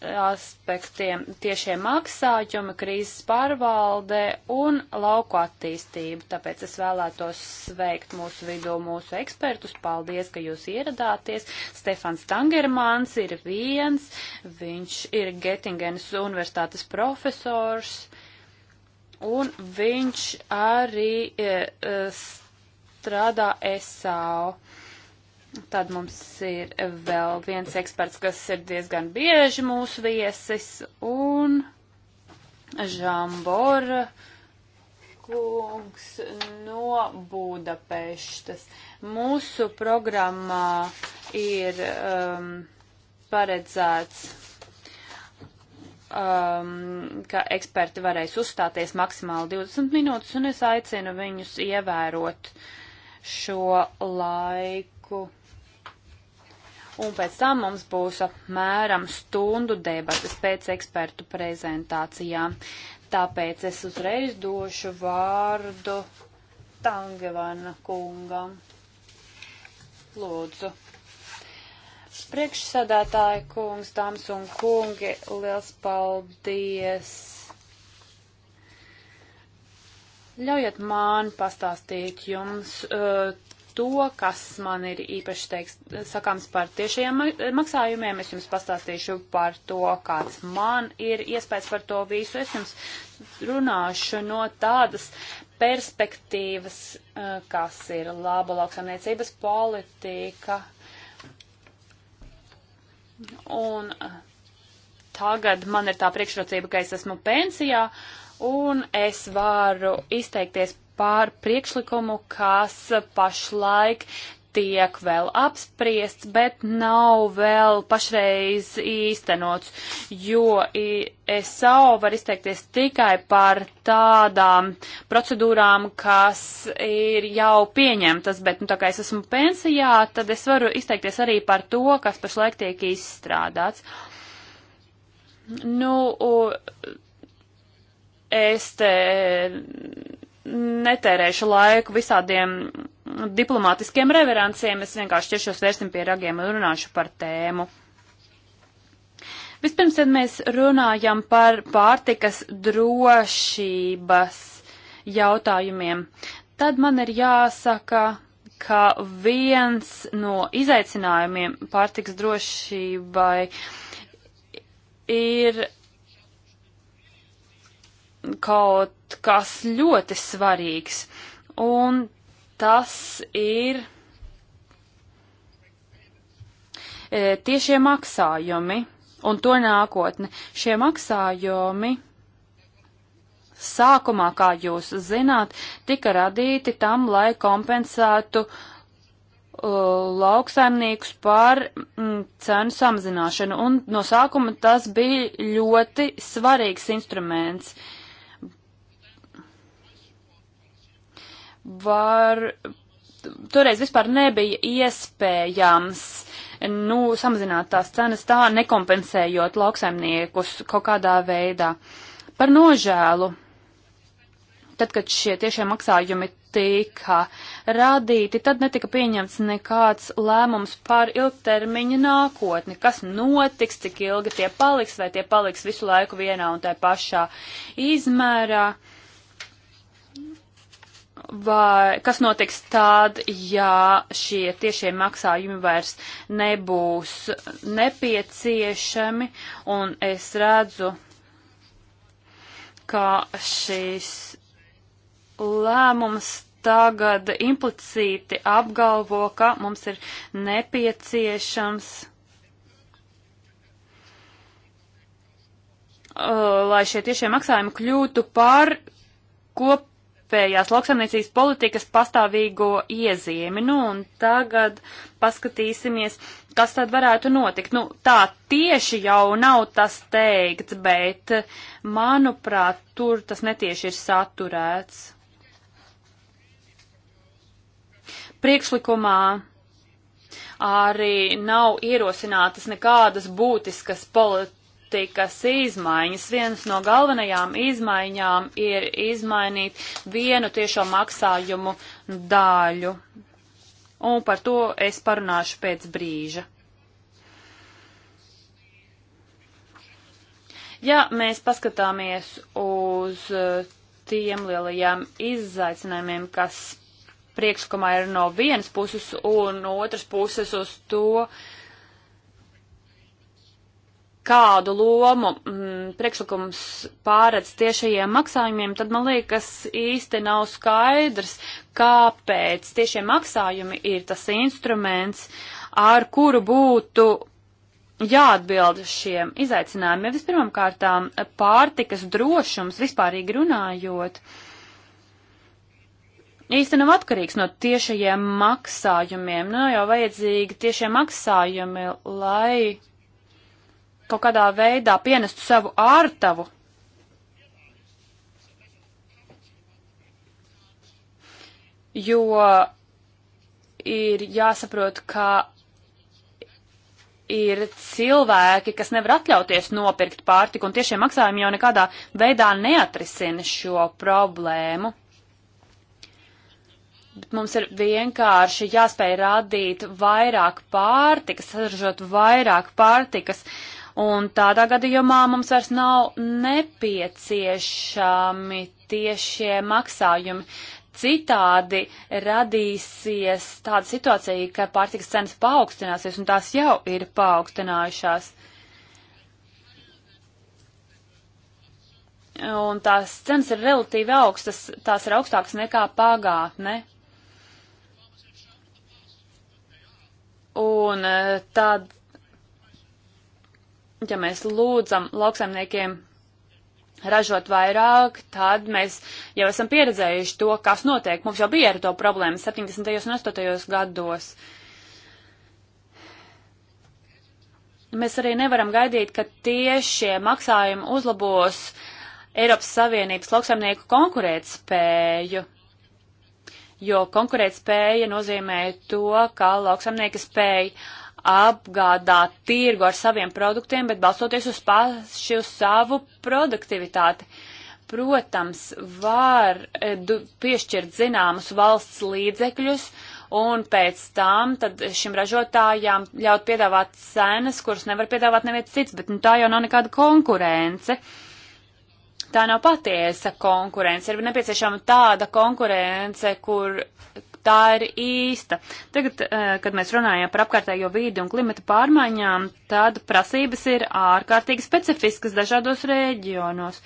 aspektiem - tiešie maksājumi, krīzes pārvalde un lauku attīstība. Tāpēc es vēlētos sveikt mūsu vidū mūsu ekspertus. Paldies, ka jūs ieradāties. Stefans Tangermans ir viens, viņš ir Getingenas universitātes profesors un viņš arī e, strādā SAO. Tad mums ir vēl viens eksperts, kas ir diezgan bieži mūsu viesis, un Žambora kungs no Budapeštas. Mūsu programmā ir um, paredzēts, um, ka eksperti varēs uzstāties maksimāli 20 minūtes, un es aicinu viņus ievērot šo laiku un pēc tam mums būs apmēram stundu debatas pēc ekspertu prezentācijām. Tāpēc es uzreiz došu vārdu Tangevana kungam. Lūdzu. Priekšsādātāji kungs, dāmas un kungi, liels paldies! Ļaujiet man pastāstīt jums uh, to, kas man ir īpaši teiks, sakāms par tiešajiem maksājumiem. Es jums pastāstīšu par to, kāds man ir iespējas par to visu. Es jums runāšu no tādas perspektīvas, eh, kas ir laba lauksamniecības politika. Un eh, tagad man ir tā priekšrocība, ka es esmu pensijā un es varu izteikties par priekšlikumu, kas pašlaik tiek vēl apspriests, bet nav vēl pašreiz īstenots, jo ESAO var izteikties tikai par tādām procedūrām, kas ir jau pieņemtas, bet, nu, tā kā es esmu pensijā, tad es varu izteikties arī par to, kas pašlaik tiek izstrādāts. Nu, es te netērēšu laiku visādiem diplomātiskiem reveranciem, es vienkārši ķeršos vērsim pie ragiem un runāšu par tēmu. Vispirms, tad mēs runājam par pārtikas drošības jautājumiem. Tad man ir jāsaka, ka viens no izaicinājumiem pārtikas drošībai ir kaut kas ļoti svarīgs, un tas ir e, tiešie maksājumi un to nākotne. Šie maksājumi sākumā, kā jūs zināt, tika radīti tam, lai kompensētu uh, lauksaimniekus par mm, cenu samazināšanu, un no sākuma tas bija ļoti svarīgs instruments. Uh, var. Toreiz vispār nebija iespējams nu, samazināt tās cenas tā, nekompensējot lauksaimniekus kaut kādā veidā. Par nožēlu tad, kad šie tiešie maksājumi tika radīti, tad netika pieņemts nekāds lēmums par ilgtermiņa nākotni, kas notiks, cik ilgi tie paliks, vai tie paliks visu laiku vienā un tā pašā izmērā. Uh, vai kas notiks tad, ja šie tiešie maksājumi vairs nebūs nepieciešami, un es redzu, ka šis lēmums tagad implicīti apgalvo, ka mums ir nepieciešams, uh, lai šie tiešie maksājumi kļūtu par kop kopējās lauksaimniecības politikas pastāvīgo iezīmi. Nu, un tagad paskatīsimies, kas tad varētu notikt. Nu, tā tieši jau nav tas teikts, bet, manuprāt, tur tas netieši ir saturēts. Priekšlikumā arī nav ierosinātas nekādas būtiskas polit politikas izmaiņas. Vienas no galvenajām izmaiņām ir izmainīt vienu tiešo maksājumu daļu. Un par to es parunāšu pēc brīža. Ja mēs paskatāmies uz uh, tiem lielajiem izaicinājumiem, kas priekšlikumā ir no vienas puses un no otras puses uz to, uh, kādu lomu mm, priekšlikums pārēc tiešajiem maksājumiem, tad man liekas īsti nav skaidrs, kāpēc tiešie maksājumi ir tas instruments, ar kuru būtu jāatbild šiem izaicinājumiem. Vispirmām kārtām pārtikas drošums vispārīgi runājot īsti nav atkarīgs no tiešajiem maksājumiem. Nav nu, jau vajadzīgi tiešie maksājumi, lai kaut kādā veidā pienestu savu ārtavu. Jo ir jāsaprot, ka ir cilvēki, kas nevar atļauties nopirkt pārtiku, un tiešie maksājumi jau nekādā veidā neatrisina šo problēmu. Bet mums ir vienkārši jāspēj radīt vairāk pārtikas, saražot vairāk pārtikas, uh, Un tādā gadījumā mums vairs nav nepieciešami tiešie maksājumi. Citādi radīsies tāda situācija, ka pārtikas cenas paaugstināsies, un tās jau ir paaugstinājušās. Un tās cenas ir relatīvi augstas, tās ir augstākas nekā pagātne. Un eh, tad ja mēs lūdzam lauksaimniekiem ražot vairāk, tad mēs jau esam pieredzējuši to, kas notiek. Mums jau bija ar to problēma 70. un 80. gados. Mēs arī nevaram gaidīt, ka tiešie maksājumi uzlabos Eiropas Savienības lauksaimnieku konkurētspēju, jo konkurētspēja nozīmē to, ka lauksaimnieki spēja apgādāt tirgu ar saviem produktiem, bet balstoties uz pašu savu produktivitāti. Protams, var eh, piešķirt zināmus valsts līdzekļus un pēc tam tad šim ražotājām ļaut piedāvāt cenas, kuras nevar piedāvāt neviens cits, bet nu, tā jau nav nekāda konkurence. Tā nav patiesa konkurence. Ir nepieciešama tāda konkurence, kur tā ir īsta. Tagad, eh, kad mēs runājam par apkārtējo vīdi un klimata pārmaiņām, tad prasības ir ārkārtīgi specifiskas dažādos reģionos.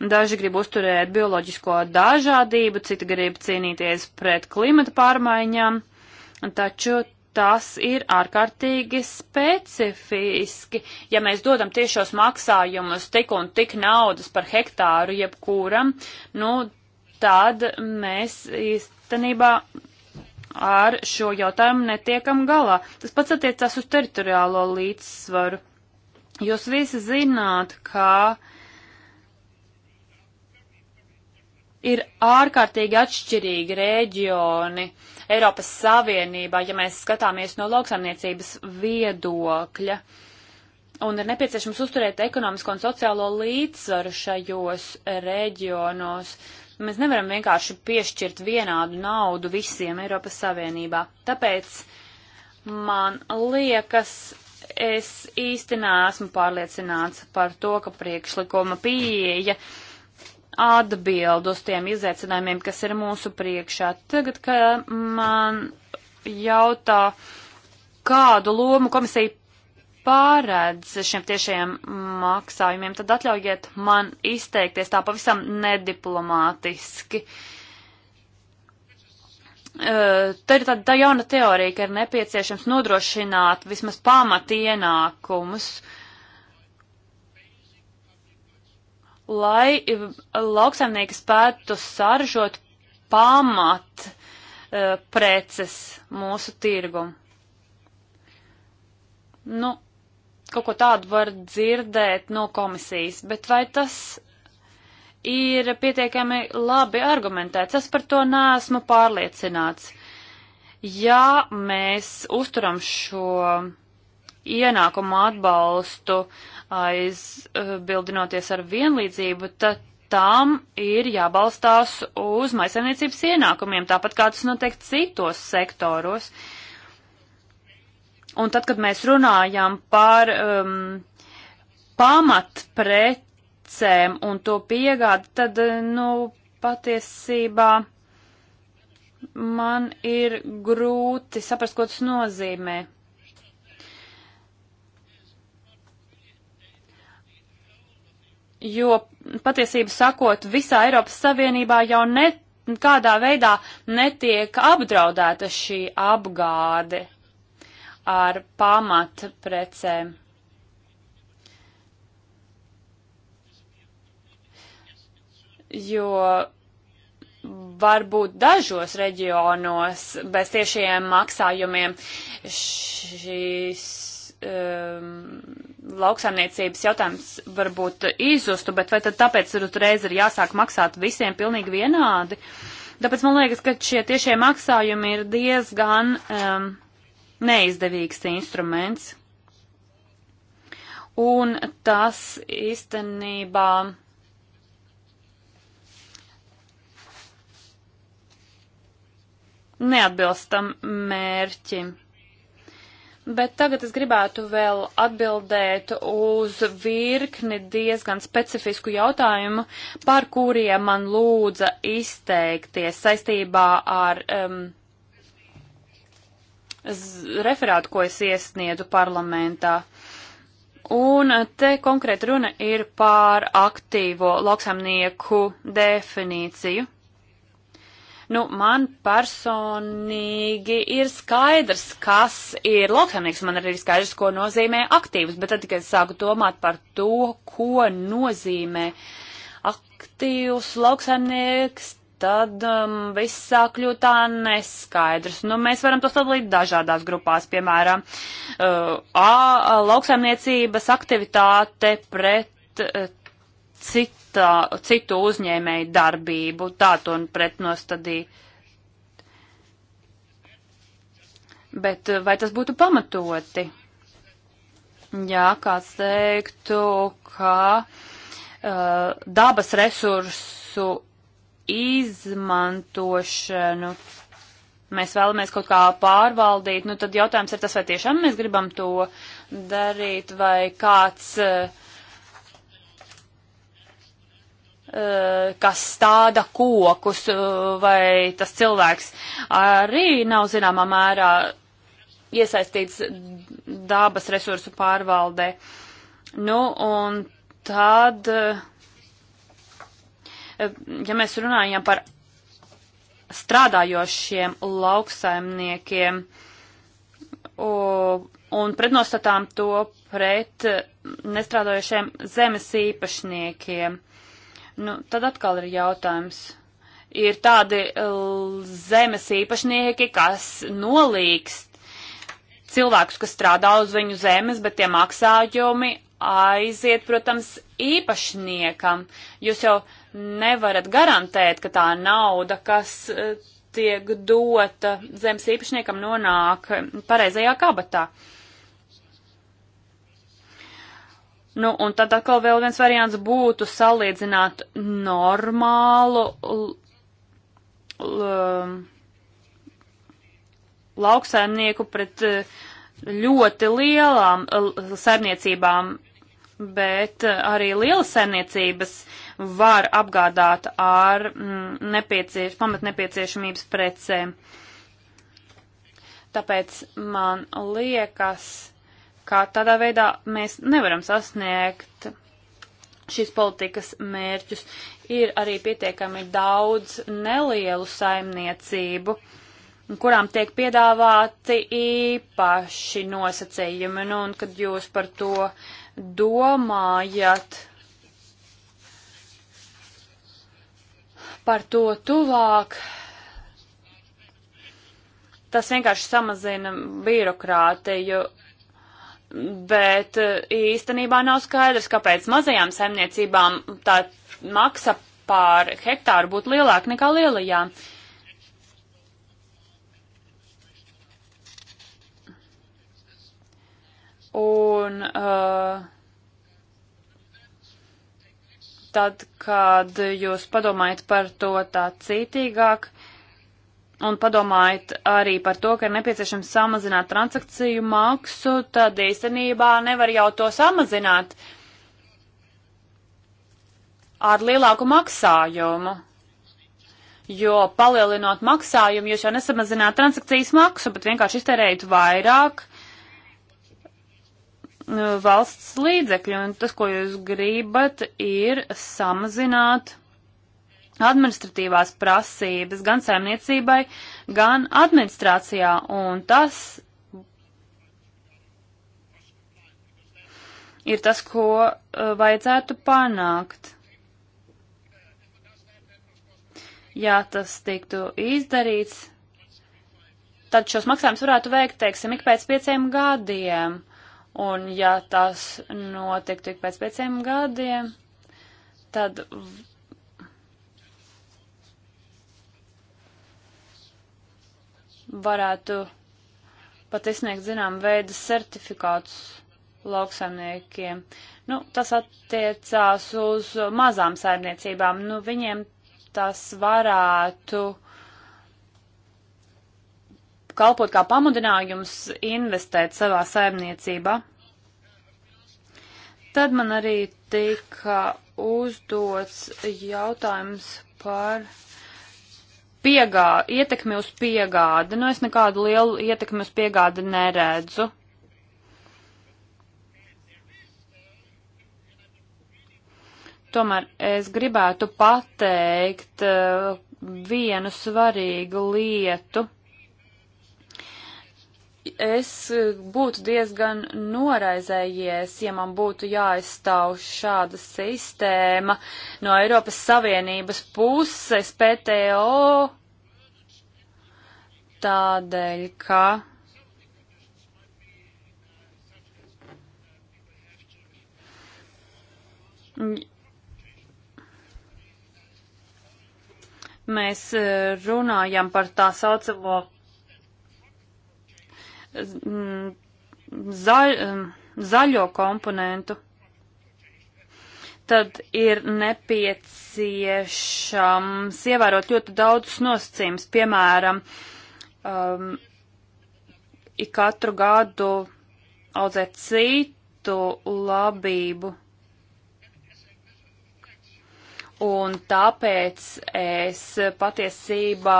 Daži grib uzturēt bioloģisko dažādību, citi grib cīnīties pret klimata pārmaiņām, taču tas ir ārkārtīgi specifiski. Ja mēs dodam tiešos maksājumus tik un tik naudas par hektāru jebkuram, nu, tad mēs īstenībā ar šo jautājumu netiekam galā. Tas pats attiecās uz teritoriālo līdzsvaru. Jūs visi zināt, ka ir ārkārtīgi atšķirīgi reģioni Eiropas Savienībā, ja mēs skatāmies no lauksaimniecības viedokļa. Un ir nepieciešams uzturēt ekonomisko un sociālo līdzsvaru šajos reģionos. Uh, Mēs nevaram vienkārši piešķirt vienādu naudu visiem Eiropas Savienībā. Tāpēc man liekas, es īsti neesmu pārliecināts par to, ka priekšlikuma pieeja atbild uz tiem izaicinājumiem, kas ir mūsu priekšā. Tagad, ka man jautā, kādu lomu komisija pārēdz šiem tiešajiem maksājumiem, tad atļaujiet man izteikties tā pavisam nediplomātiski. Uh, tā ir tāda tā jauna teorija, ka ir nepieciešams nodrošināt vismaz pamatienākumus, lai lauksaimnieki spētu saržot pamat uh, preces mūsu tirgumu. Nu, kaut ko tādu var dzirdēt no komisijas, bet vai tas ir pietiekami labi argumentēts? Es par to neesmu pārliecināts. Ja mēs uzturam šo ienākumu atbalstu aizbildinoties ar vienlīdzību, tad tam ir jābalstās uz maisaimniecības ienākumiem, tāpat kā tas notiek citos sektoros. Uh, Un tad, kad mēs runājam par um, pamatprecēm un to piegādi, tad, eh, nu, patiesībā man ir grūti saprast, ko tas nozīmē. Jo, patiesību sakot, visā Eiropas Savienībā jau ne, kādā veidā netiek apdraudēta šī apgāde ar pamat precēm. Jo varbūt dažos reģionos bez tiešajiem maksājumiem šīs um, lauksaimniecības jautājums varbūt izustu, bet vai tad tāpēc ir uzreiz ir jāsāk maksāt visiem pilnīgi vienādi? Tāpēc man liekas, ka šie tiešie maksājumi ir diezgan um, neizdevīgs instruments. Un tas īstenībā neatbilstam mērķim. Bet tagad es gribētu vēl atbildēt uz virkni diezgan specifisku jautājumu, par kuriem man lūdza izteikties saistībā ar um, referātu, ko es iesniedzu parlamentā. Un te konkrēti runa ir pār aktīvo lauksamnieku definīciju. Nu, man personīgi ir skaidrs, kas ir lauksamnieks. Man arī ir skaidrs, ko nozīmē aktīvs, bet tad, kad es sāku domāt par to, ko nozīmē aktīvs lauksamnieks, tad um, viss sāk kļūt tā neskaidrs. Nu, mēs varam to sadalīt dažādās grupās, piemēram, uh, A, lauksaimniecības aktivitāte pret uh, citā, citu uzņēmēju darbību, tā to pretnostadīja. Bet uh, vai tas būtu pamatoti? Jā, kāds teiktu, ka uh, dabas resursu izmantošanu mēs vēlamies kaut kā pārvaldīt, nu tad jautājums ir tas, vai tiešām mēs gribam to darīt, vai kāds, uh, kas stāda kokus, uh, vai tas cilvēks arī nav zināmā mērā iesaistīts dabas resursu pārvaldē. Nu, un tad. Uh, ja mēs runājam par strādājošiem lauksaimniekiem un pretnostatām to pret nestrādājošiem zemes īpašniekiem, nu, tad atkal ir jautājums. Ir tādi zemes īpašnieki, kas nolīgst cilvēkus, kas strādā uz viņu zemes, bet tie maksājumi aiziet, protams, īpašniekam. Jūs jau uh, nevarat garantēt, ka tā nauda, kas e, tiek dota zemes īpašniekam, nonāk e, pareizajā kabatā. Nu, un tad atkal vēl viens variants būtu salīdzināt normālu lauksaimnieku pret e, ļoti lielām saimniecībām, bet arī lielas saimniecības uh, var apgādāt ar mm, nepiecieš, pamat nepieciešamības precēm. Tāpēc man liekas, ka tādā veidā mēs nevaram sasniegt šīs politikas mērķus. Ir arī pietiekami daudz nelielu saimniecību, kurām tiek piedāvāti īpaši nosacījumi. Nu, un, kad jūs par to domājat, par to tuvāk. Tas vienkārši samazina birokrātiju, bet e, īstenībā nav skaidrs, kāpēc mazajām saimniecībām tā maksa pār hektāru būtu lielāka nekā lielajām. Un uh, tad, kad jūs padomājat par to tā cītīgāk un padomājat arī par to, ka ir nepieciešams samazināt transakciju maksu, tad īstenībā nevar jau to samazināt ar lielāku maksājumu. Jo palielinot maksājumu, jūs jau nesamazināt transakcijas maksu, bet vienkārši iztērējat vairāk valsts līdzekļi, un tas, ko jūs gribat, ir samazināt administratīvās prasības gan saimniecībai, gan administrācijā, un tas ir tas, ko uh, vajadzētu panākt. Ja tas tiktu izdarīts, tad šos maksājumus varētu veikt, teiksim, ik pēc pieciem gadiem. Un ja tas notiktu tik pēc pieciem gadiem, tad. varētu pat izsniegt zinām veidu certifikātus lauksaimniekiem. Nu, tas attiecās uz mazām saimniecībām. Nu, viņiem tas varētu uh, kalpot kā pamudinājums investēt savā saimniecībā. Tad man arī tika uzdots jautājums par piegā, ietekmi uz piegādi. Nu, es nekādu lielu ietekmi uz piegādi neredzu. Tomēr es gribētu pateikt uh, vienu svarīgu lietu es eh, būtu diezgan noraizējies, ja man būtu jāizstāv šāda sistēma no Eiropas Savienības puses PTO tādēļ, ka. Mēs eh, runājam par tā saucamo Mm, zaļ, mm, zaļo komponentu, tad ir nepieciešams ievērot ļoti daudzus nosacījumus, piemēram, um, ik katru gadu audzēt citu labību. Un tāpēc es patiesībā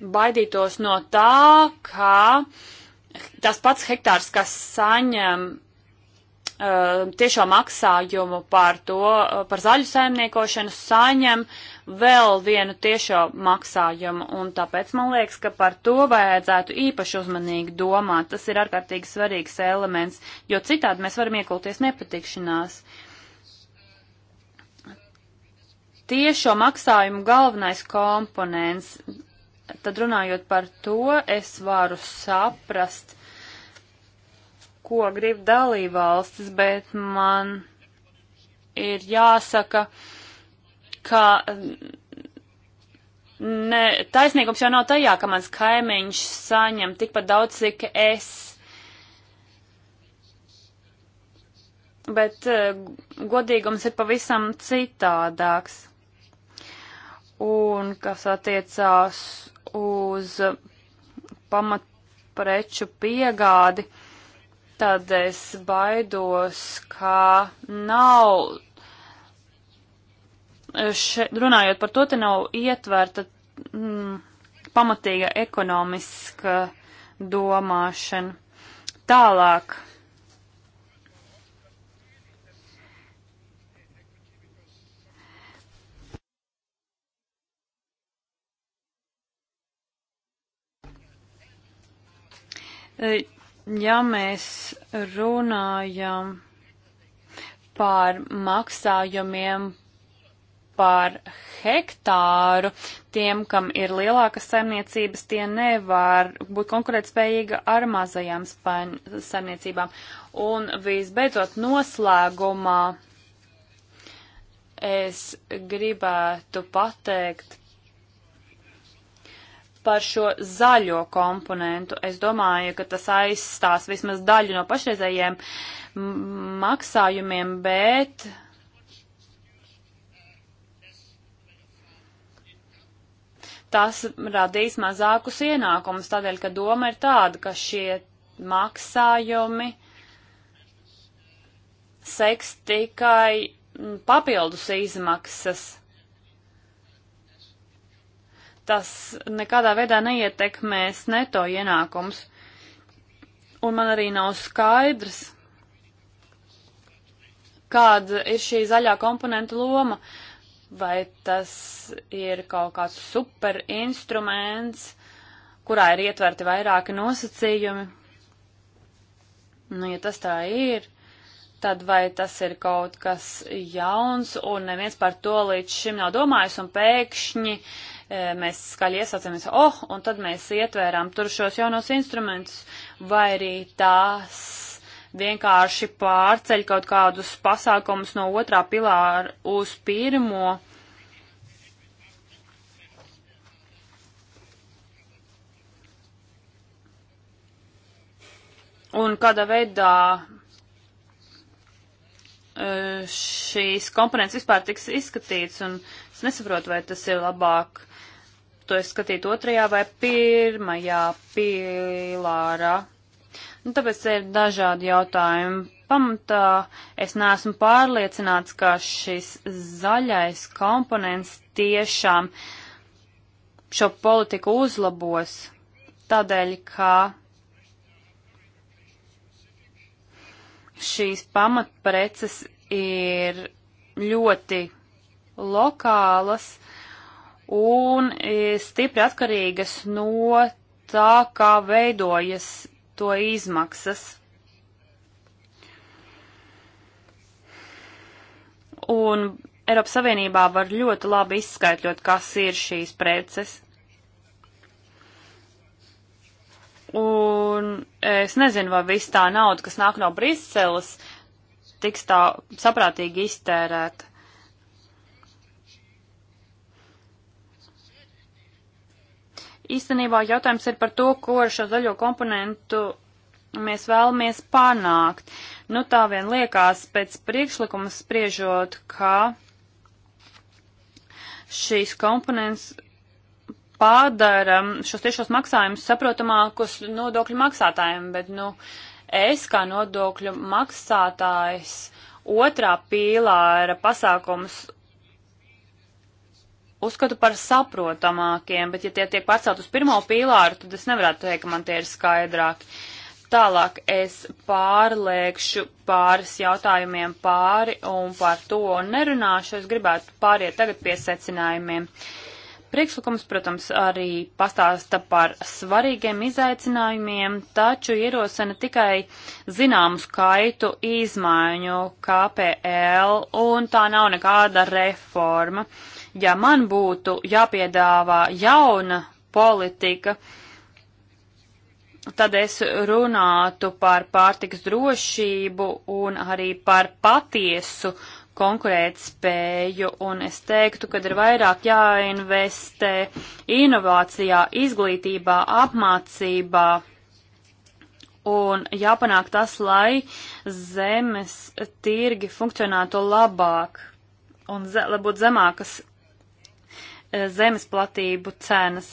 baidītos no tā, ka tas pats hektārs, kas saņem uh, tiešo maksājumu par to, uh, par zaļu saimniekošanu, saņem vēl vienu tiešo maksājumu. Un tāpēc man liekas, ka par to vajadzētu īpaši uzmanīgi domāt. Tas ir ārkārtīgi svarīgs elements, jo citādi mēs varam iekulties nepatikšanās. Tiešo maksājumu galvenais komponents tad runājot par to, es varu saprast, ko grib dalībvalstis, bet man ir jāsaka, ka mm, ne, taisnīgums jau nav tajā, ka mans kaimiņš saņem tikpat daudz, cik es. Bet eh, godīgums ir pavisam citādāks. Un kas attiecās uz pamatpreču piegādi, tad es baidos, ka nav, še, runājot par to, te nav ietverta mm, pamatīga ekonomiska domāšana. Tālāk Eh, ja mēs runājam par maksājumiem par hektāru, tiem, kam ir lielākas saimniecības, tie nevar būt konkurētspējīga ar mazajām saimniecībām. Un visbeidzot, noslēgumā es gribētu pateikt par šo zaļo komponentu. Es domāju, ka tas aizstās vismaz daļu no pašreizējiem maksājumiem, bet. Tas radīs mazākus ienākumus, tādēļ, ka doma ir tāda, ka šie maksājumi seks tikai papildus izmaksas tas nekādā veidā neietekmēs neto ienākums. Un man arī nav skaidrs, kāda ir šī zaļā komponenta loma. Vai tas ir kaut kāds super instruments, kurā ir ietverti vairāki nosacījumi? Nu, ja tas tā ir, tad vai tas ir kaut kas jauns un neviens par to līdz šim nav domājis un pēkšņi uh, E, mēs skaļi iesaucamies, oh, un tad mēs ietvērām tur šos jaunos instrumentus, vai arī tās vienkārši pārceļ kaut kādus pasākumus no otrā pilāra uz pirmo. Un kādā veidā e, šīs komponents vispār tiks izskatīts, un es nesaprotu, vai tas ir labāk to skatīt otrajā vai pirmajā pīlārā. Nu, tāpēc ir dažādi jautājumi. Pamatā es neesmu pārliecināts, ka šis zaļais komponents tiešām šo politiku uzlabos tādēļ, ka šīs pamatpreces ir ļoti lokālas, uh, un e, stipri atkarīgas no tā, kā veidojas to izmaksas. Un Eiropas Savienībā var ļoti labi izskaidrot, kas ir šīs preces. Un es nezinu, vai viss tā nauda, kas nāk no Briseles, tiks tā saprātīgi iztērēta. Īstenībā jautājums ir par to, ko ar šo zaļo komponentu mēs vēlamies panākt. Nu, tā vien liekas pēc priekšlikuma spriežot, ka šīs komponents padara šos tiešos maksājumus saprotamākus nodokļu maksātājiem, bet, nu, es kā nodokļu maksātājs otrā pīlāra pasākums uzskatu par saprotamākiem, bet ja tie tiek pārcelt uz pirmo pīlāru, tad es nevarētu teikt, ka man tie ir skaidrāki. Tālāk es pārliekšu pāris jautājumiem pāri un par to nerunāšu. Es gribētu pāriet tagad pie secinājumiem. Priekšlikums, protams, arī pastāsta par svarīgiem izaicinājumiem, taču ierosina tikai zināmu skaitu izmaiņu KPL, un tā nav nekāda reforma. Uh, ja man būtu jāpiedāvā jauna politika, tad es runātu par pārtikas drošību un arī par patiesu konkurētspēju, un es teiktu, ka ir vairāk jāinvestē inovācijā, izglītībā, apmācībā, un jāpanāk tas, lai zemes tirgi funkcionētu labāk un ze lai būtu zemākas Eh, zemes platību cenas,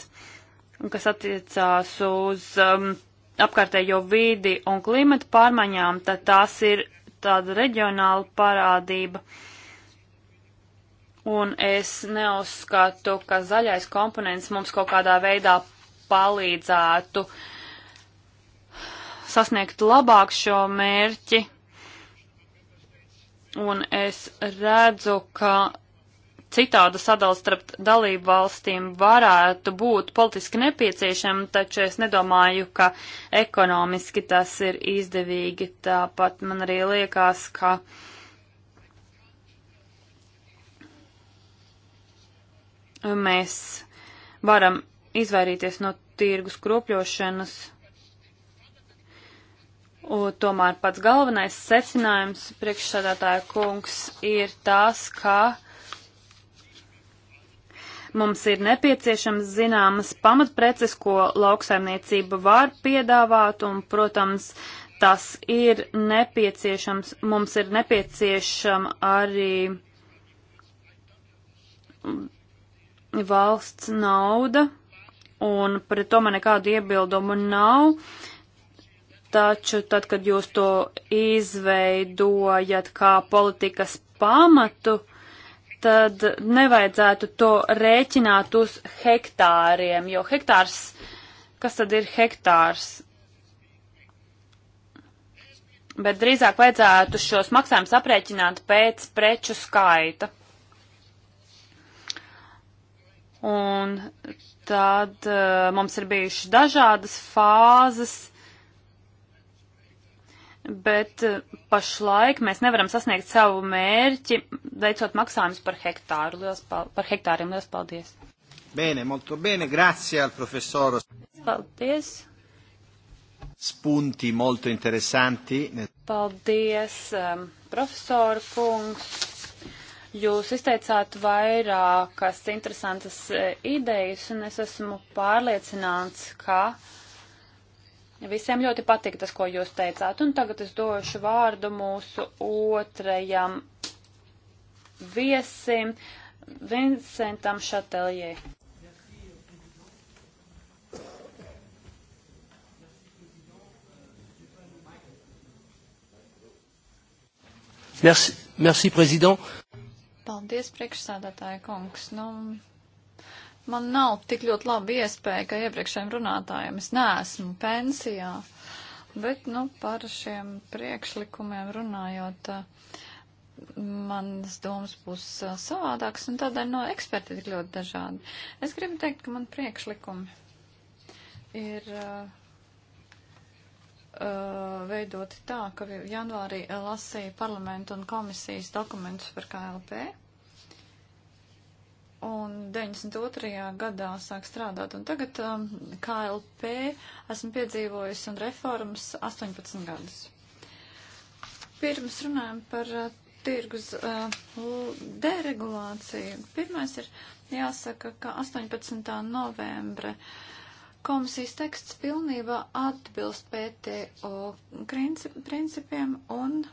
kas attiecās uz um, apkārtējo vidi un klimatu pārmaiņām, tad tās ir tāda reģionāla parādība. Un es neuzskatu, ka zaļais komponents mums kaut kādā veidā palīdzētu sasniegt labāk šo mērķi. Un es redzu, ka citāda sadala starp dalību valstīm varētu būt politiski nepieciešama, taču es nedomāju, ka ekonomiski tas ir izdevīgi. Tāpat man arī liekas, ka. Mēs varam izvairīties no tirgus kropļošanas. Un tomēr pats galvenais secinājums priekšsādātāja kungs ir tas, ka Mums ir nepieciešams zināmas pamatpreces, ko lauksaimniecība var piedāvāt, un, protams, tas ir nepieciešams. Mums ir nepieciešama arī valsts nauda, un pret to man nekādu iebildumu nav. Taču tad, kad jūs to izveidojat kā politikas pamatu, uh, tad nevajadzētu to rēķināt uz hektāriem, jo hektārs, kas tad ir hektārs? Bet drīzāk vajadzētu šos maksājumus aprēķināt pēc preču skaita. Un tad uh, mums ir bijušas dažādas fāzes bet eh, pašlaik mēs nevaram sasniegt savu mērķi, veicot maksājumus par hektāru. Liels pal par hektāriem liels paldies! Bene, molto bene, grazie al professoro. Paldies! Spunti molto interessanti. Paldies, um, profesor kungs! Jūs izteicāt vairākas interesantas eh, idejas, un es esmu pārliecināts, ka uh, Visiem ļoti patika tas, ko jūs teicāt, un tagad es došu vārdu mūsu otrajam viesim, Vincentam Šateljē. Merci, merci, prezident. Paldies, priekšsādātāja kungs. Nu, Man nav tik ļoti laba iespēja, ka iepriekšējiem runātājiem es neesmu pensijā, bet, nu, par šiem priekšlikumiem runājot, manas domas būs savādākas, un tādēļ no eksperti tik ļoti dažādi. Es gribu teikt, ka man priekšlikumi ir. Uh, veidoti tā, ka janvārī lasīja parlamentu un komisijas dokumentus par KLP un 92. gadā sāk strādāt. Un tagad um, KLP esmu piedzīvojis un reformas 18 gadus. Pirms runājam par uh, tirgus uh, deregulāciju. Pirmais ir jāsaka, ka 18. novembre komisijas teksts pilnībā atbilst PTO principiem un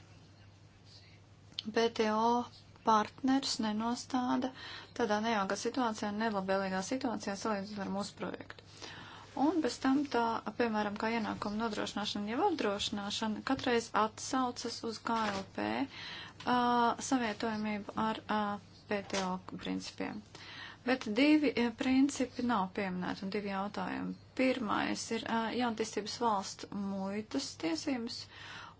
PTO partners nenostāda tādā nejākā situācijā, nelabvēlīgā situācijā salīdzinot ar mūsu projektu. Un bez tam tā, piemēram, kā ienākuma nodrošināšana jau apdrošināšana, katreiz atsaucas uz KLP uh, savietojamību ar uh, PTO principiem. Bet divi uh, principi nav pieminēti un divi jautājumi. Pirmais ir uh, jauntīstības valstu muitas tiesības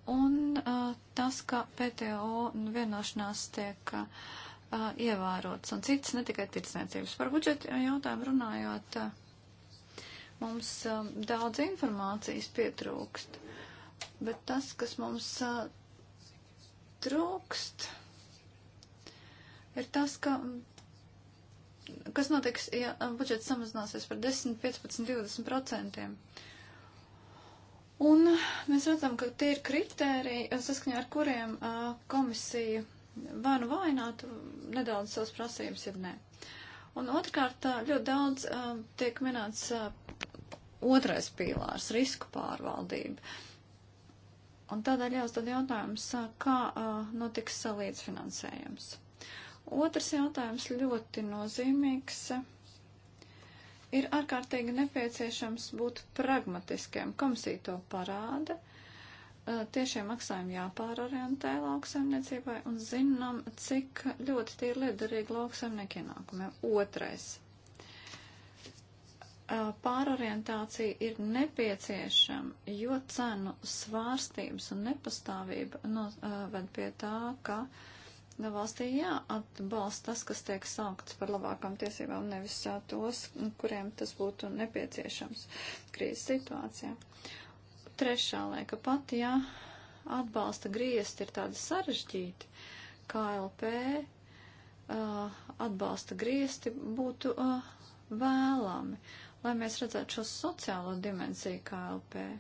un uh, tas, ka PTO vienošanās tiek uh, ievērots un cits, ne tikai ticniecības. Par budžetu jautājumu runājot, uh, mums uh, daudz informācijas pietrūkst, bet tas, kas mums uh, trūkst, ir tas, ka. Kas notiks, ja budžets samazināsies par 10, 15, 20 procentiem? Uh, Un mēs redzam, ka tie ir kritēriji, eh, saskaņā ar kuriem uh, komisija vai nu vainātu nedaudz savas prasības, ja nē. Un otrkārt, eh, ļoti daudz uh, tiek minēts uh, otrais pīlārs - risku pārvaldība. Un tādēļ jāuzdod jautājums, uh, kā uh, notiks uh, līdzfinansējums. Otrs jautājums ļoti nozīmīgs. Uh, Ir ārkārtīgi nepieciešams būt pragmatiskiem. Komisija to parāda. Tiešie maksājumi jāpārorientē lauksaimniecībai un zinām, cik ļoti tie ir liederīgi lauksaimnieku ienākumiem. Otrais pārorientācija ir nepieciešama, jo cenu svārstības un nepastāvība noved pie tā, ka Nu, valstī jāatbalsta tas, kas tiek saukts par labākām tiesībām, nevis tos, kuriem tas būtu nepieciešams krīzes situācijā. Trešā lieka pat, ja atbalsta griezti ir tādi sarežģīti, KLP uh, atbalsta griezti būtu uh, vēlami, lai mēs redzētu šo sociālo dimensiju KLP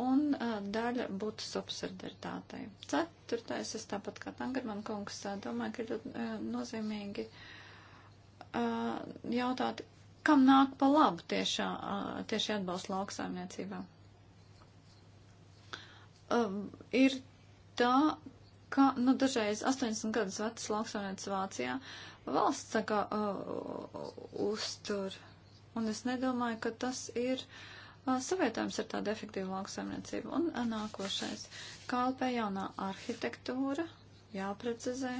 un uh, daļa būtu subsidaritātei. Ceturtais, es tāpat kā Tangarman kungs, uh, domāju, ka ir ļoti uh, nozīmīgi uh, jautāt, kam nāk pa labu tiešā, uh, tieši atbalsts lauksaimniecībā. Uh, ir tā, ka, nu, dažreiz 80 gadus vecs lauksaimnieks Vācijā valsts, saka, uh, uztur. Un es nedomāju, ka tas ir. Uh, Uh, savietojums ar tādu efektīvu lauksaimniecību. Un uh, nākošais - kalpē jaunā arhitektūra, jāprecizē,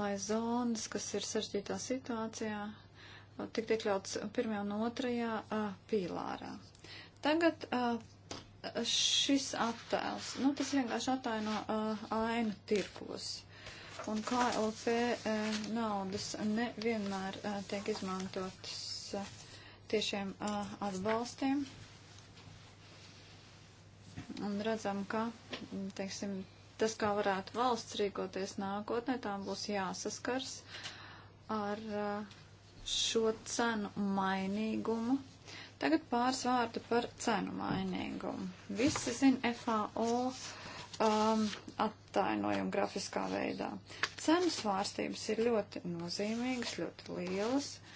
lai zonas, kas ir sarežģītā situācijā, uh, tik iekļauts pirmajā un otrajā pīlārā. Tagad a, šis attēls, nu tas vienkārši ataino ainu tirkos un KLP e, naudas nevienmēr e, tiek izmantotas tiešiem uh, atbalstiem. Un redzam, ka, teiksim, tas, kā varētu valsts rīkoties nākotnē, tām būs jāsaskars ar uh, šo cenu mainīgumu. Tagad pāris vārdu par cenu mainīgumu. Visi zina FAO um, attainojumu grafiskā veidā. Cenu svārstības ir ļoti nozīmīgas, ļoti lielas. Uh,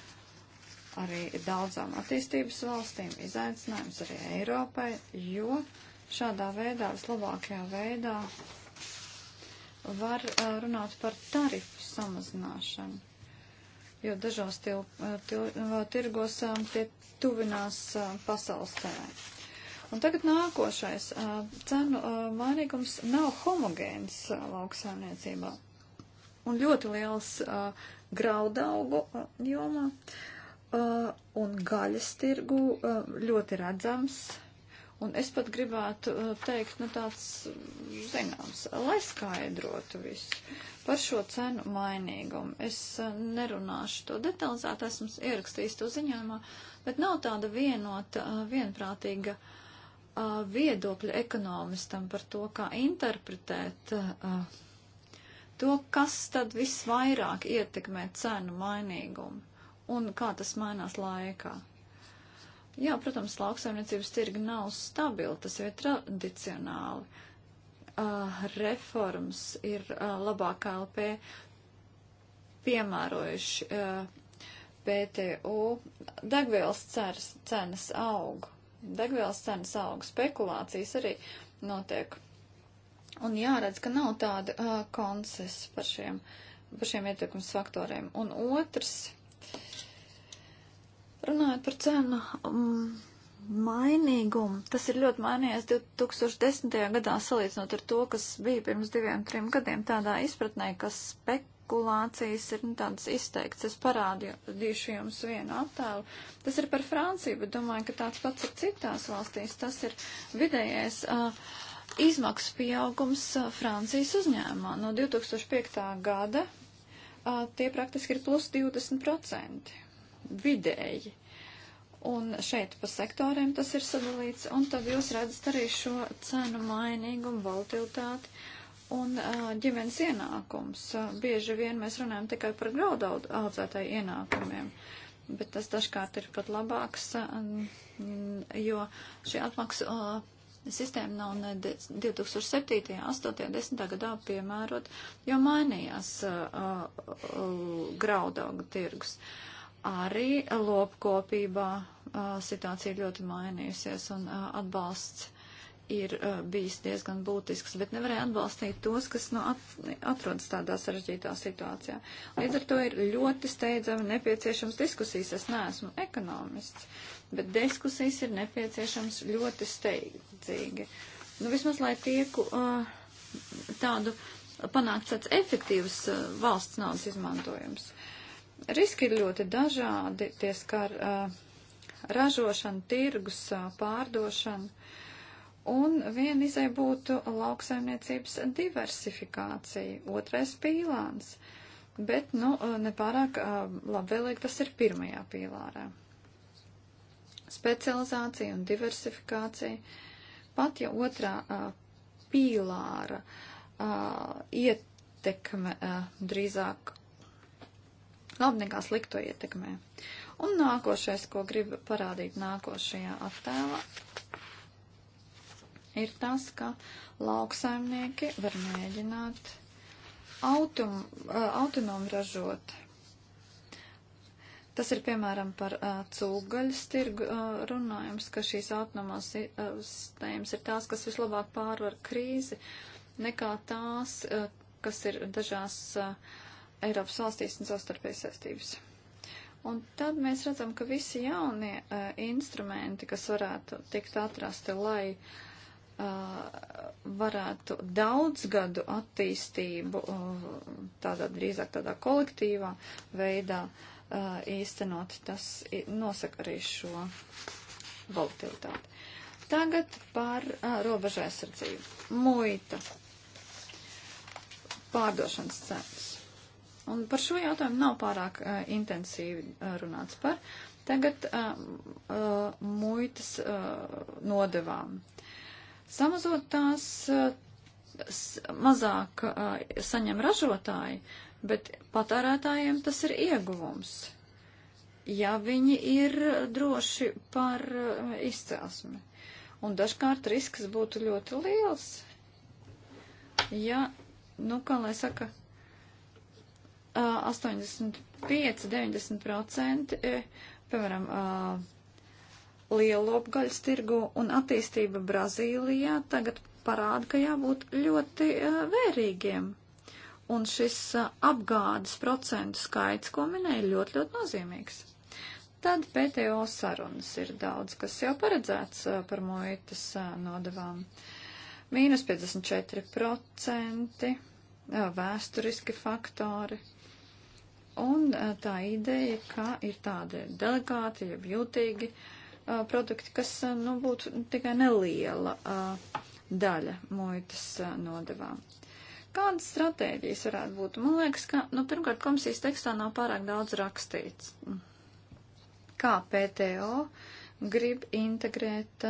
arī daudzām attīstības valstīm, izaicinājums arī Eiropai, jo šādā veidā, vislabākajā veidā var runāt par tarifu samazināšanu. Jo dažos til, til, tirgos tie tuvinās pasaules cenai. Un tagad nākošais. Cenu mainīgums nav homogēns lauksaimniecībā. Un ļoti liels graudaugu jomā. Uh, Uh, un gaļas tirgu uh, ļoti redzams. Un es pat gribētu uh, teikt, nu tāds, zināms, lai skaidrotu visu par šo cenu mainīgumu. Es nerunāšu to detalizēt, esmu ierakstījis to ziņojumā, bet nav tāda vienota, vienprātīga viedokļa ekonomistam par to, kā interpretēt to, kas tad visvairāk ietekmē cenu mainīgumu un kā tas mainās laikā. Jā, protams, lauksaimniecības tirgi nav stabili, tas jau ir tradicionāli. Uh, reformas ir uh, labāk KLP piemērojuši uh, PTU. Degvielas ceras, cenas aug. Degvielas cenas aug. Spekulācijas arī notiek. Un jāredz, ka nav tāda uh, konses par šiem, par šiem ietekmes faktoriem. Un otrs Runājot par cenu um, mainīgumu, tas ir ļoti mainījies 2010. gadā salīdzinot ar to, kas bija pirms diviem, trim gadiem tādā izpratnē, ka spekulācijas ir nu, tādas izteikts. Es parādīšu jums vienu attēlu. Tas ir par Franciju, bet domāju, ka tāds pats ir citās valstīs. Tas ir vidējais. Uh, Izmaksu pieaugums uh, Francijas uzņēmumā no 2005. gada uh, tie praktiski ir plus 20% vidēji. Un šeit pa sektoriem tas ir sadalīts, un tad jūs redzat arī šo cenu mainīgumu, volatilitāti un ģimenes ienākums. Bieži vien mēs runājam tikai par graudu audzētāju ienākumiem, bet tas dažkārt ir pat labāks, jo šī atmaksa sistēma nav ne 2007., 8., 10. gadā piemērot, jo mainījās uh, uh, graudauga tirgus. Uh, arī lopkopībā situācija ir ļoti mainījusies un atbalsts ir bijis diezgan būtisks, bet nevarēja atbalstīt tos, kas nu, atrodas tādā sarežģītā situācijā. Līdz ar to ir ļoti steidzami nepieciešams diskusijas. Es neesmu ekonomists, bet diskusijas ir nepieciešams ļoti steidzīgi. Nu, vismaz, lai tieku uh, tādu panākt tāds efektīvs uh, valsts naudas izmantojums. Uh, Riski ir ļoti dažādi, tie skar uh, ražošanu, tirgus, uh, pārdošanu, un viena izai būtu lauksaimniecības diversifikācija, otrais pīlāns, bet, nu, nepārāk uh, labvēlīgi tas ir pirmajā pīlārā. Specializācija un diversifikācija, pat ja otrā pīlāra ietekme drīzāk labu nekā slikto ietekmē. Un nākošais, ko gribu parādīt nākošajā attēlā, ir tas, ka lauksaimnieki var mēģināt autom, autonomi ražot. Tas ir piemēram par uh, cūgaļas tirgu uh, runājums, ka šīs autonomās uh, sistēmas ir tās, kas vislabāk pārvar krīzi, nekā tās, uh, kas ir dažās. Uh, Eiropas valstīs un savstarpēji saistības. Un tad mēs redzam, ka visi jaunie uh, instrumenti, kas varētu tikt atrasti, lai uh, varētu daudzgadu attīstību, uh, tādā drīzāk tādā kolektīvā veidā uh, īstenot, tas nosaka arī šo volatilitāti. Tagad par uh, robežu aizsardzību. Muita. Pārdošanas cenas Un par šo jautājumu nav pārāk uh, intensīvi uh, runāts par. Tagad uh, uh, muitas uh, nodevām. Samazot tās, uh, mazāk uh, saņem ražotāji, bet patērētājiem tas ir ieguvums, ja viņi ir droši par uh, izcelsmi. Un dažkārt risks būtu ļoti liels, ja, nu, kā lai saka, 85-90%, eh, piemēram, eh, lielopgaļas tirgu un attīstība Brazīlijā tagad parāda, ka jābūt ļoti eh, vērīgiem. Un šis apgādes procentu skaits, ko minēja, ļoti, ļoti nozīmīgs. Tad PTO sarunas ir daudz, kas jau paredzēts par muitas nodavām. Mīnus 54% vēsturiski faktori. Uh, Un eh, tā ideja, ka ir tādi delikāti, jeb jūtīgi uh, produkti, kas eh, nu, būtu tikai neliela uh, daļa muitas uh, nodevām. Kādas stratēģijas varētu būt? Man liekas, ka nu, pirmkārt komisijas tekstā nav pārāk daudz rakstīts. Kā PTO grib integrēt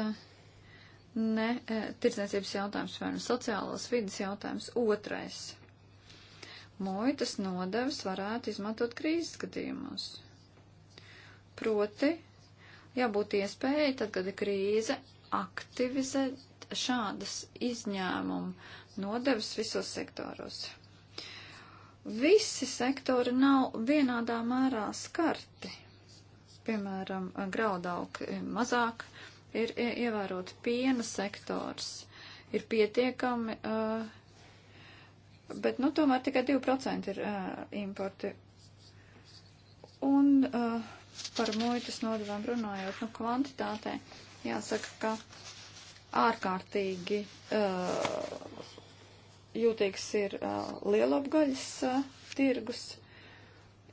ne tirdzniecības jautājums vai nu sociālos vidas jautājums otrais muitas nodevs varētu izmantot krīzes gadījumos. Proti, jābūt iespējai, tad, kad ir krīze, aktivizēt šādas izņēmumu nodevs visos sektoros. Visi sektori nav vienādā mērā skarti. Piemēram, graudauki mazāk ir ievērot piena sektors. Ir pietiekami uh, Bet, nu, tomēr tikai 2% ir uh, importi. Un uh, par muitas nodevām runājot, nu, kvantitātē jāsaka, ka ārkārtīgi uh, jūtīgs ir uh, lielapgaļas uh, tirgus.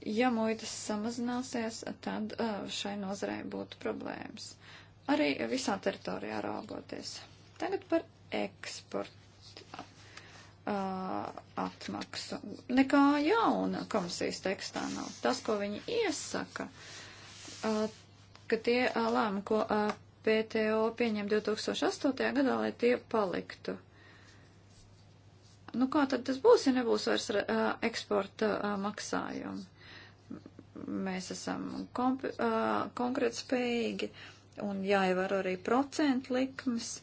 Ja muitas samazināsies, tad uh, šai nozarei būtu problēmas. Arī visā teritorijā raugoties. Tagad par eksportu uh, atmaksu. Nekā jauna komisijas tekstā nav. Tas, ko viņi iesaka, uh, ka tie uh, lēma, ko uh, PTO pieņem 2008. gadā, lai tie paliktu. Nu, kā tad tas būs, ja nebūs vairs uh, eksporta uh, maksājumi? Mēs esam komp, uh, konkrēti spējīgi un jāievēro arī procentu likmes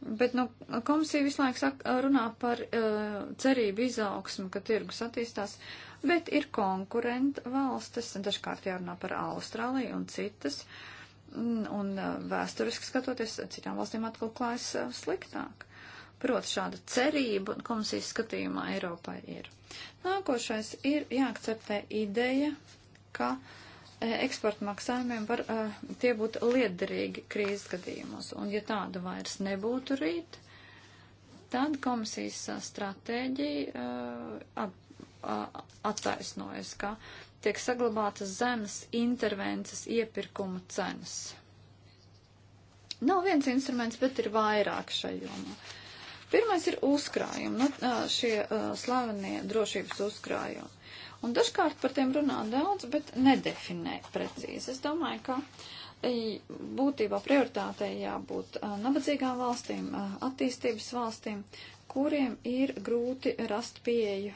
Bet, nu, komisija visu laiku saka, runā par uh, cerību izaugsmu, ka tirgus attīstās, bet ir konkurenta valstis, dažkārt jārunā par Austrāliju un citas, un, un e, vēsturiski skatoties, citām valstīm atkal klājas uh, sliktāk. Proti šāda cerība komisijas skatījumā Eiropai ir. Nākošais ir jāakceptē ideja, ka uh, E, eksporta maksājumiem var, e, tie būtu liederīgi krīzes gadījumos. Un ja tāda vairs nebūtu rīt, tad komisijas e, stratēģija attaisnojas, ka tiek saglabātas zemes intervences iepirkuma cenas. Nav viens instruments, bet ir vairāk šajā jomā. Pirmais ir uzkrājumi, nu, šie slavenie drošības uzkrājumi Un dažkārt par tiem runā daudz, bet nedefinē precīzi. Es domāju, ka e, būtībā prioritātei jābūt e, nabadzīgām valstīm, e, attīstības valstīm, kuriem ir grūti rast pieeju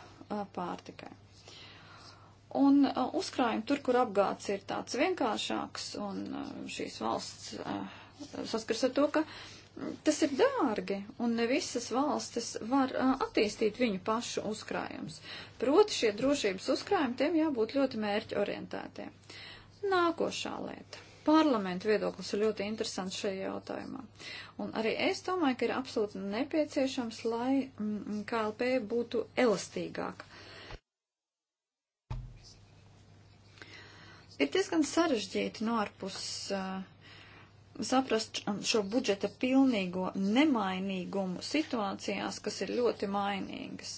pārtikai. Un uzkrājumi tur, kur apgāds ir tāds vienkāršāks, un šīs valsts saskars ar to, ka uh, tas ir dārgi, un ne visas valstis var uh, attīstīt viņu pašu uzkrājumus. Proti šie drošības uzkrājumi tiem jābūt ļoti mērķorientētiem. Nākošā lieta. Parlamenta viedoklis ir ļoti interesants šajā jautājumā. Un arī es domāju, ka ir absolūti nepieciešams, lai mm, KLP būtu elastīgāka. Ir diezgan sarežģīti no ārpus uh, saprast šo budžeta pilnīgo nemainīgumu situācijās, kas ir ļoti mainīgas.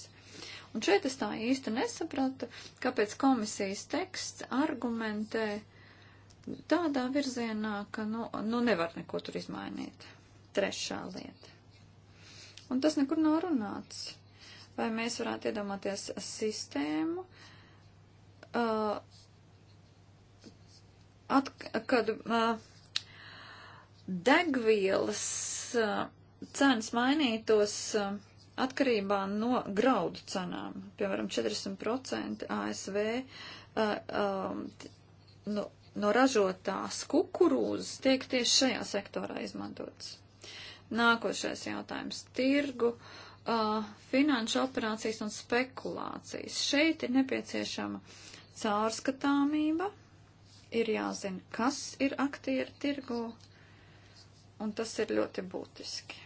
Un šeit es tā īsti nesapratu, kāpēc komisijas teksts argumentē tādā virzienā, ka nu, nu nevar neko tur izmainīt. Trešā lieta. Un tas nekur nav runāts. Vai mēs varētu iedomāties sistēmu, uh, at, kad. Uh, degvielas eh, cenas mainītos eh, atkarībā no graudu cenām. Piemēram, 40% ASV eh, no, no ražotās kukurūzas tiek tieši šajā sektorā izmantots. Nākošais jautājums - tirgu. Uh, finanšu operācijas un spekulācijas. Šeit ir nepieciešama caurskatāmība, ir jāzina, kas ir aktieri tirgu, un tas ir ļoti būtiski.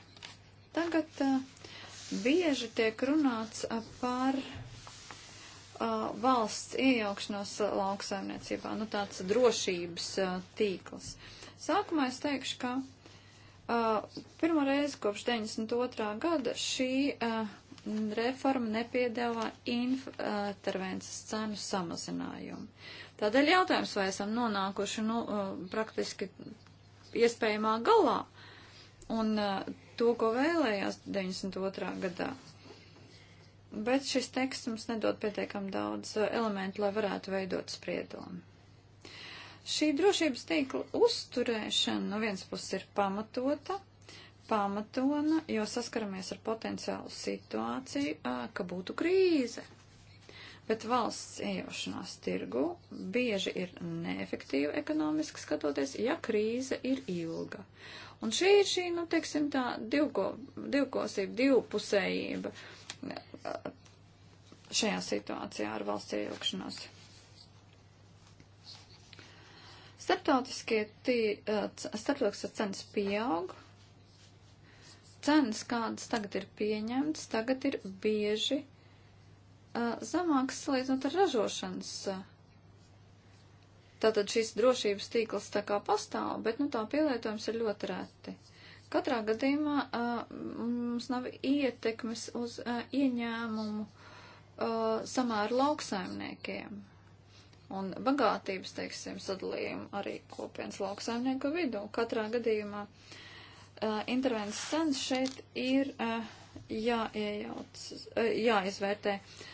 Tagad a, eh, bieži tiek runāts a, eh, par a, eh, valsts iejaukšanos lauksaimniecībā, nu tāds drošības tīkls. Sākumā es teikšu, ka pirmo reizi kopš 92. gada šī reforma nepiedāvā intervences cenu samazinājumu. Tādēļ jautājums, vai esam nonākuši nu, praktiski iespējamā galā. Un uh, to, ko vēlējās 92. gadā. Bet šis teksts mums nedod pietiekam daudz uh, elementu, lai varētu veidot spriedumu. Šī drošības tīkla uzturēšana no vienas puses ir pamatota, pamatona, jo saskaramies ar potenciālu situāciju, uh, ka būtu krīze bet valsts iejaukšanās tirgu bieži ir neefektīva ekonomiski skatoties, ja krīze ir ilga. Un šī ir šī, nu, teiksim, tā divko, divkosība, divpusējība šajā situācijā ar valsts iejaukšanos. Starptautiskie tī, starptautiskie cenas pieaug. Cenas, kādas tagad ir pieņemtas, tagad ir bieži Eh, zemāks salīdzinot ar ražošanas. Eh, tātad šis drošības tīkls tā kā pastāv, bet nu, tā pielietojums ir ļoti reti. Katrā gadījumā uh, mums nav ietekmes uz uh, ieņēmumu uh, samēru lauksaimniekiem un bagātības, teiksim, sadalījumu arī kopienas lauksaimnieku vidū. Katrā gadījumā uh, intervences cenas šeit ir uh, jāiejauc, uh, jāizvērtē. Uh,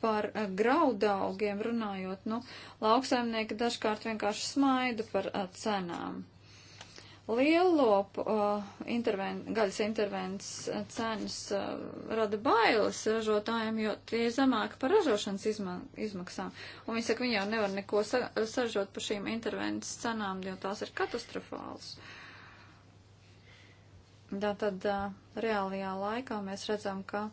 par uh, graudaugiem runājot, nu, lauksaimnieki dažkārt vienkārši smaida par uh, cenām. Lielopu uh, interven, gaļas intervences uh, cenas uh, rada bailes ražotājiem, jo tie ir zemāki par ražošanas izma izmaksām. Un viņi saka, viņi jau nevar neko sa sažot par šīm intervences cenām, jo tās ir katastrofāls. Tā tad uh, reālajā laikā mēs redzam, ka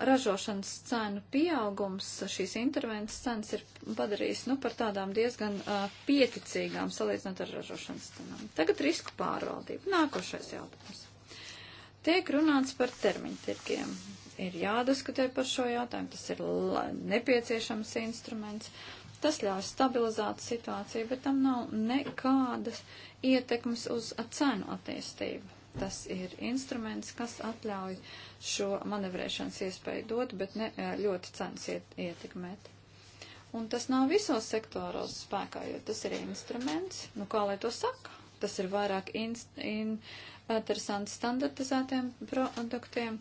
ražošanas cenu pieaugums, šīs intervences cenas ir padarījis nu, par tādām diezgan uh, pieticīgām salīdzinot ar ražošanas cenām. Tagad risku pārvaldība. Nākošais jautājums. Tiek runāts par termiņtirkiem. Ir jādiskutē par šo jautājumu. Tas ir nepieciešams instruments. Tas ļauj stabilizēt situāciju, bet tam nav nekādas ietekmes uz cenu attīstību Tas ir instruments, kas atļauj šo manevrēšanas iespēju dot, bet ne eh, ļoti cenas iet, ietekmēt. Un tas nav visos sektoros spēkā, jo tas ir instruments, nu kā lai to saka, tas ir vairāk inst, in, interesants standartizētiem produktiem,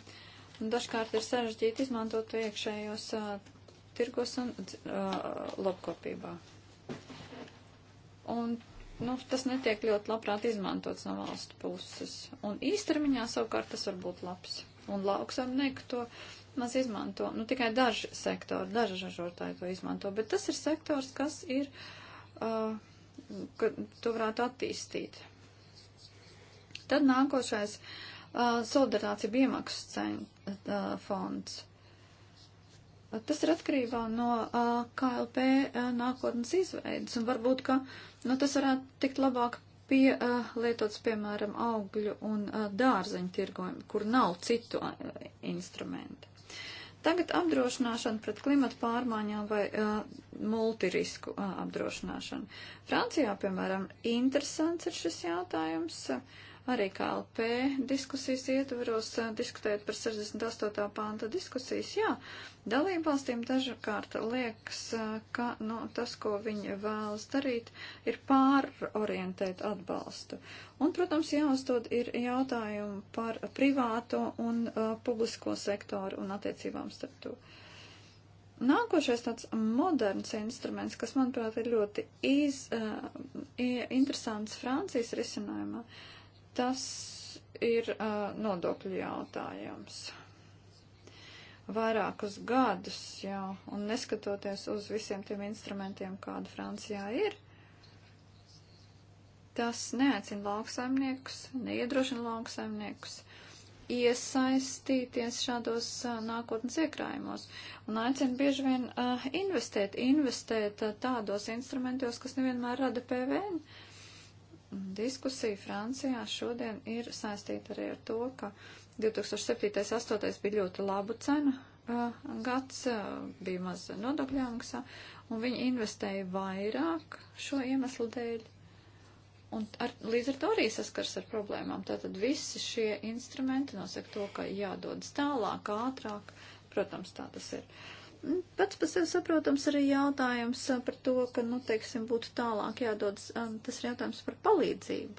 un dažkārt ir sarežģīti izmantot to iekšējos uh, tirgos un uh, lopkopībā. Un nu, tas netiek ļoti labprāt izmantots no valstu puses. Un īstermiņā savukārt tas var būt labs. Un lauksaimnieku to maz izmanto. Nu, tikai daži sektori, daži ražotāji to izmanto. Bet tas ir sektors, kas ir, uh, ka to varētu attīstīt. Tad nākošais uh, solidaritācija bija iemaksas cen, uh, fonds. Tas ir atkarībā no uh, KLP uh, nākotnes izveidas, un varbūt, ka uh, Nu, tas varētu tikt labāk pielietots, eh, uh, piemēram, augļu un uh, dārzeņu tirgojumu, kur nav citu uh, instrumentu. Tagad apdrošināšana pret klimatu pārmaiņām vai uh, multirisku uh, apdrošināšana. Francijā, piemēram, interesants ir šis jautājums. Uh, arī KLP diskusijas ietvaros eh, diskutēt par 68. panta diskusijas. Jā, dalībvalstīm dažkārt liekas, eh, ka nu, tas, ko viņi vēlas darīt, ir pārorientēt atbalstu. Un, protams, jāuzdod ir jautājumu par privāto un uh, publisko sektoru un attiecībām starp to. Nākošais tāds moderns instruments, kas, manuprāt, ir ļoti iz, uh, interesants Francijas risinājumā, uh, Tas ir uh, nodokļu jautājums. Vairākus gadus jau, un neskatoties uz visiem tiem instrumentiem, kāda Francijā ir, tas neaicina lauksaimniekus, neiedrošina lauksaimniekus iesaistīties šādos a, nākotnes iekrājumos un aicina bieži vien a, investēt, investēt a, tādos instrumentos, kas nevienmēr rada PVN. Uh, diskusija Francijā šodien ir saistīta arī ar to, ka 2007.8. bija ļoti labu cenu uh, gads, uh, bija maz nodokļu angsa, un viņi investēja vairāk šo iemeslu dēļ. Un ar, līdz ar to arī saskars ar problēmām. Tātad visi šie instrumenti nosaka to, ka jādodas tālāk, ātrāk. Protams, tā tas ir. Uh, Pats par sevi saprotams arī jautājums par to, ka, nu, teiksim, būtu tālāk jādod, tas ir jautājums par palīdzību.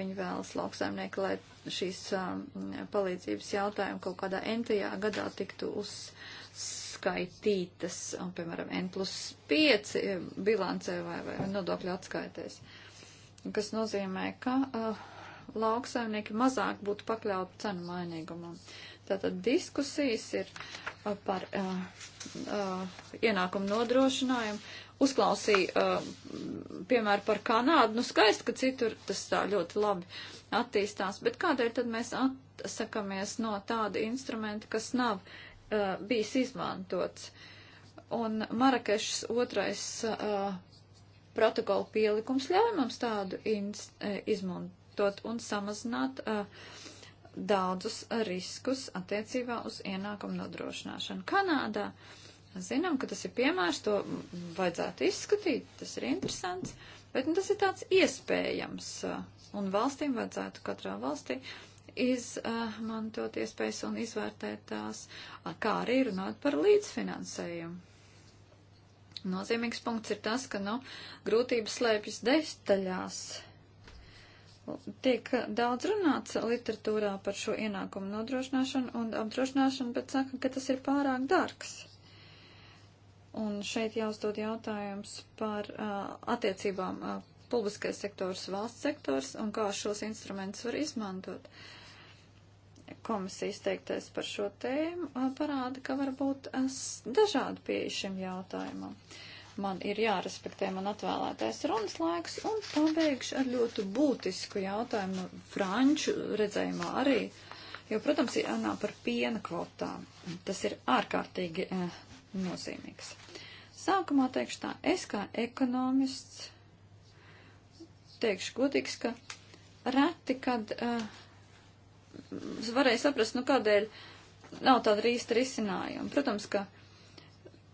Viņi vēlas lauksaimnieki, lai šīs palīdzības jautājumi kaut kādā entajā gadā tiktu uzskaitītas, un, piemēram, N plus 5 bilancē vai, vai nodokļu atskaitēs. Kas nozīmē, ka uh, lauksaimnieki mazāk būtu pakļauti cenu mainīgumam. Uh, Tātad diskusijas ir uh, par uh, uh, ienākumu nodrošinājumu. Uzklausīju, uh, piemēram, par Kanādu. Nu, skaisti, ka citur tas tā ļoti labi attīstās, bet kādēļ tad mēs atsakamies no tāda instrumenta, kas nav uh, bijis izmantots? Un Marakešas otrais uh, protokola pielikums ļauj mums tādu uh, izmantot un samazināt. Uh, daudzus riskus attiecībā uz ienākumu nodrošināšanu. Kanādā zinām, ka tas ir piemērs, to vajadzētu izskatīt, tas ir interesants, bet nu, tas ir tāds iespējams, uh, un valstīm vajadzētu katrā valstī izmantot iespējas un izvērtēt tās, kā arī runāt par līdzfinansējumu. Nozīmīgs punkts ir tas, ka, nu, grūtības slēpjas detaļās Tiek daudz runāts literatūrā par šo ienākumu nodrošināšanu un apdrošināšanu, bet saka, ka tas ir pārāk dārgs. Un šeit jāuzdod jautājums par uh, attiecībām uh, publiskais sektors, valsts sektors un kā šos instrumentus var izmantot. Komisijas teiktais par šo tēmu parāda, ka var būt dažādi pieeja šim jautājumam. Uh, Man ir jārespektē man atvēlētais runas laiks un pabeigšu ar ļoti būtisku jautājumu franču redzējumā arī. Jo, protams, ir jānā par piena kvotām. Tas ir ārkārtīgi eh, nozīmīgs. Sākumā teikšu tā, es kā ekonomists teikšu godīgs, ka reti, kad uh, eh, varēja saprast, nu kādēļ nav tāda īsta risinājuma. Protams, ka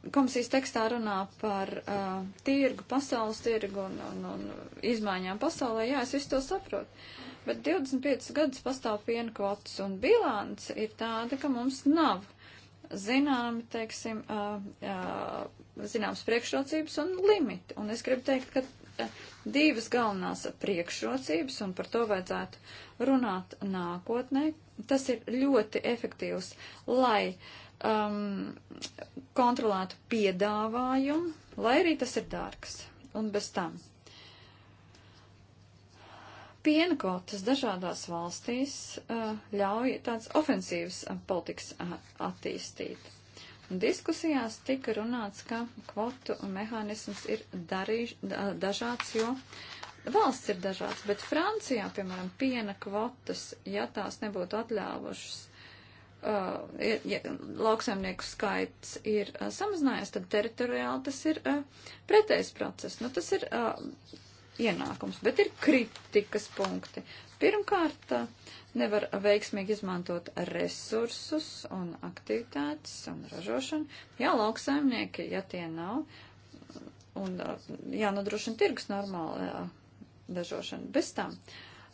Komisijas tekstā runā par uh, tirgu, pasaules tirgu un, un, un izmaiņām pasaulē. Jā, es visu to saprotu. Bet 25 gadus pastāv piena kvotas un bilants ir tāda, ka mums nav zināmi, teiksim, uh, uh, zināms priekšrocības un limiti. Un es gribu teikt, ka uh, divas galvenās priekšrocības, un par to vajadzētu runāt nākotnē, tas ir ļoti efektīvs, lai uh, um, kontrolētu piedāvājumu, lai arī tas ir dārgs. Un bez tam. Piena kvotas dažādās valstīs uh, ļauj tāds ofensīvas uh, politikas uh, attīstīt. Diskusijās tika runāts, ka kvotu mehānisms ir darīž, dažāds, jo valsts ir dažāds, bet Francijā, piemēram, piena kvotas, ja tās nebūtu atļāvušas uh, ja lauksaimnieku skaits ir uh, samazinājies, tad teritoriāli tas ir uh, pretējs process. Nu, tas ir uh, ienākums, bet ir kritikas punkti. Pirmkārt, uh, nevar veiksmīgi izmantot resursus un aktivitātes un ražošanu. Jā, lauksaimnieki, ja tie nav, un uh, jānodrošina tirgus normāli uh, ražošana. Bez tam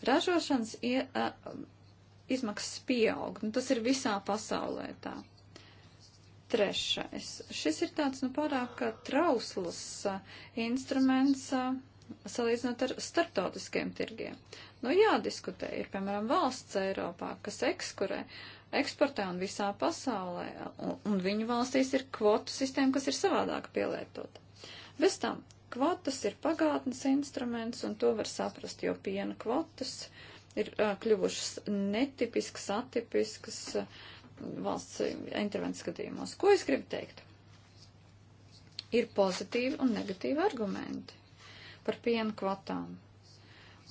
ražošanas ie, uh, izmaksas pieaug. Nu, tas ir visā pasaulē tā. Trešais. Šis ir tāds nu pārāk trausls a, instruments a, salīdzinot ar startautiskiem tirgiem. Nu jādiskutē. Ir, piemēram, valsts Eiropā, kas ekskurē, eksportē un visā pasaulē, un, un viņu valstīs ir kvotu sistēma, kas ir savādāk pielietota. Bez tam, kvotas ir pagātnes instruments, un to var saprast, jo piena kvotas. Uh, ir kļuvušas netipiskas, atipiskas valsts intervences gadījumos. Ko es gribu teikt? Ir pozitīvi un negatīvi argumenti par piena kvotām.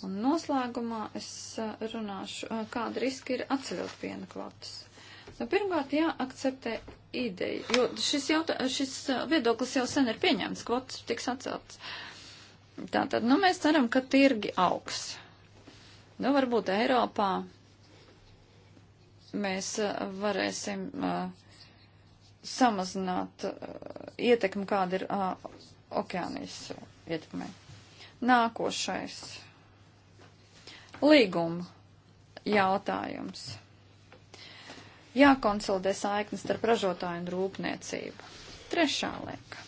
Un noslēgumā es runāšu, kāda riska ir atceļot piena kvotas. Nu, pirmkārt, jāakceptē ideja, jo šis, jautā, šis viedoklis jau sen ir pieņemts, kvotas tiks atcelts. Tātad, nu, mēs ceram, ka tirgi augs. Nu, varbūt Eiropā mēs uh, varēsim uh, samazināt uh, ietekmi, kāda ir uh, okeānijas ietekmē. Nākošais. Līguma jautājums. Jākonsolidē saiknes starp ražotāju un rūpniecību. Trešā lieka.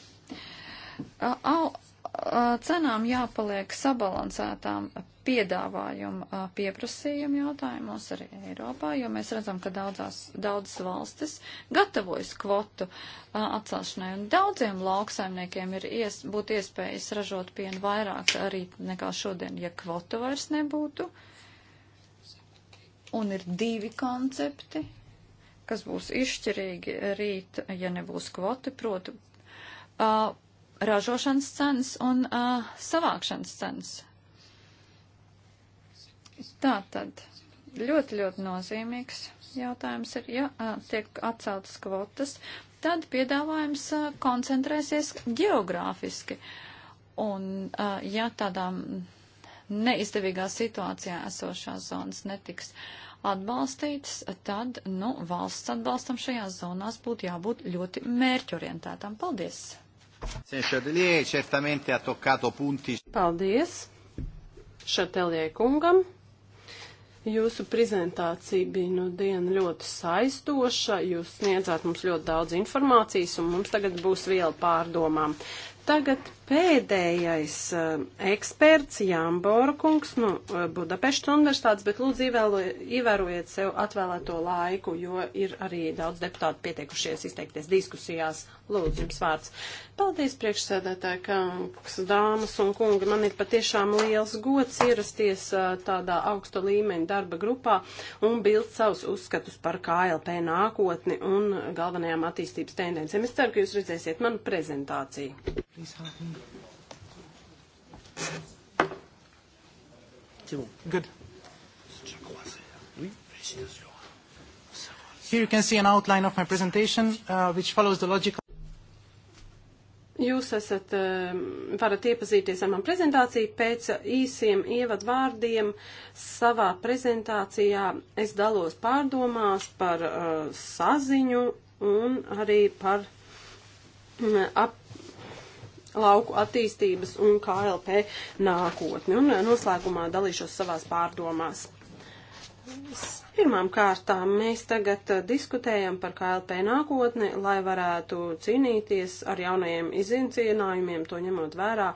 Uh, au, uh, cenām jāpaliek sabalansētām piedāvājuma pieprasījuma jautājumos arī Eiropā, jo mēs redzam, ka daudzās, daudzas valstis gatavojas kvotu atcelšanai, un daudziem lauksaimniekiem ir ies, būt iespējas ražot pienu vairāk arī nekā šodien, ja kvotu vairs nebūtu. Un ir divi koncepti, kas būs izšķirīgi rīt, ja nebūs kvoti, proti. Uh, ražošanas cenas un uh, savākšanas cenas. Tā tad ļoti, ļoti nozīmīgs jautājums ir, ja tiek atceltas kvotas, tad piedāvājums koncentrēsies geogrāfiski. Un ja tādām neizdevīgā situācijā esošās zonas netiks atbalstītas, tad, nu, valsts atbalstam šajās zonās būtu jābūt ļoti mērķorientētam. Paldies! Paldies! Šatelie kungam! Jūsu prezentācija bija nu diena ļoti saistoša, jūs sniedzāt mums ļoti daudz informācijas un mums tagad būs viela pārdomām. Tagad Pēdējais uh, eksperts Jāmbora kungs no nu, Budapeštas universitātes, bet lūdzu ievēlo, ievērojiet sev atvēlēto laiku, jo ir arī daudz deputātu pieteikušies izteikties diskusijās. Lūdzu, jums vārds. Paldies, priekšsēdētāji, kungs, dāmas un kungi. Man ir patiešām liels gods ierasties uh, tādā augsta līmeņa darba grupā un bild savus uzskatus par KLP nākotni un galvenajām attīstības tendencēm. Es ceru, ka jūs redzēsiet manu prezentāciju. Please, C'est bon. Good. Oui, félicitations. Here you can see an outline of my presentation, uh, which follows the logical. Jūs esat, um, varat iepazīties ar manu prezentāciju pēc īsiem ievadvārdiem. Savā prezentācijā es dalos pārdomās par uh, saziņu un arī par uh, ap, lauku attīstības un KLP nākotni. Un eh, noslēgumā dalīšos savās pārdomās. Pirmām kārtām mēs tagad eh, diskutējam par KLP nākotni, lai varētu cīnīties ar jaunajiem izincinājumiem, to ņemot vērā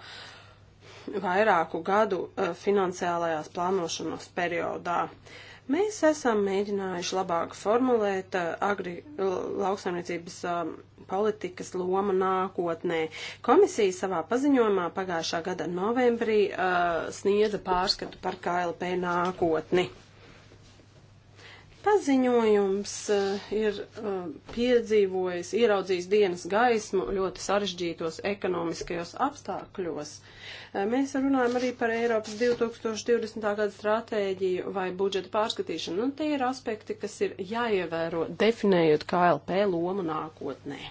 vairāku gadu eh, finansiālajās plānošanas periodā. Mēs esam mēģinājuši labāk formulēt agri lauksaimniecības politikas loma nākotnē. Komisija savā paziņojumā pagājušā gada novembrī uh, sniedza pārskatu par KLP nākotni. Paziņojums uh, ir uh, piedzīvojis, ieraudzījis dienas gaismu ļoti sarežģītos ekonomiskajos apstākļos. Uh, mēs runājam arī par Eiropas 2020. gada stratēģiju vai budžeta pārskatīšanu, un nu, tie ir aspekti, kas ir jāievēro, definējot KLP lomu nākotnē.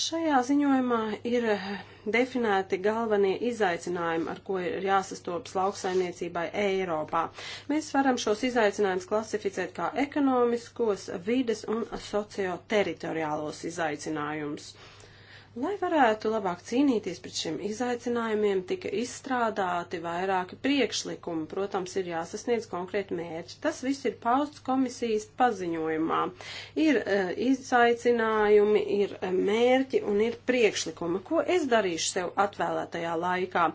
Šajā ziņojumā ir definēti galvenie izaicinājumi, ar ko ir jāsastopas lauksaimniecībai Eiropā. Mēs varam šos izaicinājumus klasificēt kā ekonomiskos, vides un socioteritoriālos izaicinājumus. Lai varētu labāk cīnīties pret šiem izaicinājumiem, tika izstrādāti vairāki priekšlikumi. Protams, ir jāsasniedz konkrēti mērķi. Tas viss ir pausts komisijas paziņojumā. Ir uh, izaicinājumi, ir e, mērķi un ir priekšlikumi. Ko es darīšu sev atvēlētajā laikā?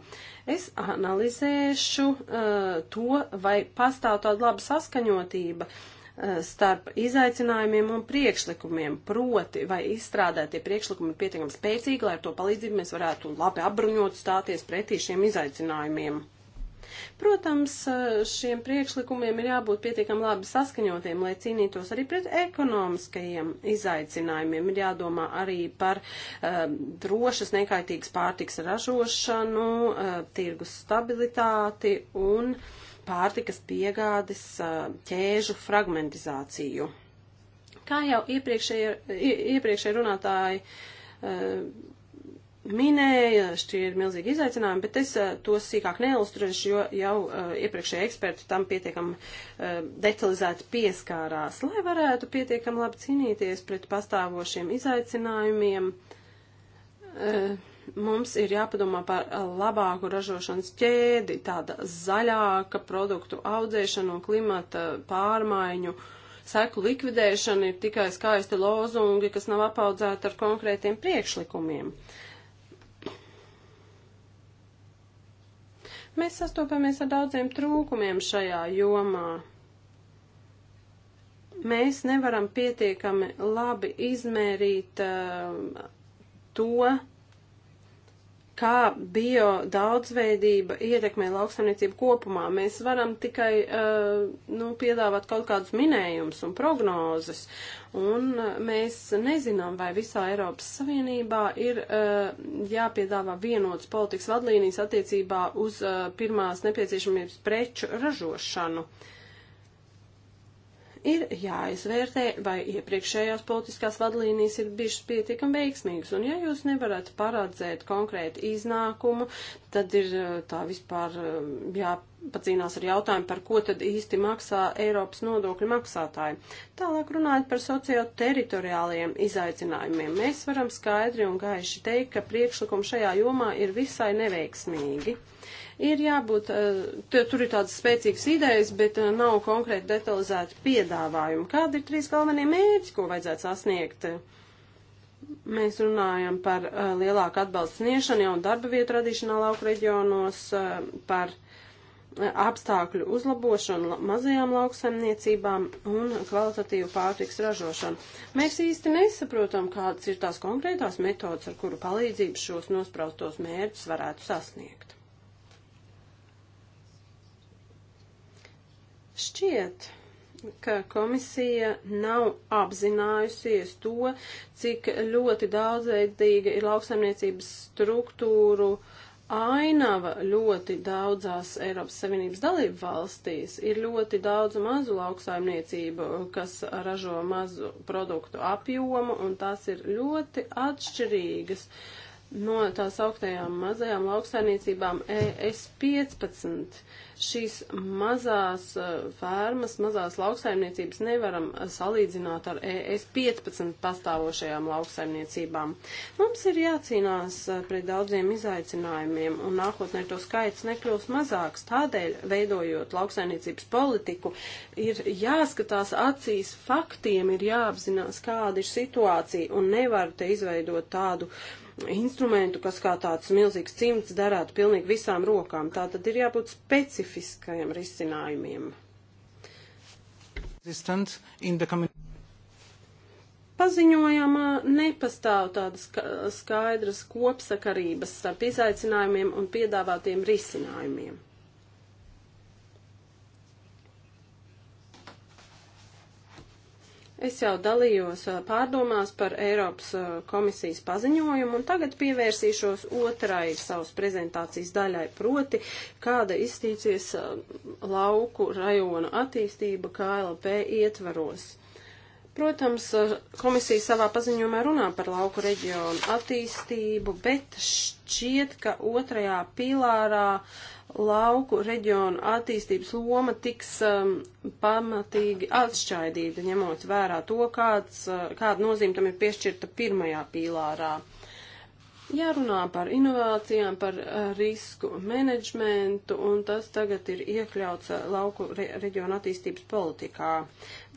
Es analizēšu uh, to, vai pastāv tāda laba saskaņotība. Uh, Eh, starp izaicinājumiem un priekšlikumiem, proti, vai izstrādātie priekšlikumi ir pietiekami spēcīgi, lai ar to palīdzību mēs varētu labi apbruņot stāties pretī šiem izaicinājumiem. Protams, eh, šiem priekšlikumiem ir jābūt pietiekami labi saskaņotiem, lai cīnītos arī pret ekonomiskajiem izaicinājumiem. Ir jādomā arī par uh, drošas, nekaitīgas pārtiks ražošanu, uh, tirgus stabilitāti un uh, pārtikas piegādes ķēžu fragmentizāciju. Kā jau iepriekšēji runātāji minēja, šie ir milzīgi izaicinājumi, bet es tos sīkāk neilustrēšu, jo jau iepriekšēji eksperti tam pietiekam detalizēti pieskārās, lai varētu pietiekam labi cīnīties pret pastāvošiem izaicinājumiem. Uh, mums ir jāpadomā par labāku ražošanas ķēdi, tāda zaļāka produktu audzēšana un klimata pārmaiņu. Seku likvidēšana ir tikai skaisti lozungi, kas nav apaudzēti ar konkrētiem priekšlikumiem. Mēs sastopamies ar daudziem trūkumiem šajā jomā mēs nevaram pietiekami labi izmērīt uh, to, kā bio daudzveidība ietekmē lauksaimniecību kopumā. Mēs varam tikai uh, nu, piedāvāt kaut kādus minējumus un prognozes, un eh, mēs nezinām, vai visā Eiropas Savienībā ir uh, jāpiedāvā vienotas politikas vadlīnijas attiecībā uz uh, pirmās nepieciešamības preču ražošanu. Uh, Ir jāizvērtē, vai iepriekšējās politiskās vadlīnijas ir bijušas pietiekami veiksmīgas, un ja jūs nevarat paredzēt konkrētu iznākumu, tad ir uh, tā vispār uh, jāpacīnās ar jautājumu, par ko tad īsti maksā Eiropas nodokļu maksātāji. Tālāk runājot par socioteritoriāliem izaicinājumiem, mēs varam skaidri un gaiši teikt, ka priekšlikumi šajā jomā ir visai neveiksmīgi. Ir jābūt, eh, tur ir tādas spēcīgas idejas, bet eh, nav konkrēti detalizēti piedāvājumi. Kādi ir trīs galvenie mērķi, ko vajadzētu sasniegt? Mēs runājam par eh, lielāku atbalstu sniešanu jau darba vietu radīšanā lauku reģionos, par apstākļu uzlabošanu mazajām lauksaimniecībām un kvalitatīvu pārtiks ražošanu. Mēs īsti nesaprotam, kādas ir tās konkrētās metodas, ar kuru palīdzību šos nospraustos mērķus varētu sasniegt. Šķiet, ka komisija nav apzinājusies to, cik ļoti daudzveidīga ir lauksaimniecības struktūru ainava ļoti daudzās Eiropas Savienības dalību valstīs. Ir ļoti daudz mazu lauksaimniecību, kas ražo mazu produktu apjomu, un tās ir ļoti atšķirīgas. Uh, no tās augtajām mazajām lauksainīcībām ES15. Šīs mazās eh, fermas, mazās lauksaimniecības nevaram eh, salīdzināt ar ES15 pastāvošajām lauksaimniecībām. Mums ir jācīnās eh, pret daudziem izaicinājumiem, un nākotnē to skaits nekļūs mazāks. Tādēļ, veidojot lauksaimniecības politiku, ir jāskatās acīs faktiem, ir jāapzinās, kāda ir situācija, un nevar te izveidot tādu uh, instrumentu, kas kā tāds milzīgs cimds darētu pilnīgi visām rokām. Tā tad ir jābūt specifiskajiem risinājumiem. Paziņojumā nepastāv tādas skaidras kopsakarības starp izaicinājumiem un piedāvātiem risinājumiem. Es jau dalījos pārdomās par Eiropas komisijas paziņojumu un tagad pievērsīšos otrai savas prezentācijas daļai, proti, kāda iztīcies lauku rajona attīstība KLP ietvaros. Protams, komisija savā paziņojumā runā par lauku reģionu attīstību, bet šķiet, ka otrajā pilārā uh, lauku reģionu attīstības loma tiks um, pamatīgi atšķaidīta, ņemot vērā to, kāds, uh, kāda nozīme tam ir piešķirta pirmajā pīlārā. Jārunā par inovācijām, par uh, risku menedžmentu, un tas tagad ir iekļauts uh, lauku re reģionu attīstības politikā.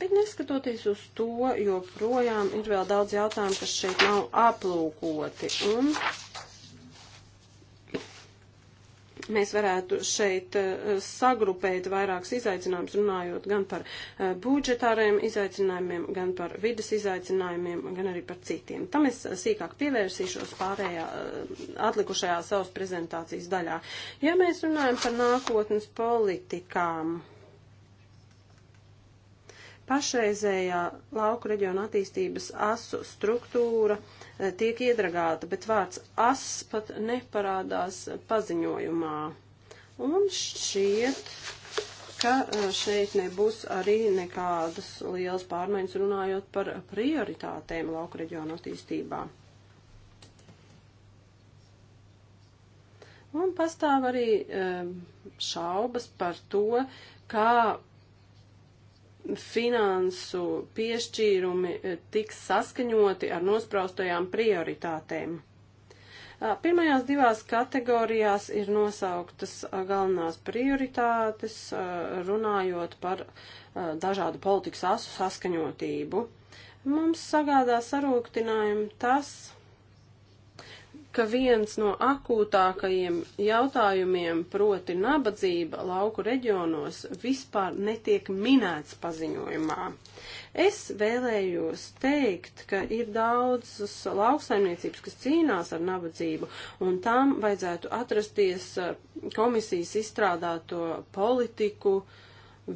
Bet neskatoties uz to, joprojām ir vēl daudz jautājumu, kas šeit nav aplūkoti. Un mēs varētu šeit eh, sagrupēt vairākus izaicinājumus, runājot gan par eh, budžetāriem izaicinājumiem, gan par vidas izaicinājumiem, gan arī par citiem. Tam es eh, sīkāk pievērsīšos pārējā atlikušajā savas prezentācijas daļā. Ja mēs runājam par nākotnes politikām, pašreizējā lauku reģiona attīstības asu struktūra, uh, tiek iedragāta, bet vārds as pat neparādās paziņojumā. Un šķiet, ka eh, šeit nebūs arī nekādas lielas pārmaiņas runājot par prioritātēm lauku reģionu attīstībā. Un pastāv arī eh, šaubas par to, kā finansu piešķīrumi e, tiks saskaņoti ar nospraustajām prioritātēm. Pirmajās divās kategorijās ir nosauktas galvenās prioritātes, runājot par dažādu politikas asu saskaņotību. Mums sagādā sarūktinājumu tas, ka viens no akūtākajiem jautājumiem, proti nabadzība lauku reģionos, vispār netiek minēts paziņojumā. Es vēlējos teikt, ka ir daudzas lauksaimniecības, kas cīnās ar nabadzību, un tām vajadzētu atrasties eh, komisijas izstrādāto politiku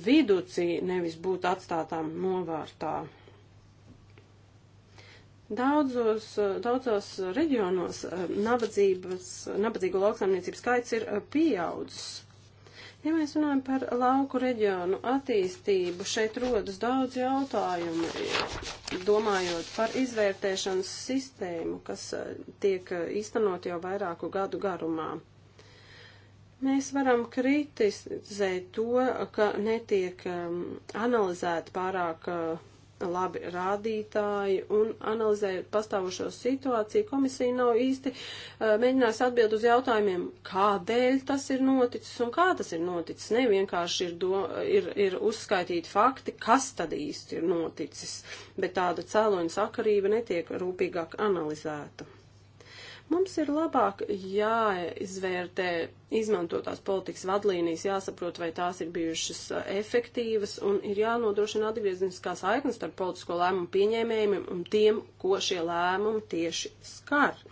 viducī, nevis būt atstātām novārtā. Daudzos, daudzos reģionos eh, nabadzības, nabadzīgo lauksaimniecības skaits ir eh, pieaudzis. Ja mēs runājam par lauku reģionu attīstību, šeit rodas daudz jautājumu, domājot par izvērtēšanas sistēmu, kas eh, tiek iztenot jau vairāku gadu garumā. Mēs varam kritizēt to, ka netiek analizēta pārāk uh, labi rādītāji un analizējot pastāvošo situāciju, komisija nav īsti uh, mēģinājusi atbild uz jautājumiem, kādēļ tas ir noticis un kā tas ir noticis. Ne vienkārši ir, do, ir, ir uzskaitīti fakti, kas tad īsti ir noticis, bet tāda cēloņa sakarība netiek rūpīgāk analizēta. Mums ir labāk jāizvērtē izmantotās politikas vadlīnijas, jāsaprot, vai tās ir bijušas uh, efektīvas un ir jānodrošina atgriezniskā saiknes starp politisko lēmumu pieņēmējiem un tiem, ko šie lēmumi tieši skar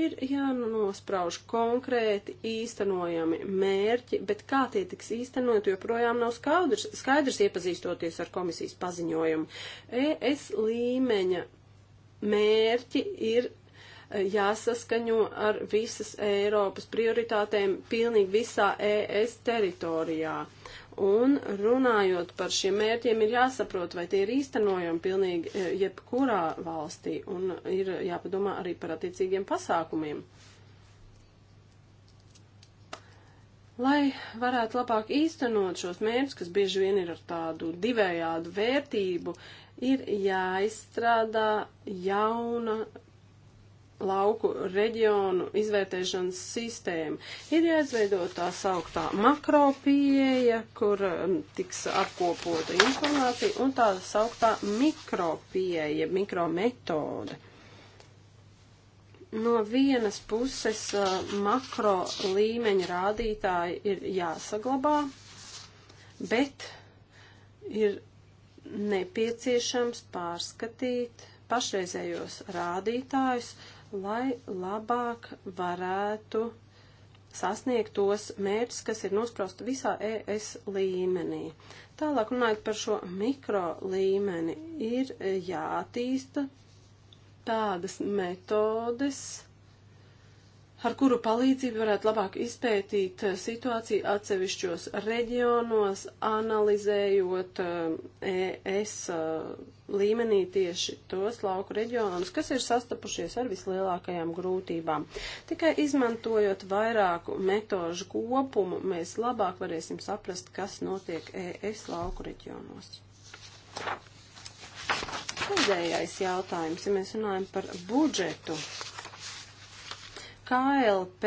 ir jānosprauž konkrēti īstenojami mērķi, bet kā tie tiks īstenot, joprojām nav skaidrs, skaidrs iepazīstoties ar komisijas paziņojumu. ES līmeņa mērķi ir jāsaskaņo ar visas Eiropas prioritātēm pilnīgi visā ES teritorijā. Un runājot par šiem mērķiem, ir jāsaprot, vai tie ir īstenojami pilnīgi e, jebkurā valstī, un ir jāpadomā arī par attiecīgiem pasākumiem. Lai varētu labāk īstenot šos mērķus, kas bieži vien ir ar tādu divējādu vērtību, ir jāizstrādā jauna lauku reģionu izvērtēšanas sistēmu. Ir jāizveido tā sauktā makro pieeja, kur um, tiks apkopota informācija, un tā sauktā mikro pieeja, mikro metode. No vienas puses uh, makro līmeņa rādītāji ir jāsaglabā, bet ir nepieciešams pārskatīt pašreizējos rādītājus, uh, lai labāk varētu sasniegt tos mērķus, kas ir nosprosti visā ES līmenī. Tālāk runājot par šo mikro līmeni, ir jātīsta tādas metodes, ar kuru palīdzību varētu labāk izpētīt situāciju atsevišķos reģionos, analizējot ES eh, e eh, līmenī tieši tos lauku reģionus, kas ir sastapušies ar vislielākajām grūtībām. Tikai izmantojot vairāku metožu kopumu, mēs labāk varēsim saprast, kas notiek ES lauku reģionos. Pēdējais jautājums, ja mēs runājam par budžetu. KLP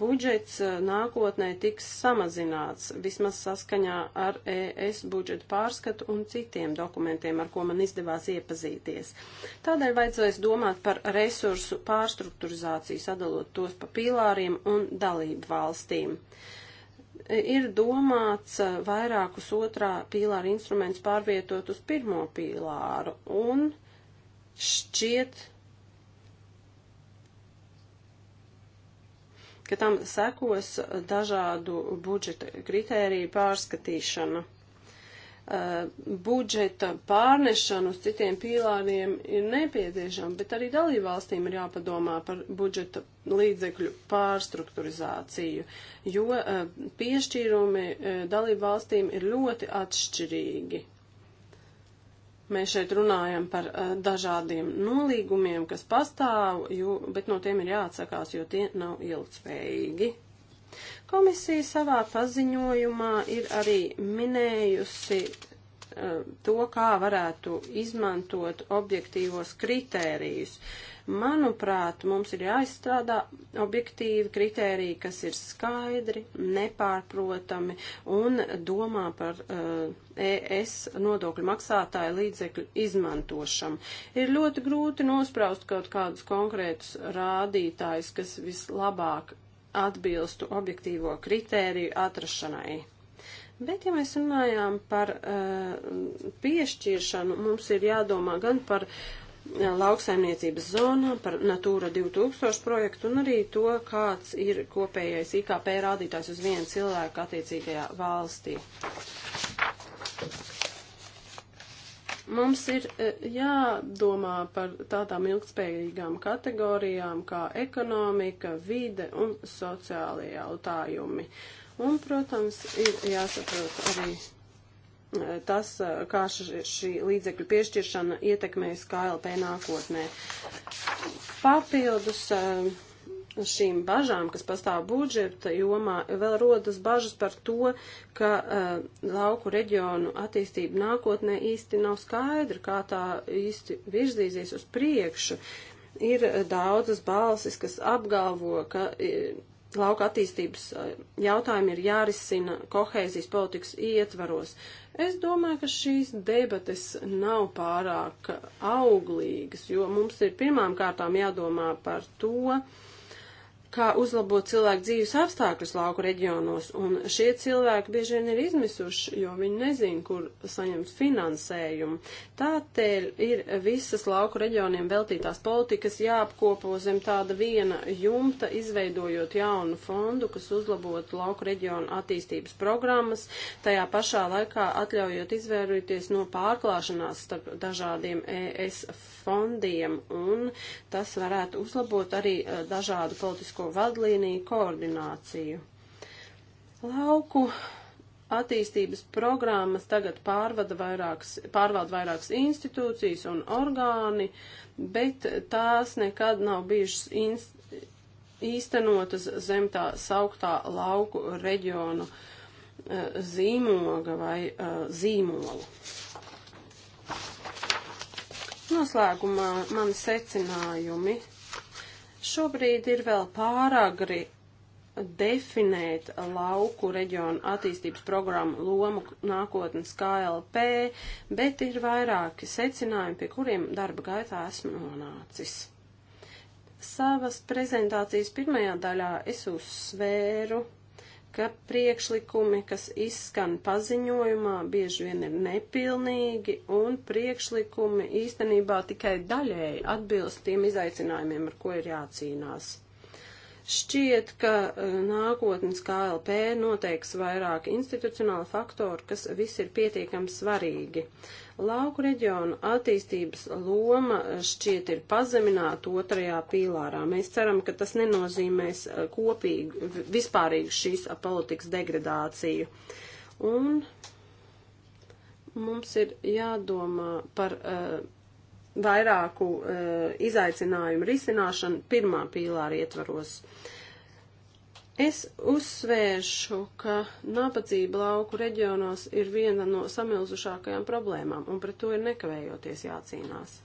budžets eh, nākotnē tiks samazināts, vismaz saskaņā ar ES budžetu pārskatu un citiem dokumentiem, ar ko man izdevās iepazīties. Tādēļ vajadzēs domāt par resursu pārstrukturizāciju, sadalot tos pa pīlāriem un dalību valstīm. E, ir domāts eh, vairākus otrā pīlāra instrumentus pārvietot uz pirmo pīlāru un šķiet ka tam sekos dažādu budžeta kritēriju pārskatīšana eh, budžeta pārnešanu uz citiem pīlāriem ir nepieciešama, bet arī dalībvalstīm ir jāpadomā par budžeta līdzekļu pārstrukturizāciju, jo eh, piešķīrumi eh, dalībvalstīm ir ļoti atšķirīgi. Mēs šeit runājam par uh, dažādiem nolīgumiem, kas pastāv, jo, bet no tiem ir jāatsakās, jo tie nav ilgspējīgi. Komisija savā paziņojumā ir arī minējusi uh, to, kā varētu izmantot objektīvos kritērijus. Uh, Manuprāt, mums ir jāizstrādā objektīvi kritēriji, kas ir skaidri, nepārprotami un domā par uh, ES nodokļu maksātāju līdzekļu izmantošanu. Ir ļoti grūti nospraust kaut kādus konkrētus rādītājus, kas vislabāk atbilstu objektīvo kritēriju atrašanai. Bet, ja mēs runājām par uh, piešķiršanu, mums ir jādomā gan par uh, lauksaimniecības zonā, par Natūra 2000 projektu un arī to, kāds ir kopējais IKP rādītājs uz vienu cilvēku attiecīgajā valstī. Mums ir e, jādomā par tādām ilgspējīgām kategorijām kā ekonomika, vide un sociālie jautājumi. Un, protams, ir jāsaprot arī tas, eh, kā šī līdzekļu piešķiršana ietekmēs KLP nākotnē. Papildus eh, šīm bažām, kas pastāv budžeta jomā, vēl rodas bažas par to, ka uh, lauku reģionu attīstība nākotnē īsti nav skaidra, kā tā īsti virzīsies uz priekšu. Ir daudzas balsis, kas apgalvo, ka lauka attīstības eh, jautājumi ir jārisina kohēzijas politikas ietvaros. Es domāju, ka šīs debates nav pārāk auglīgas, jo mums ir pirmām kārtām jādomā par to, uh, kā uzlabot cilvēku dzīves apstākļus lauku reģionos, un šie cilvēki bieži vien ir izmisuši, jo viņi nezin, kur saņemt finansējumu. Tātēļ ir visas lauku reģioniem veltītās politikas jāapkopo zem tāda viena jumta, izveidojot jaunu fondu, kas uzlabotu lauku reģionu attīstības programmas, tajā pašā laikā atļaujot izvērīties no pārklāšanās starp dažādiem ES fondiem fondiem, un tas varētu uzlabot arī eh, dažādu politisko vadlīniju koordināciju. Lauku attīstības programmas tagad pārvada vairākas, pārvalda vairākas institūcijas un orgāni, bet tās nekad nav bijušas inst, īstenotas zem tā sauktā lauku reģionu eh, zīmoga vai eh, zīmola. Noslēgumā mani secinājumi. Šobrīd ir vēl pāragri definēt lauku reģionu attīstības programmu lomu nākotnes KLP, bet ir vairāki secinājumi, pie kuriem darba gaitā esmu nonācis. Savas prezentācijas pirmajā daļā es uzsvēru ka priekšlikumi, kas izskan paziņojumā, bieži vien ir nepilnīgi, un priekšlikumi īstenībā tikai daļēji atbilst tiem izaicinājumiem, ar ko ir jācīnās. Šķiet, ka e, nākotnes KLP noteiks vairāk institucionāli faktori, kas visi ir pietiekami svarīgi. Uh, Lauku reģionu attīstības loma šķiet ir pazemināta otrajā pīlārā. Mēs ceram, ka tas nenozīmēs uh, kopīgu, vispārīgu šīs uh, politikas degradāciju. Un mums ir jādomā par uh, vairāku uh, izaicinājumu risināšanu pirmā pīlāra ietvaros. Uh, Es uzsvēršu, ka nabadzība lauku reģionos ir viena no samilzušākajām problēmām, un pret to ir nekavējoties jācīnās.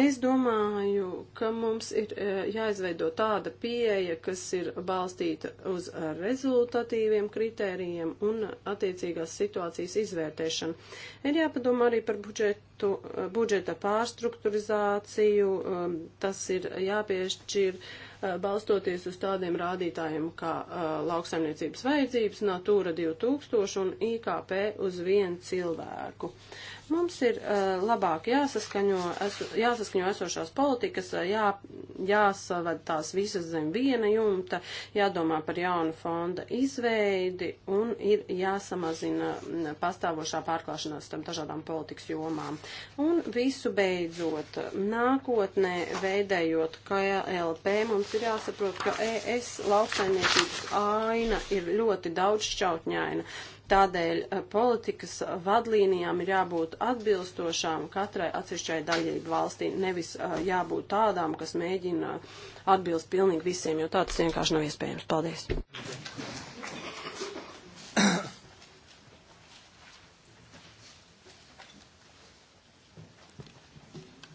Es domāju, ka mums ir e, jāizveido tāda pieeja, kas ir balstīta uz rezultatīviem kritērijiem un attiecīgās situācijas izvērtēšanu. Ir jāpadomā arī par budžetu, e, budžeta pārstrukturizāciju, e, tas ir jāpiešķir balstoties uz tādiem rādītājiem kā lauksaimniecības vajadzības, Natūra 2000 un IKP uz vienu cilvēku. Mums ir uh, labāk jāsaskaņo, eso, jāsaskaņo esošās politikas, eh, jā, jāsavad tās visas zem viena jumta, jādomā par jaunu fonda izveidi un ir jāsamazina pastāvošā pārklāšanās tam dažādām politikas jomām. Un visu beidzot, nākotnē veidējot KLP, mums ir jāsaprot, ka ES lauksaimniecības aina ir ļoti daudz šķautņaina Tādēļ eh, politikas vadlīnijām ir jābūt atbilstošām katrai atsevišķai daļību valstī, nevis eh, jābūt tādām, kas mēģina atbilst pilnīgi visiem, jo tāds vienkārši nav iespējams. Paldies!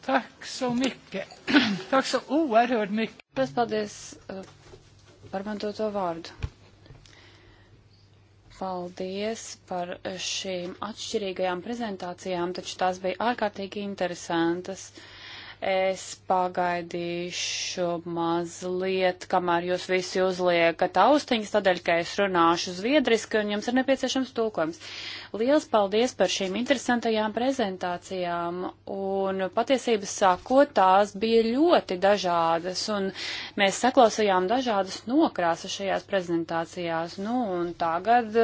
Tack så mycket. Tack så oerhört mycket. Paldies eh, par man doto vārdu. Paldies par šīm atšķirīgajām prezentācijām, taču tās bija ārkārtīgi interesantas. Uh, Es pagaidīšu mazliet, kamēr jūs visi uzliekat austiņas, tādēļ, ka es runāšu zviedriski un jums ir nepieciešams tulkojums. Liels paldies par šīm interesantajām prezentācijām un patiesības sākot tās bija ļoti dažādas un mēs saklausījām dažādas nokrāsas šajās prezentācijās. Nu, un tagad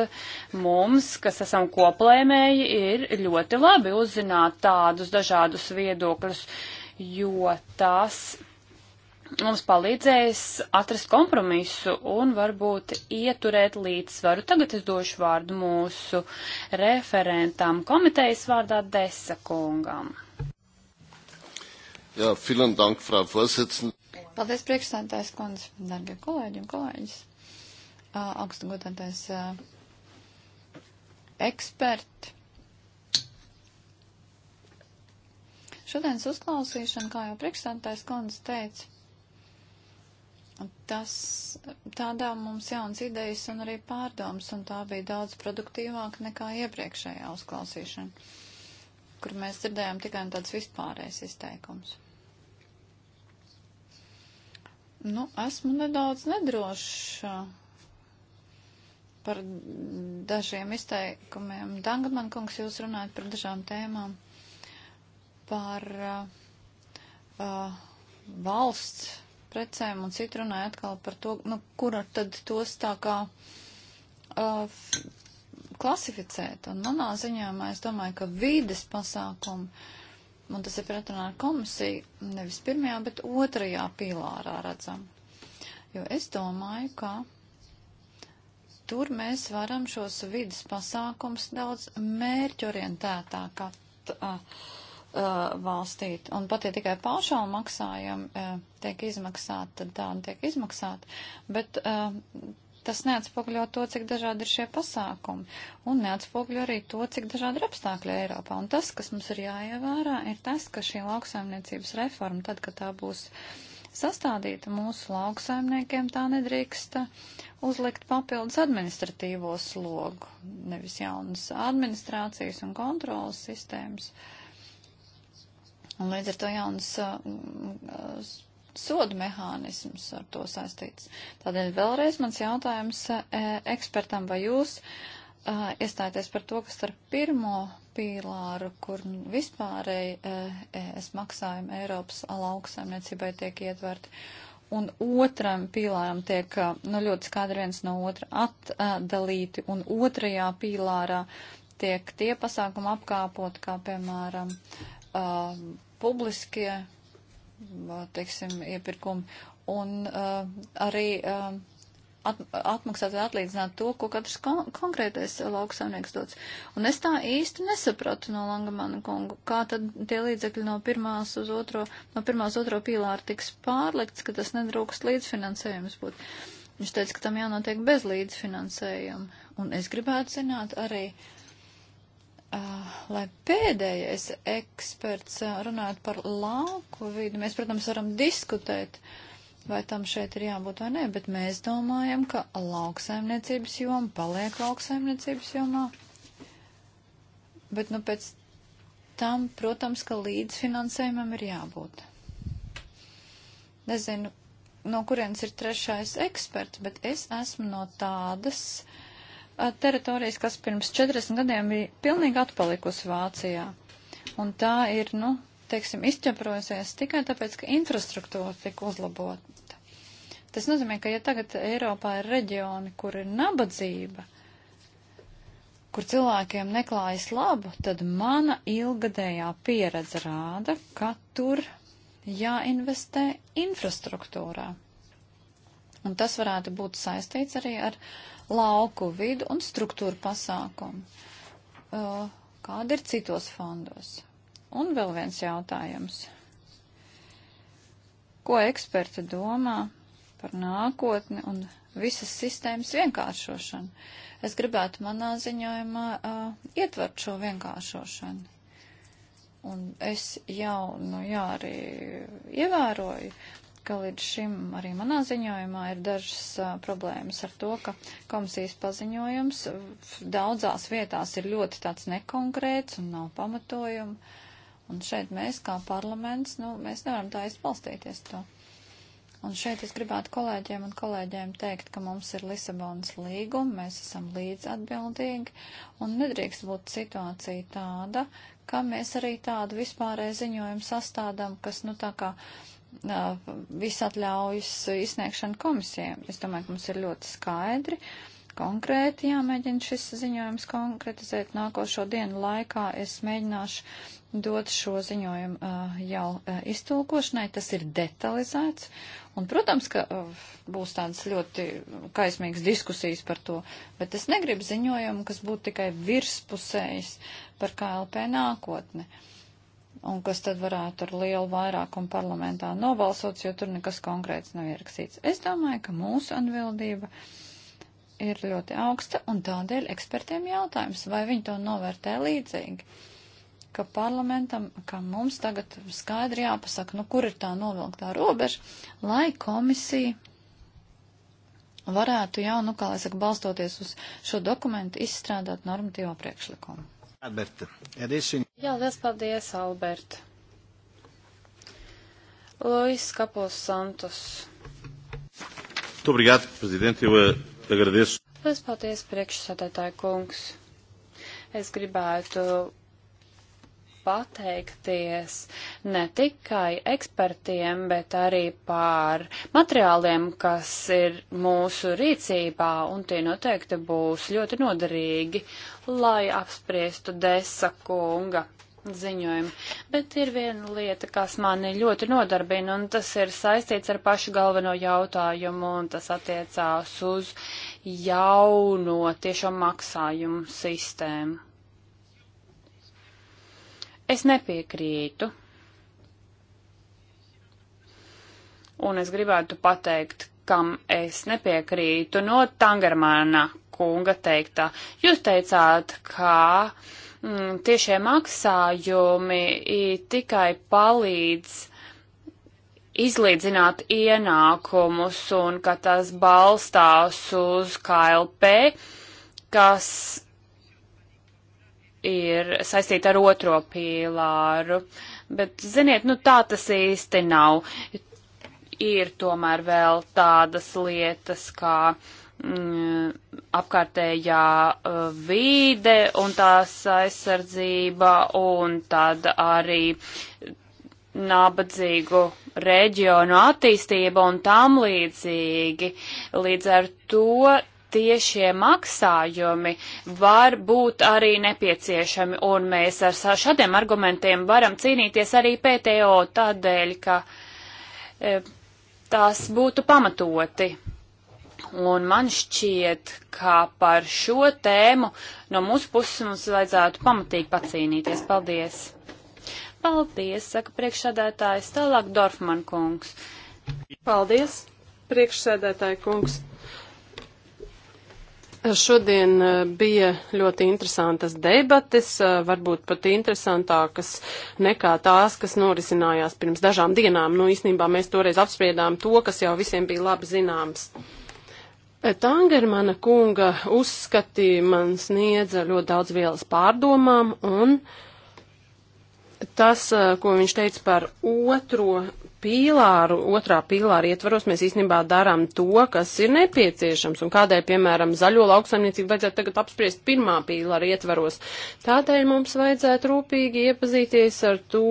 mums, kas esam koplēmēji, ir ļoti labi uzzināt tādus dažādus viedokļus jo tās mums palīdzēs atrast kompromisu un varbūt ieturēt līdzsvaru. Tagad es došu vārdu mūsu referentam komitejas vārdā Desakungam. Jā, filan dank, frā Vosicin. Paldies, priekšstādātājs kundze, darbie kolēģi un kolēģis. Uh, augstu godātais uh, eksperti Šodienas uzklausīšana, kā jau priekšstādātais kundze teica, tas tādā mums jauns idejas un arī pārdomas, un tā bija daudz produktīvāka nekā iepriekšējā uzklausīšana, kur mēs dzirdējām tikai tāds vispārējais izteikums. Nu, esmu nedaudz nedroša par dažiem izteikumiem. Dangaman kungs, jūs runājat par dažām tēmām par uh, uh, valsts precēm un citu runāja atkal par to, nu, kur tad tos tā kā uh, klasificēt. Un manā ziņojumā es domāju, ka vīdes pasākumi, un tas ir pretrunā ar komisiju, nevis pirmajā, bet otrajā pīlārā redzam. Jo es domāju, ka tur mēs varam šos vidas pasākums daudz mērķorientētāk at, uh, uh, valstīt. Un pat ja tikai paušālu maksājumi uh, tiek izmaksāti, tad tāda tiek izmaksāta. Bet uh, tas neatspogļo to, cik dažādi ir šie pasākumi. Un neatspogļo arī to, cik dažādi ir apstākļi Eiropā. Un tas, kas mums ir jāievērā, ir tas, ka šī lauksaimniecības reforma, tad, kad tā būs sastādīta mūsu lauksaimniekiem, tā nedrīkst uzlikt papildus administratīvo slogu, nevis jaunas administrācijas un kontrolas sistēmas. Uh, Un līdz ar to jaunas uh, mm, uh sodu mehānisms ar to saistīts. Tādēļ vēlreiz mans jautājums uh, ekspertam, vai jūs uh, iestāties par to, kas ar pirmo pīlāru, kur vispārēji uh, es maksājumu Eiropas lauksaimniecībai tiek ietverti, un otram pīlāram tiek uh, nu, ļoti skaidri viens no otra atdalīti, un otrajā pīlārā tiek tie pasākumi apkāpot, kā piemēram. Uh, publiskie, teiksim, iepirkumi un uh, arī uh, at, atmaksāt vai atlīdzināt to, ko katrs kon konkrētais lauksaimnieks dots. Un es tā īsti nesapratu no Langamana kungu, kā tad tie līdzekļi no pirmās uz otro, no pirmās otro pīlāra tiks pārlikts, ka tas nedrūkst līdzfinansējums būt. Viņš teica, ka tam jānotiek bez līdzfinansējuma. Un es gribētu zināt arī, uh, Ah, lai pēdējais eksperts ah, runātu par lauku vidi, mēs, protams, varam diskutēt, vai tam šeit ir jābūt vai nē, bet mēs domājam, ka lauksaimniecības joma paliek lauksaimniecības jomā. Bet, nu, pēc tam, protams, ka līdzfinansējumam ir jābūt. Nezinu, no kurienes ir trešais eksperts, bet es esmu no tādas. Uh, teritorijas, kas pirms 40 gadiem bija pilnīgi atpalikusi Vācijā. Un tā ir, nu, teiksim, izķeprojusies tikai tāpēc, ka infrastruktūra tika uzlabota. Tas nozīmē, ka ja tagad Eiropā ir reģioni, kur ir nabadzība, kur cilvēkiem neklājas labu, tad mana ilgadējā pieredze rāda, ka tur jāinvestē infrastruktūrā. Un tas varētu būt saistīts arī ar lauku vidu un struktūru pasākumu. Uh, kāda ir citos fondos? Un vēl viens jautājums. Ko eksperti domā par nākotni un visas sistēmas vienkāršošanu? Es gribētu manā ziņojumā uh, ietvert šo vienkāršošanu. Un es jau, nu jā, arī ievēroju ka līdz šim arī manā ziņojumā ir dažas uh, problēmas ar to, ka komisijas paziņojums daudzās vietās ir ļoti tāds nekonkrēts un nav pamatojuma. Un šeit mēs, kā parlaments, nu, mēs nevaram tā izpalstīties to. Un šeit es gribētu kolēģiem un kolēģiem teikt, ka mums ir Lisabonas līguma, mēs esam līdz atbildīgi, un nedrīkst būt situācija tāda, ka mēs arī tādu vispārēju ziņojumu sastādām, kas, nu, tā kā visatļaujas izsniegšanu komisijām. Es domāju, ka mums ir ļoti skaidri, konkrēti jāmēģina šis ziņojums konkretizēt. Nākošo dienu laikā es mēģināšu dot šo ziņojumu jau iztulkošanai. Tas ir detalizēts. Un, protams, ka būs tādas ļoti kaismīgas diskusijas par to, bet es negribu ziņojumu, kas būtu tikai virspusējs par KLP nākotni. Uh, un kas tad varētu ar lielu vairākumu parlamentā nobalsots, jo tur nekas konkrēts nav ierakstīts. Es domāju, ka mūsu atbildība ir ļoti augsta, un tādēļ ekspertiem jautājums, vai viņi to novērtē līdzīgi, ka parlamentam, ka mums tagad skaidri jāpasaka, nu kur ir tā novilktā robeža, lai komisija varētu jau, nu kā lai saka, balstoties uz šo dokumentu, izstrādāt normatīvo priekšlikumu. Alberta. Edisi. Jā, liels paldies, Alberta. Luís Capos Santos. Muito obrigado, Presidente. Eu eh, agradeço. Liels paldies, priekšsēdētāja kungs. Es gribētu pateikties ne tikai ekspertiem, bet arī par materiāliem, kas ir mūsu rīcībā, un tie noteikti būs ļoti noderīgi, lai apspriestu desa kunga ziņojumu. Bet ir viena lieta, kas mani ļoti nodarbina, un tas ir saistīts ar pašu galveno jautājumu, un tas attiecās uz jauno tiešo maksājumu sistēmu. Es nepiekrītu. Un es gribētu pateikt, kam es nepiekrītu no Tangermana kunga teiktā. Jūs teicāt, ka mm, tiešie maksājumi tikai palīdz izlīdzināt ienākumus un ka tas balstās uz KLP, kas ir saistīta ar otro pīlāru. Bet, ziniet, nu tā tas īsti nav. Ir tomēr vēl tādas lietas kā mm, apkārtējā uh, vīde un tās aizsardzība un tad arī nabadzīgu reģionu attīstība un tam līdzīgi. Līdz ar to tiešie maksājumi var būt arī nepieciešami, un mēs ar šādiem argumentiem varam cīnīties arī PTO tādēļ, ka e, tas būtu pamatoti. Un man šķiet, ka par šo tēmu no mūsu puses mums vajadzētu pamatīgi pacīnīties. Paldies! Paldies, saka priekšsēdētājs, tālāk Dorfman kungs. Paldies, priekšsēdētāja kungs. Šodien eh, bija ļoti interesantas debates, eh, varbūt pat interesantākas nekā tās, kas norisinājās pirms dažām dienām. Nu, īstenībā mēs toreiz apspriedām to, kas jau visiem bija labi zināms. Eh, Tangermana kunga uzskati man sniedza ļoti daudz vielas pārdomām un tas, ko viņš teica par otro pīlāru, otrā pīlāra ietvaros mēs īstenībā darām to, kas ir nepieciešams un kādai, piemēram, zaļo lauksaimniecību vajadzētu tagad apspriest pirmā pīlāra ietvaros. Tādēļ mums vajadzētu rūpīgi iepazīties ar to,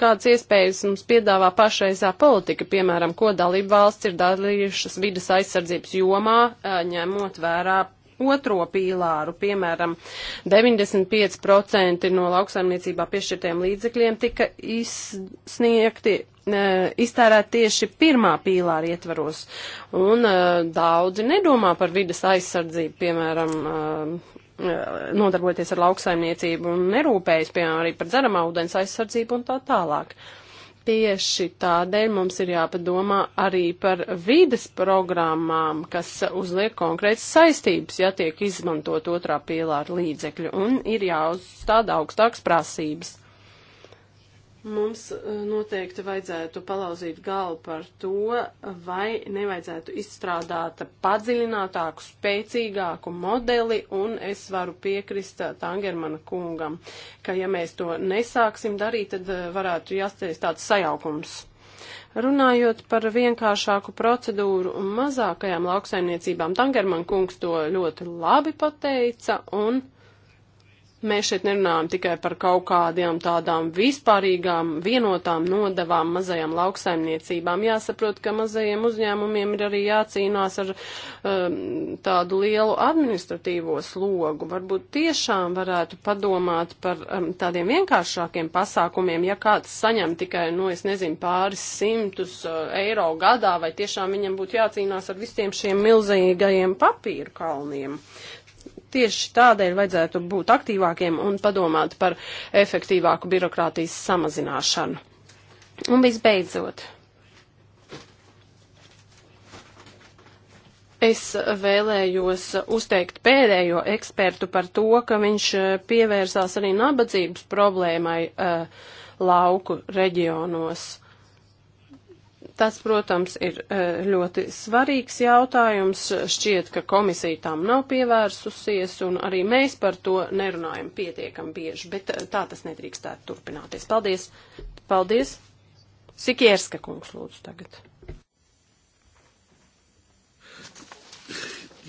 kādas iespējas mums piedāvā pašreizā politika, piemēram, ko dalību valsts ir dalījušas vidas aizsardzības jomā, ņemot vērā otro pīlāru, piemēram, 95% no lauksaimniecībā piešķirtiem līdzekļiem tika izsniegti E, iztērēt tieši pirmā pīlāra ietvaros. Un e, daudzi nedomā par vidas aizsardzību, piemēram, e, nodarboties ar lauksaimniecību un nerūpējas, piemēram, arī par dzeramā ūdens aizsardzību un tā tālāk. Tieši tādēļ mums ir jāpadomā arī par vides programmām, kas uzliek konkrētas saistības, ja tiek izmantot otrā pīlāra līdzekļu, un ir jāuzstāda augstāks prasības. Mums e, noteikti vajadzētu palauzīt galvu par to, vai nevajadzētu izstrādāt padziļinātāku, spēcīgāku modeli, un es varu piekrist e, Tangermana kungam, ka ja mēs to nesāksim darīt, tad e, varētu jāsties tāds sajaukums. Runājot par vienkāršāku procedūru un mazākajām lauksaimniecībām, Tangerman kungs to ļoti labi pateica, un Mēs šeit nerunājam tikai par kaut kādām tādām vispārīgām vienotām nodavām mazajām lauksaimniecībām. Jāsaprot, ka mazajiem uzņēmumiem ir arī jācīnās ar um, tādu lielu administratīvo slogu. Varbūt tiešām varētu padomāt par um, tādiem vienkāršākiem pasākumiem, ja kāds saņem tikai, nu, es nezinu, pāris simtus uh, eiro gadā, vai tiešām viņam būtu jācīnās ar visiem šiem milzīgajiem papīru kalniem. Tieši tādēļ vajadzētu būt aktīvākiem un padomāt par efektīvāku birokrātijas samazināšanu. Un visbeidzot. es vēlējos uzteikt pēdējo ekspertu par to, ka viņš eh, pievērsās arī nabadzības problēmai uh, lauku reģionos. Tas, protams, ir e, ļoti svarīgs jautājums. Šķiet, ka komisija tam nav pievērsusies, un arī mēs par to nerunājam pietiekam bieži, bet e, tā tas nedrīkstētu turpināties. Paldies! Paldies! Sikierska kungs lūdzu tagad.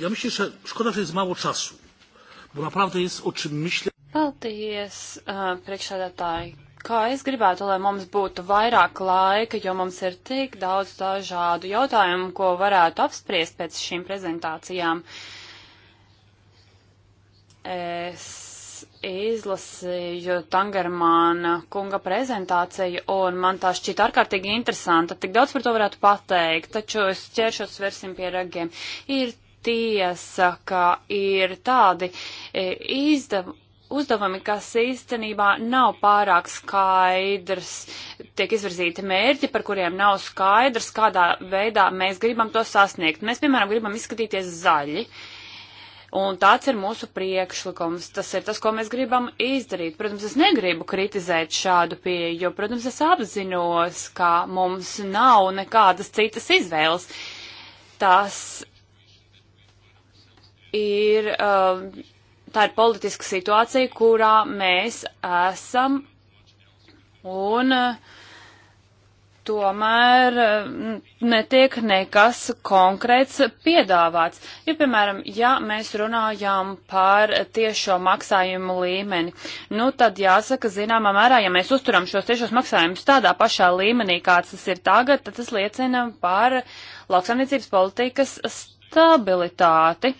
Ja myślę, że szkoda, że jest mało czasu, bo naprawdę jest o czym myśleć. Paldies, uh, priekšsēdētāji kā es gribētu, lai mums būtu vairāk laika, jo mums ir tik daudz dažādu jautājumu, ko varētu apspriest pēc šīm prezentācijām. Es izlasīju Tangermāna kunga prezentāciju, un man tā šķita ārkārtīgi interesanta. Tik daudz par to varētu pateikt, taču es ķeršos versim pie ragiem. Ir tiesa, ka ir tādi e, izdev, uzdevumi, kas īstenībā nav pārāk skaidrs. Tiek izvirzīti mērķi, par kuriem nav skaidrs, kādā veidā mēs gribam to sasniegt. Mēs, piemēram, gribam izskatīties zaļi. Un tāds ir mūsu priekšlikums. Tas ir tas, ko mēs gribam izdarīt. Protams, es negribu kritizēt šādu pieeju, jo, protams, es apzinos, ka mums nav nekādas citas izvēles. Tas ir. Uh, tā ir politiska situācija, kurā mēs esam. Un eh, tomēr eh, netiek nekas konkrēts piedāvāts. Jo, piemēram, ja mēs runājām par tiešo maksājumu līmeni, nu tad jāsaka, zināmā mērā, ja mēs uzturam šos tiešos maksājumus tādā pašā līmenī, kāds tas ir tagad, tad tas liecina par lauksaimniecības politikas stabilitāti.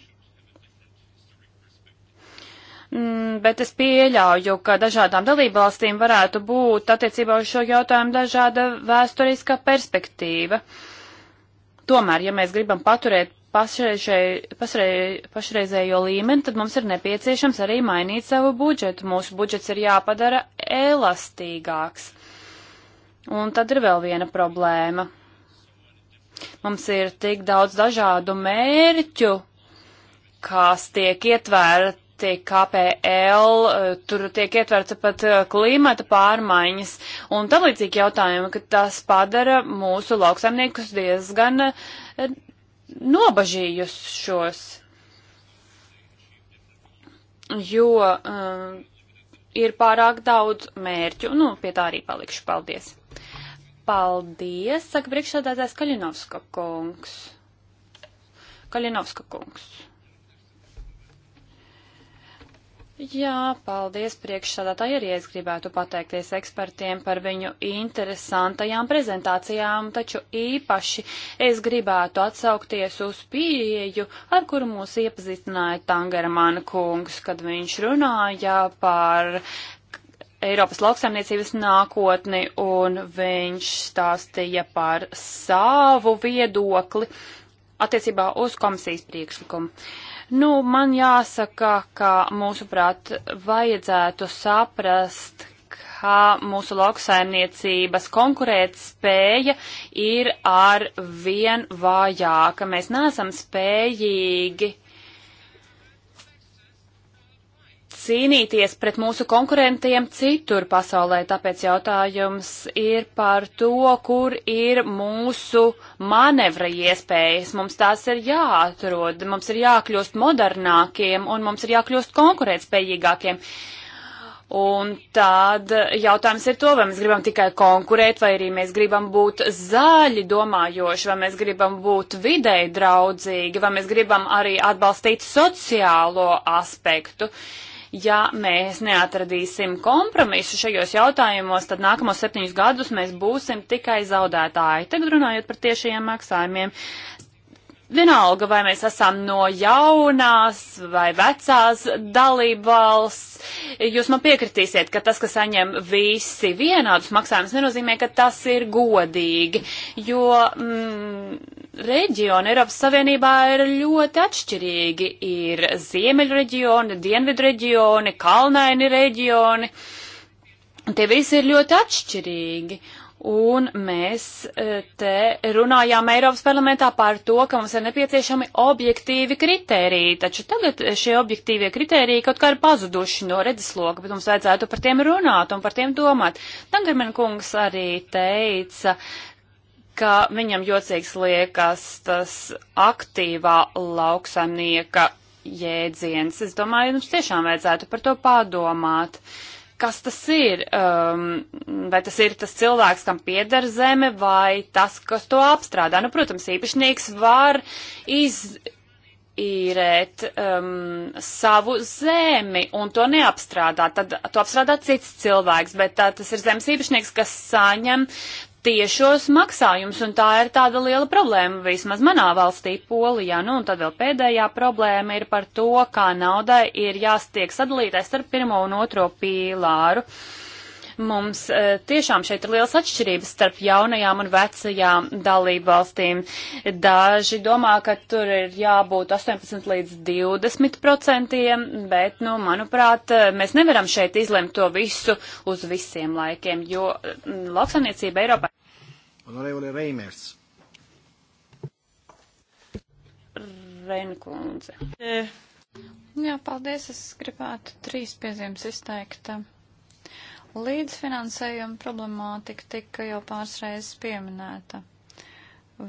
Mm, bet es pieļauju, ka dažādām dalībvalstīm varētu būt attiecībā uz šo jautājumu dažāda vēsturiskā perspektīva. Tomēr, ja mēs gribam paturēt pašreizējo pašreiz, līmeni, tad mums ir nepieciešams arī mainīt savu budžetu. Mūsu budžets ir jāpadara elastīgāks. Un tad ir vēl viena problēma. Mums ir tik daudz dažādu mērķu, kas tiek ietvērt TKPL, eh, tur tiek ietverta pat eh, klimata pārmaiņas un tālīdzīgi jautājumi, ka tas padara mūsu lauksaimniekus diezgan eh, nobažījus šos. Jo uh, ir pārāk daudz mērķu, nu, pie tā arī palikšu. Paldies! Paldies, saka priekšsādātājs Kaļinovska kungs. Kaļinovska kungs. Jā, paldies priekšsādātāji. Arī es gribētu pateikties ekspertiem par viņu interesantajām prezentācijām, taču īpaši es gribētu atsaukties uz pieeju, ar kuru mūs iepazīstināja Tangaramana kungs, kad viņš runāja par Eiropas lauksaimniecības nākotni un viņš stāstīja par savu viedokli attiecībā uz komisijas priekšlikumu. Uh, Nu, man jāsaka, ka mūsuprāt vajadzētu saprast, ka mūsu lauksaimniecības konkurēt spēja ir ar vien vājāka. Mēs neesam spējīgi cīnīties pret mūsu konkurentiem citur pasaulē. Tāpēc jautājums ir par to, kur ir mūsu manevra iespējas. Mums tās ir jāatrod, mums ir jākļūst modernākiem un mums ir jākļūst konkurētspējīgākiem. Un tad jautājums ir to, vai mēs gribam tikai konkurēt, vai arī mēs gribam būt zaļi domājoši, vai mēs gribam būt videi draudzīgi, vai mēs gribam arī atbalstīt sociālo aspektu. Uh, ja mēs neatradīsim kompromisu šajos jautājumos, tad nākamos septiņus gadus mēs būsim tikai zaudētāji. Tagad runājot par tiešajiem maksājumiem. Vienalga, vai mēs esam no jaunās vai vecās dalībvalsts, jūs man piekritīsiet, ka tas, ka saņem visi vienādus maksājumus, nenozīmē, ka tas ir godīgi, jo mm, reģioni Eiropas Savienībā ir ļoti atšķirīgi. Ir ziemeļu reģioni, dienvidu reģioni, kalnaini reģioni. Tie visi ir ļoti atšķirīgi. Un mēs e, te runājām Eiropas parlamentā par to, ka mums ir nepieciešami objektīvi kritēriji, taču tagad šie objektīvie kritēriji kaut kā ir pazuduši no redzesloka, bet mums vajadzētu par tiem runāt un par tiem domāt. Tangermen kungs arī teica, ka viņam jocīgs liekas tas aktīvā lauksaimnieka jēdziens. Es domāju, jums tiešām vajadzētu par to padomāt. Kas tas ir? Um, vai tas ir tas cilvēks, kam pieder zeme, vai tas, kas to apstrādā? Nu, protams, īpašnieks var iz, īrēt um, savu zemi un to neapstrādāt. Tad to apstrādā cits cilvēks, bet tā, uh, tas ir zemes īpašnieks, kas saņem tiešos maksājumus, un tā ir tāda liela problēma vismaz manā valstī, Polijā. Nu, un tad vēl pēdējā problēma ir par to, kā naudai ir jāstiek sadalītais ar pirmo un otro pīlāru. Mums e, tiešām šeit ir liels atšķirības starp jaunajām un vecajām dalību valstīm. Daži domā, ka tur ir jābūt 18 līdz 20 procentiem, bet, nu, manuprāt, e, mēs nevaram šeit izlemt to visu uz visiem laikiem, jo lauksaniecība Eiropā. Onorevole Reimers. Reinkundze. Jā, paldies. Es gribētu trīs piezīmes izteikt. Līdzfinansējuma problemātika tika jau pāris reizes pieminēta.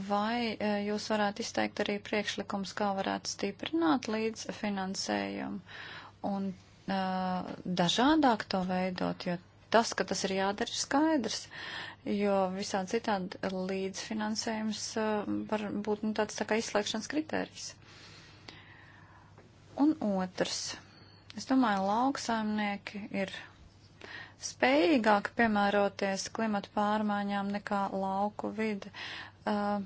Vai e, jūs varētu izteikt arī priekšlikums, kā varētu stiprināt līdzfinansējumu un uh, dažādāk to veidot, jo tas, ka tas ir jādara, ir skaidrs jo visādi citādi līdzfinansējums eh, var būt nu, tāds tā kā izslēgšanas kritērijs. Un otrs. Es domāju, lauksaimnieki ir spējīgāk piemēroties klimatu pārmaiņām nekā lauku vide. Uh,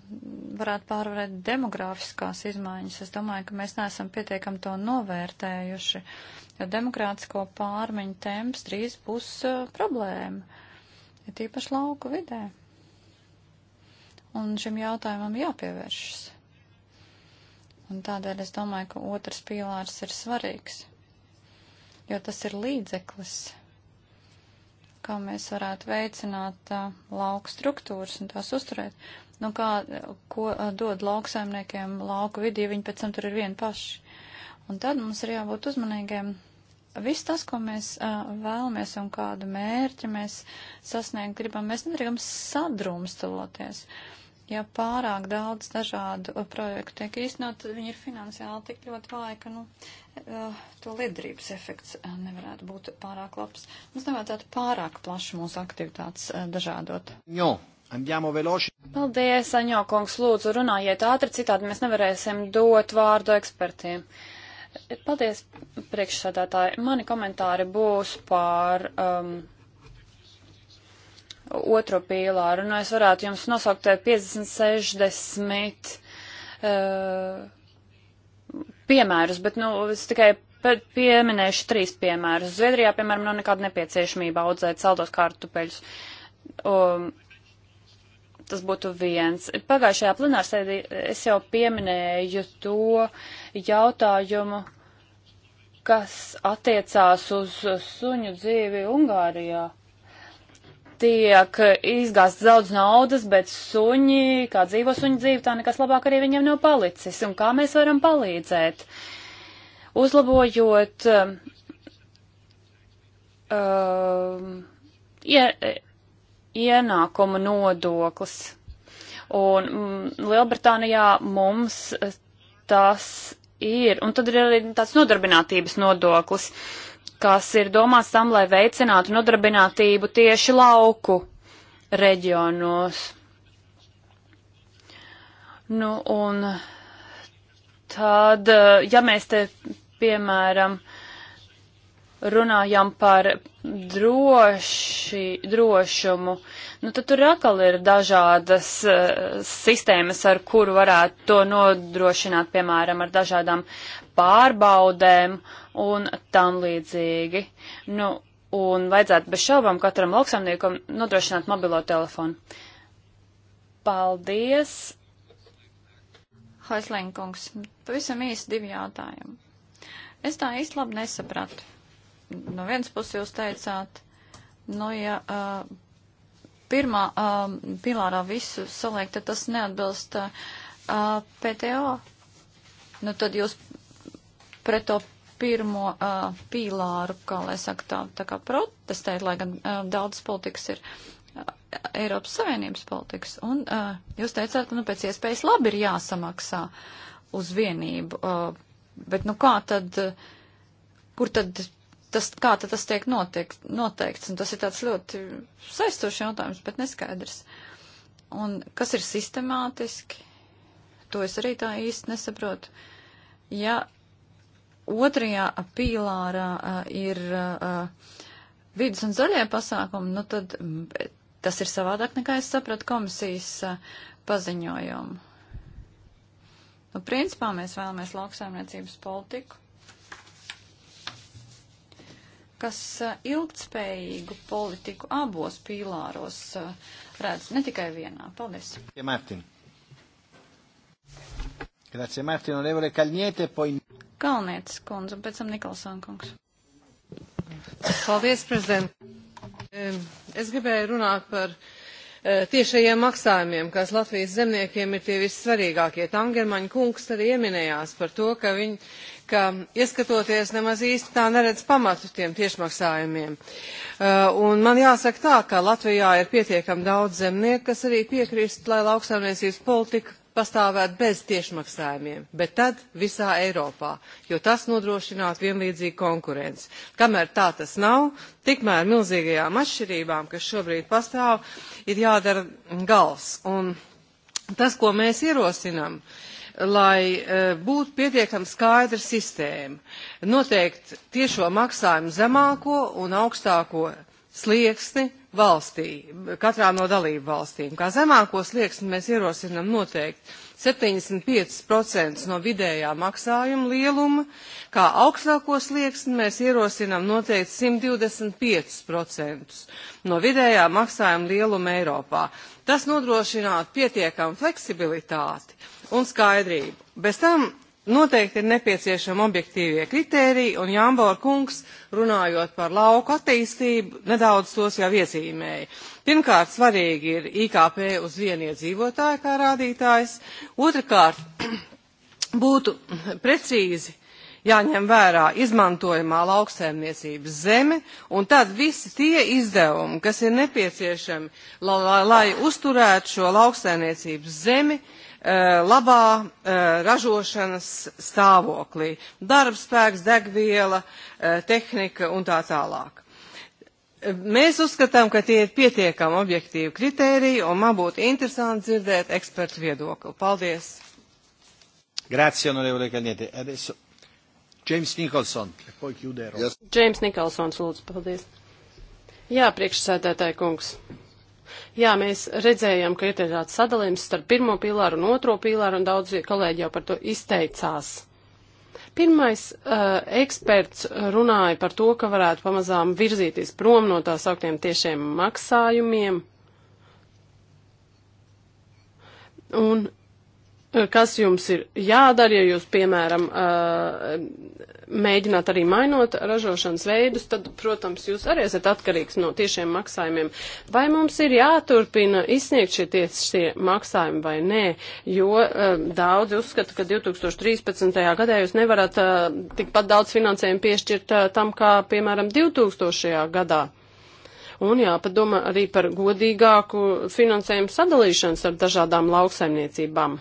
varētu pārvarēt demogrāfiskās izmaiņas. Es domāju, ka mēs neesam pietiekam to novērtējuši, jo demokrātisko pārmaiņu temps drīz būs uh, problēma ir tīpaši lauku vidē. Un šim jautājumam jāpievēršas. Un tādēļ es domāju, ka otrs pīlārs ir svarīgs, jo tas ir līdzeklis, kā mēs varētu veicināt uh, lauku struktūras un tās uzturēt. Nu, kā, ko uh, dod lauksaimniekiem lauku vidī, viņi pēc tam tur ir vieni paši. Un tad mums ir jābūt uzmanīgiem viss tas, ko mēs uh, vēlamies un kādu mērķi mēs sasniegt gribam, mēs nedrīkam sadrumstaloties. Ja pārāk daudz dažādu projektu tiek īstenot, tad viņi ir finansiāli tik ļoti vāji, ka nu, uh, to liederības efekts uh, nevarētu būt pārāk labs. Mums nevajadzētu pārāk plaši mūsu aktivitātes uh, dažādot. Jo. Andiamo veloci. Paldies, Aņo kungs, lūdzu runājiet ātri, citādi mēs nevarēsim dot vārdu ekspertiem. Uh, Paldies, priekšsādātāji. Mani komentāri būs pār um, otro pīlāru. Nu, es varētu jums nosaukt 50, 60 uh, piemērus, bet, nu, es tikai pieminēšu trīs piemērus. Zviedrijā, piemēram, nav nekāda nepieciešamība audzēt saldos kartupeļus. Um, Tas būtu viens. Pagājušajā plenārsēdī es jau pieminēju to jautājumu, kas attiecās uz suņu dzīvi Ungārijā. Tiek izgāsts daudz naudas, bet suņi, kā dzīvo suņu dzīve, tā nekas labāk arī viņiem nav palicis. Un kā mēs varam palīdzēt? Uzlabojot. Um, uh, um, ja, ienākumu nodoklis. Un mm, Lielbritānijā mums eh, tas ir. Un tad ir arī tāds nodarbinātības nodoklis, kas ir domāts tam, lai veicinātu nodarbinātību tieši lauku reģionos. Nu, un tad, eh, ja mēs te, piemēram, runājam par droši, drošumu, nu tad tur atkal ir dažādas uh, sistēmas, ar kuru varētu to nodrošināt, piemēram, ar dažādām pārbaudēm un tam līdzīgi. Nu, un vajadzētu bez šaubām katram lauksamniekam nodrošināt mobilo telefonu. Paldies! Haislinkungs, pavisam īsi divi jautājumi. Es tā īsti labi nesapratu no vienas puses jūs teicāt, nu, ja uh, pirmā uh, pilārā visu saliekt, tad tas neatbilst uh, PTO. Nu, tad jūs pret to pirmo uh, pīlāru, kā lai saka, tā, tā kā protestēt, lai gan uh, daudz politikas ir uh, Eiropas Savienības politikas. Un uh, jūs teicāt, ka, nu, pēc iespējas labi ir jāsamaksā uz vienību, uh, bet, nu, kā tad, uh, kur tad tas, kā tad tas tiek noteikts, noteikts, un tas ir tāds ļoti saistošs jautājums, bet neskaidrs. Un kas ir sistemātiski, to es arī tā īsti nesaprotu. Ja otrajā pīlārā uh, ir uh, vidas un zaļie pasākumi, nu tad tas ir savādāk nekā es sapratu komisijas uh, paziņojumu. Nu, principā mēs vēlamies lauksaimniecības politiku kas ilgtspējīgu politiku abos pīlāros redz, ne tikai vienā. Paldies. Ja Mārtiņ. Grazie, Mārtiņ, un Evere Kalniete, poi... Kalnietis kundze, pēc tam Nikolson kungs. Paldies, prezident. Es gribēju runāt par e, tiešajiem maksājumiem, kas Latvijas zemniekiem ir tie vissvarīgākie. Tangermaņa kungs arī ieminējās par to, ka viņi ka ieskatoties nemaz īsti tā neredz pamatu tiem tiešmaksājumiem. Uh, un man jāsaka tā, ka Latvijā ir pietiekam daudz zemnieku, kas arī piekrīst, lai lauksaimniecības politika pastāvēt bez tiešmaksājumiem, bet tad visā Eiropā, jo tas nodrošinātu vienlīdzīgu konkurenci. Kamēr tā tas nav, tikmēr milzīgajām atšķirībām, kas šobrīd pastāv, ir jādara gals. Un tas, ko mēs ierosinam, uh, lai uh, būtu pietiekami skaidra sistēma, noteikt tiešo maksājumu zemāko un augstāko slieksni valstī, katrā no dalību valstīm. Kā zemāko slieksni mēs ierosinam noteikti 75% no vidējā maksājuma lieluma, kā augstāko slieksni mēs ierosinam noteikti 125% no vidējā maksājuma lieluma Eiropā. Tas nodrošinātu pietiekamu fleksibilitāti un skaidrību. Bez tam noteikti ir nepieciešami objektīvie kritēriji, un Jāmbor kungs, runājot par lauku attīstību, nedaudz tos jau iezīmēja. Pirmkārt, svarīgi ir IKP uz vienu iedzīvotāju kā rādītājs. Otrakārt, būtu precīzi jāņem vērā izmantojamā lauksēmniecības zeme, un tad visi tie izdevumi, kas ir nepieciešami, lai, lai uzturētu šo lauksēmniecības zemi, uh, labā ražošanas stāvoklī - darbspēks, degviela, tehnika un tā tālāk. Mēs uzskatām, ka tie ir pietiekami objektīvi kritēriji, un man būtu interesanti dzirdēt ekspertu viedokli. Paldies! Grazie, onorevole Kalniete. Adesso James Nicholson, poi chiuderò. Yes. James Nicholsons, lūdzu, paldies. Jā, priekšsēdētāji kungs. Jā, mēs redzējām, ka ir tāds sadalījums starp pirmo pīlāru un otro pīlāru, un daudzi kolēģi jau par to izteicās. Pirmais uh, eksperts runāja par to, ka varētu pamazām virzīties prom no tā sauktiem tiešiem maksājumiem. Un uh, kas jums ir jādara, ja jūs, piemēram, uh, mēģināt arī mainot ražošanas veidus, tad, protams, jūs arī esat atkarīgs no tiešiem maksājumiem. Vai mums ir jāturpina izsniegt šie tiešie maksājumi vai nē? Jo uh, daudzi uzskata, ka 2013. gadā jūs nevarat uh, tikpat daudz finansējumu piešķirt uh, tam, kā, piemēram, 2000. gadā un jāpadomā arī par godīgāku finansējumu sadalīšanu starp dažādām lauksaimniecībām.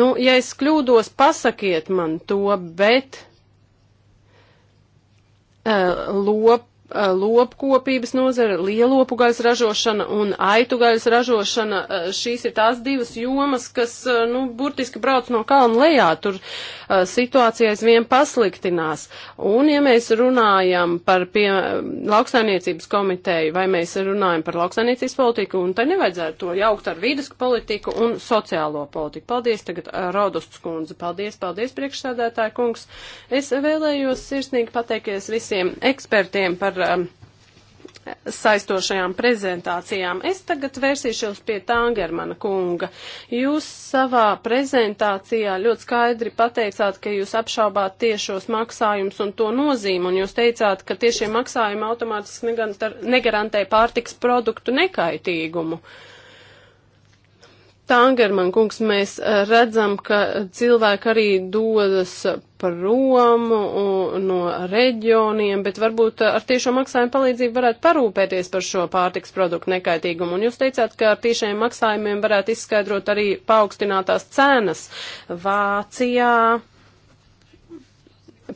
Nu, ja es kļūdos, pasakiet man to, bet uh, lop Uh, lopkopības nozara, lielopu gaļas ražošana un aitu gaļas ražošana. Uh, šīs ir tās divas jomas, kas, uh, nu, burtiski brauc no kalna lejā, tur situācija aizvien pasliktinās. Un, ja mēs runājam par pie, lauksainiecības komiteju, vai mēs runājam par lauksainiecības politiku, un tai nevajadzētu to jaukt ar vīdas politiku un sociālo politiku. Paldies, tagad Raudusts kundze. Paldies, paldies, priekšsēdētāja kungs. Es vēlējos sirsnīgi pateikties visiem ekspertiem par um, saistošajām prezentācijām. Es tagad vērsīšos pie Tāngermana kunga. Jūs savā prezentācijā ļoti skaidri pateicāt, ka jūs apšaubāt tiešos maksājumus un to nozīmu, un jūs teicāt, ka tiešie maksājumi automātiski negarantē pārtiks produktu nekaitīgumu. Uh, Tangerman kungs, mēs eh, redzam, ka cilvēki arī dodas prom no reģioniem, bet varbūt eh, ar tiešo maksājumu palīdzību varētu parūpēties par šo pārtiks produktu nekaitīgumu. Un jūs teicāt, ka ar tiešiem maksājumiem varētu izskaidrot arī paaugstinātās cenas Vācijā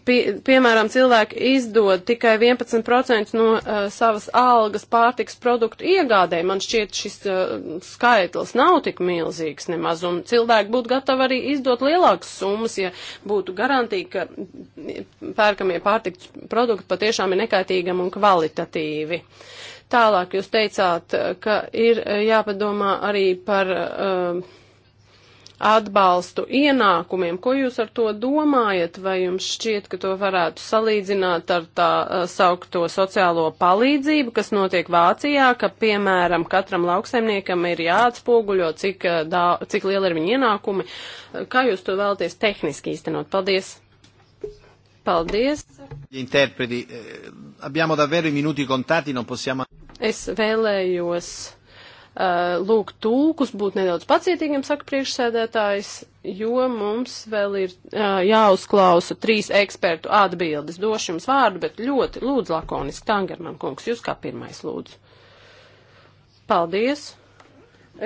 pie, piemēram, cilvēki izdod tikai 11% no uh, savas algas pārtiks produktu iegādē. Man šķiet, šis uh, skaitlis nav tik milzīgs nemaz, un cilvēki būtu gatavi arī izdot lielākas summas, ja būtu garantīti, ka pērkamie pārtiks produkti patiešām ir nekaitīgam un kvalitatīvi. Tālāk jūs teicāt, ka ir uh, jāpadomā arī par. Uh, atbalstu ienākumiem. Ko jūs ar to domājat? Vai jums šķiet, ka to varētu salīdzināt ar tā eh, saukto sociālo palīdzību, kas notiek Vācijā, ka, piemēram, katram lauksaimniekam ir jāatspoguļo, cik, eh, dā, cik liela ir viņa ienākumi? Eh, kā jūs to vēlaties tehniski īstenot? Paldies! Paldies! Es vēlējos Eh, lūgt tūkus būt nedaudz pacietīgiem, saka priekšsēdētājs, jo mums vēl ir eh, jāuzklausa trīs ekspertu atbildes. Došu jums vārdu, bet ļoti lūdzu lakoniski. Tangerman kungs, jūs kā pirmais lūdzu. Paldies!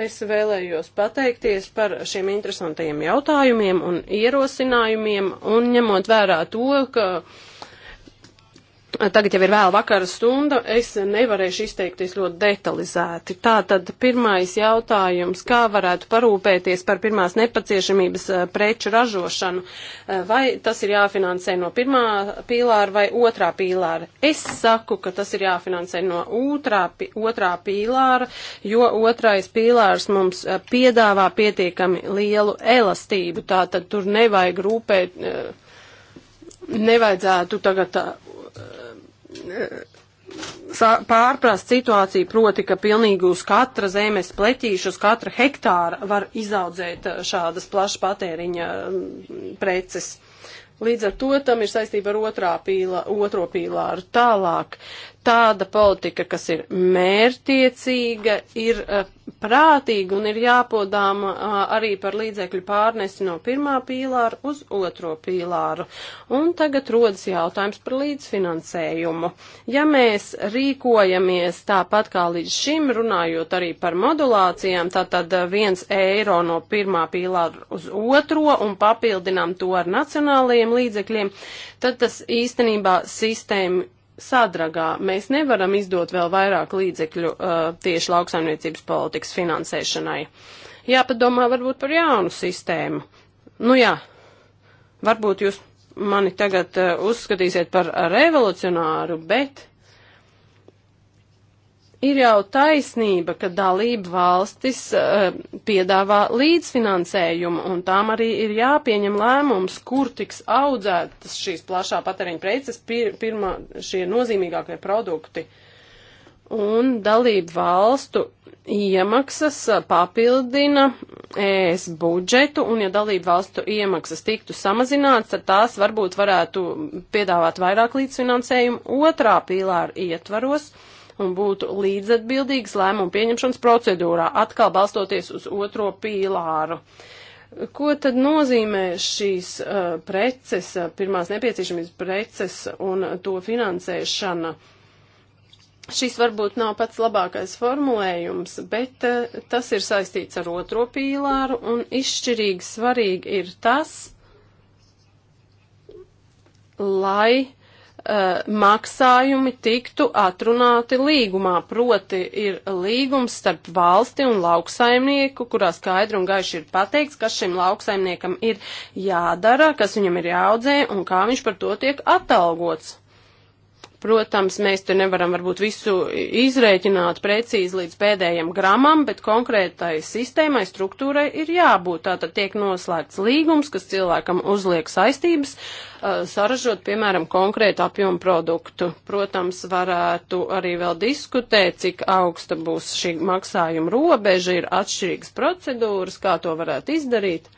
Es vēlējos pateikties par šiem interesantajiem jautājumiem un ierosinājumiem, un ņemot vērā to, ka uh, Tagad jau ir vēl vakara stunda, es nevarēšu izteikties ļoti detalizēti. Tātad pirmais jautājums, kā varētu parūpēties par pirmās nepaciešamības eh, preču ražošanu? Eh, vai tas ir jāfinansē no pirmā pīlāra vai otrā pīlāra? Es saku, ka tas ir jāfinansē no otrā, otrā pīlāra, jo otrais pīlārs mums eh, piedāvā pietiekami lielu elastību, tātad tur nevajag rūpēt nevajadzētu tagad pārprast situāciju, proti, ka pilnīgi uz katra zemes pleķīša, uz katra hektāra var izaudzēt eh, šādas plaša patēriņa mm, preces. Līdz ar to tam ir saistība ar otrā pīlā, otro pīlāru. Tālāk tāda politika, kas ir mērtiecīga, ir eh, prātīga un ir jāpodāma eh, arī par līdzekļu pārnesi no pirmā pīlāra uz otro pīlāru. Un tagad rodas jautājums par līdzfinansējumu. Ja mēs rīkojamies tāpat kā līdz šim, runājot arī par modulācijām, tātad eh, viens eiro no pirmā pīlāra uz otro un papildinām to ar nacionālajiem līdzekļiem, tad tas īstenībā sistēmu sadragā. Mēs nevaram izdot vēl vairāk līdzekļu uh, tieši lauksaimniecības politikas finansēšanai. Jāpadomā varbūt par jaunu sistēmu. Nu jā, varbūt jūs mani tagad uh, uzskatīsiet par revolucionāru, bet ir jau taisnība, ka dalība valstis uh, piedāvā līdzfinansējumu, un tām arī ir jāpieņem lēmums, kur tiks audzētas šīs plašā patēriņa preces, pir, pirmā šie nozīmīgākie produkti. Un dalību valstu iemaksas eh, papildina ES budžetu, un ja dalību valstu iemaksas tiktu samazināts, tad tās varbūt varētu piedāvāt vairāk līdzfinansējumu otrā pīlāra ietvaros. Uh, būtu līdzatbildīgas lēmumu pieņemšanas procedūrā, atkal balstoties uz otro pīlāru. Ko tad nozīmē šīs uh, preces, uh, pirmās nepieciešamības preces un to finansēšana? Šis varbūt nav pats labākais formulējums, bet uh, tas ir saistīts ar otro pīlāru un izšķirīgi svarīgi ir tas, lai Uh, maksājumi tiktu atrunāti līgumā. Proti ir līgums starp valsti un lauksaimnieku, kurā skaidri un gaiši ir pateikts, kas šim lauksaimniekam ir jādara, kas viņam ir jāaudzē un kā viņš par to tiek atalgots. Protams, mēs te nevaram varbūt visu izrēķināt precīzi līdz pēdējiem gramam, bet konkrētai sistēmai, struktūrai ir jābūt. Tātad tiek noslēgts līgums, kas cilvēkam uzliek saistības, uh, saražot, piemēram, konkrētu apjomu produktu. Protams, varētu arī vēl diskutēt, cik augsta būs šī maksājuma robeža, ir atšķirīgas procedūras, kā to varētu izdarīt.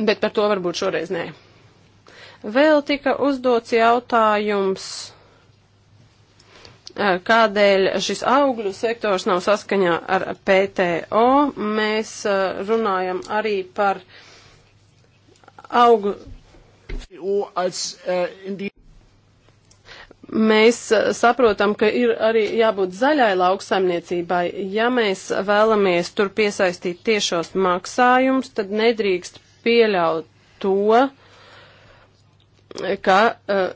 Bet par to varbūt šoreiz nē. Vēl tika uzdots jautājums, kādēļ šis augļu sektors nav saskaņā ar PTO. Mēs runājam arī par augu. Mēs saprotam, ka ir arī jābūt zaļai lauksaimniecībai. Ja mēs vēlamies tur piesaistīt tiešos maksājumus, tad nedrīkst pieļaut to, ka eh,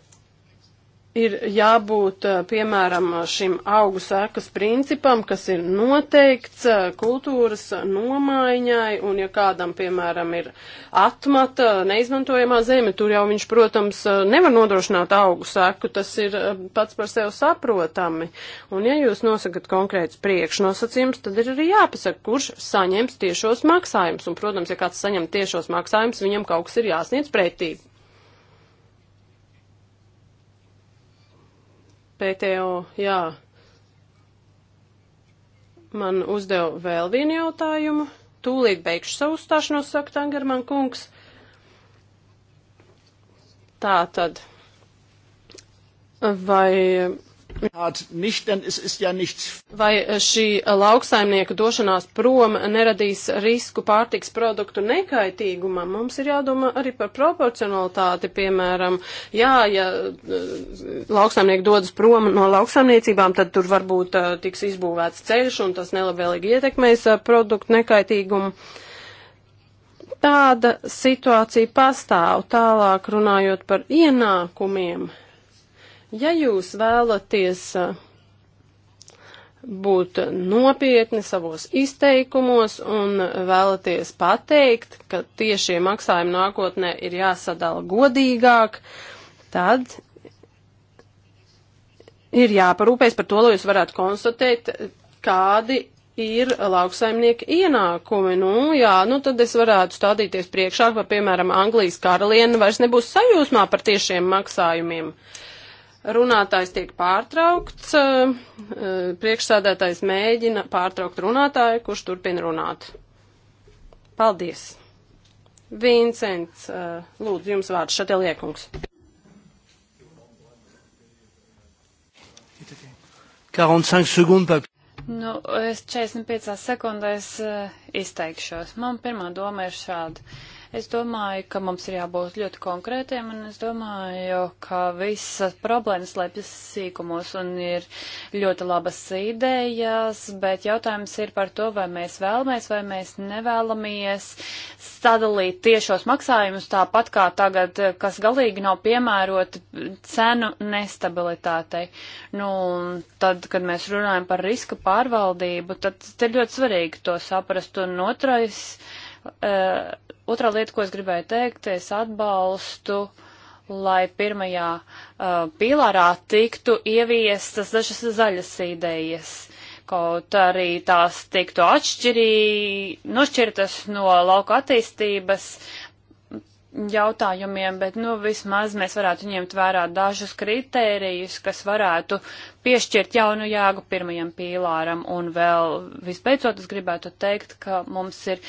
ir jābūt, eh, piemēram, šim augu sēkas principam, kas ir noteikts eh, kultūras nomaiņai, un ja kādam, piemēram, ir atmata neizmantojamā zeme, tur jau viņš, protams, nevar nodrošināt augu sēku, tas ir pats par sevi saprotami. Un ja jūs nosakat konkrēts priekšnosacījums, tad ir arī jāpasaka, kurš saņems tiešos maksājumus, un, protams, ja kāds saņem tiešos maksājumus, viņam kaut kas ir jāsniedz pretī PTO, jā. Man uzdev vēl vienu jautājumu. Tūlīt beigšu savu stāšanos, saka Tangerman kungs. Tā tad. Vai Vai eh, šī eh, lauksaimnieka došanās prom neradīs risku pārtiks produktu nekaitīgumam? Mums ir jādomā arī par proporcionalitāti, piemēram, jā, ja eh, lauksaimnieki dodas prom no lauksaimniecībām, tad tur varbūt tiks izbūvēts ceļš un tas nelabvēlīgi ietekmēs produktu nekaitīgumu tāda situācija pastāv tālāk runājot par ienākumiem. Ja jūs vēlaties uh, būt nopietni savos izteikumos un vēlaties pateikt, ka tiešie maksājumi nākotnē ir jāsadala godīgāk, tad ir jāparūpēs par to, lai jūs varētu konstatēt, kādi ir lauksaimnieki ienākumi. Nu, jā, nu tad es varētu stādīties priekšā, ka, piemēram, Anglijas karaliene vairs nebūs sajūsmā par tiešiem maksājumiem. Uh, runātājs tiek pārtraukts, eh, priekšsādātājs mēģina pārtraukt runātāju, kurš turpina runāt. Paldies! Vincents, eh, lūdzu, jums vārds šateliekungs. Nu, es 45 sekundēs eh, izteikšos. Man pirmā doma ir šāda. Uh, Es domāju, ka mums ir jābūt ļoti konkrētiem, un es domāju, ka visas problēmas lepjas sīkumos un ir ļoti labas idejas, bet jautājums ir par to, vai mēs vēlamies vai mēs nevēlamies sadalīt tiešos maksājumus tāpat kā tagad, kas galīgi nav piemēroti cenu nestabilitātei. Nu, tad, kad mēs runājam par riska pārvaldību, tad ir ļoti svarīgi to saprast. Un otrais, uh, Otra lieta, ko es gribēju teikt, es atbalstu, lai pirmajā uh, pilārā tiktu ieviestas dažas zaļas idejas, kaut arī tās tiktu atšķirī, nošķirtas no lauka attīstības jautājumiem, bet nu, vismaz mēs varētu ņemt vērā dažus kritērijus, kas varētu piešķirt jaunu jēgu pirmajam pīlāram. Un vēl visbeidzot, es gribētu teikt, ka mums ir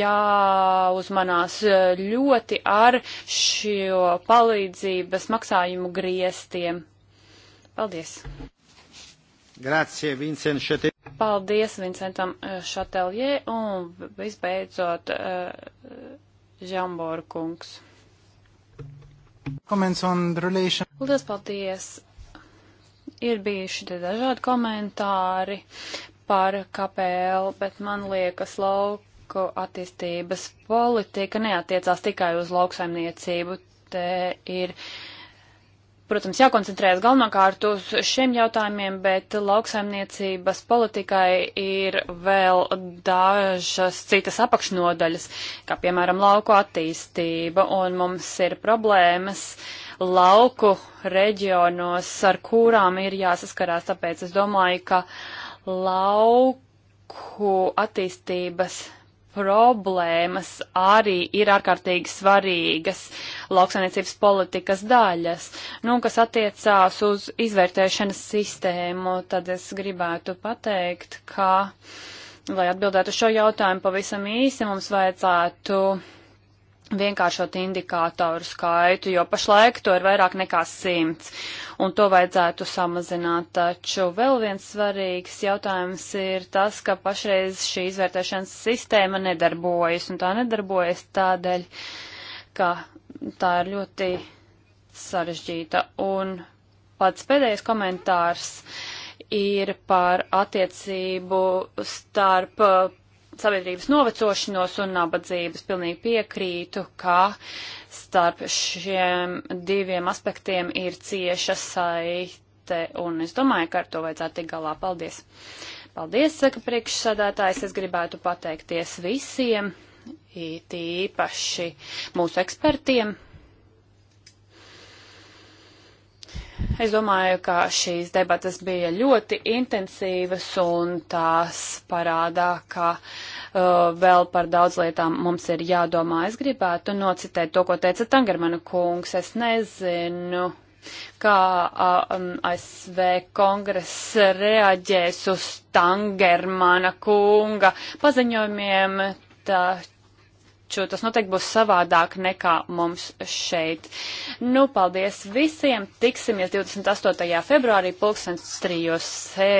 jāuzmanās e, ļoti ar šo palīdzības maksājumu griestiem. Paldies! Grazie, Vincent Šetel. Paldies Vincentam Šateljē e, un visbeidzot. Uh, Žambora kungs. Lielas paldies! Ir bijuši te dažādi komentāri par KPL, bet man liekas, lauku attīstības politika neatiecās tikai uz lauksaimniecību. Te ir uh, protams, jākoncentrējas galvenokārt uz šiem jautājumiem, bet lauksaimniecības politikai ir vēl dažas citas apakšnodaļas, kā piemēram lauku attīstība, un mums ir problēmas lauku reģionos, ar kurām ir jāsaskarās, tāpēc es domāju, ka lauku attīstības problēmas arī ir ārkārtīgi svarīgas lauksainiecības politikas daļas. Nu, kas attiecās uz izvērtēšanas sistēmu, tad es gribētu pateikt, ka, lai atbildētu šo jautājumu pavisam īsi, mums vajadzētu uh, vienkāršot indikātoru skaitu, jo pašlaik to ir vairāk nekā simts, un to vajadzētu samazināt. Taču vēl viens svarīgs jautājums ir tas, ka pašreiz šī izvērtēšanas sistēma nedarbojas, un tā nedarbojas tādēļ, ka tā ir ļoti sarežģīta. Un pats pēdējais komentārs ir par attiecību starp sabiedrības novecošanos un nabadzības. Pilnīgi piekrītu, ka starp šiem diviem aspektiem ir cieša saite, un es domāju, ka ar to vajadzētu tik galā. Paldies! Paldies, saka priekšsādātājs, es gribētu pateīties visiem, it īpaši mūsu ekspertiem, Es domāju, ka šīs debatas bija ļoti intensīvas un tās parādā, ka uh, vēl par daudz lietām mums ir jādomā. Es gribētu nocitēt to, ko teica Tangermana kungs. Es nezinu, kā uh, um, ASV kongress reaģēs uz Tangermana kunga paziņojumiem. Taču taču tas noteikti būs savādāk nekā mums šeit. Nu, paldies visiem! Tiksimies 28. februārī pulkstens trijos sēdē.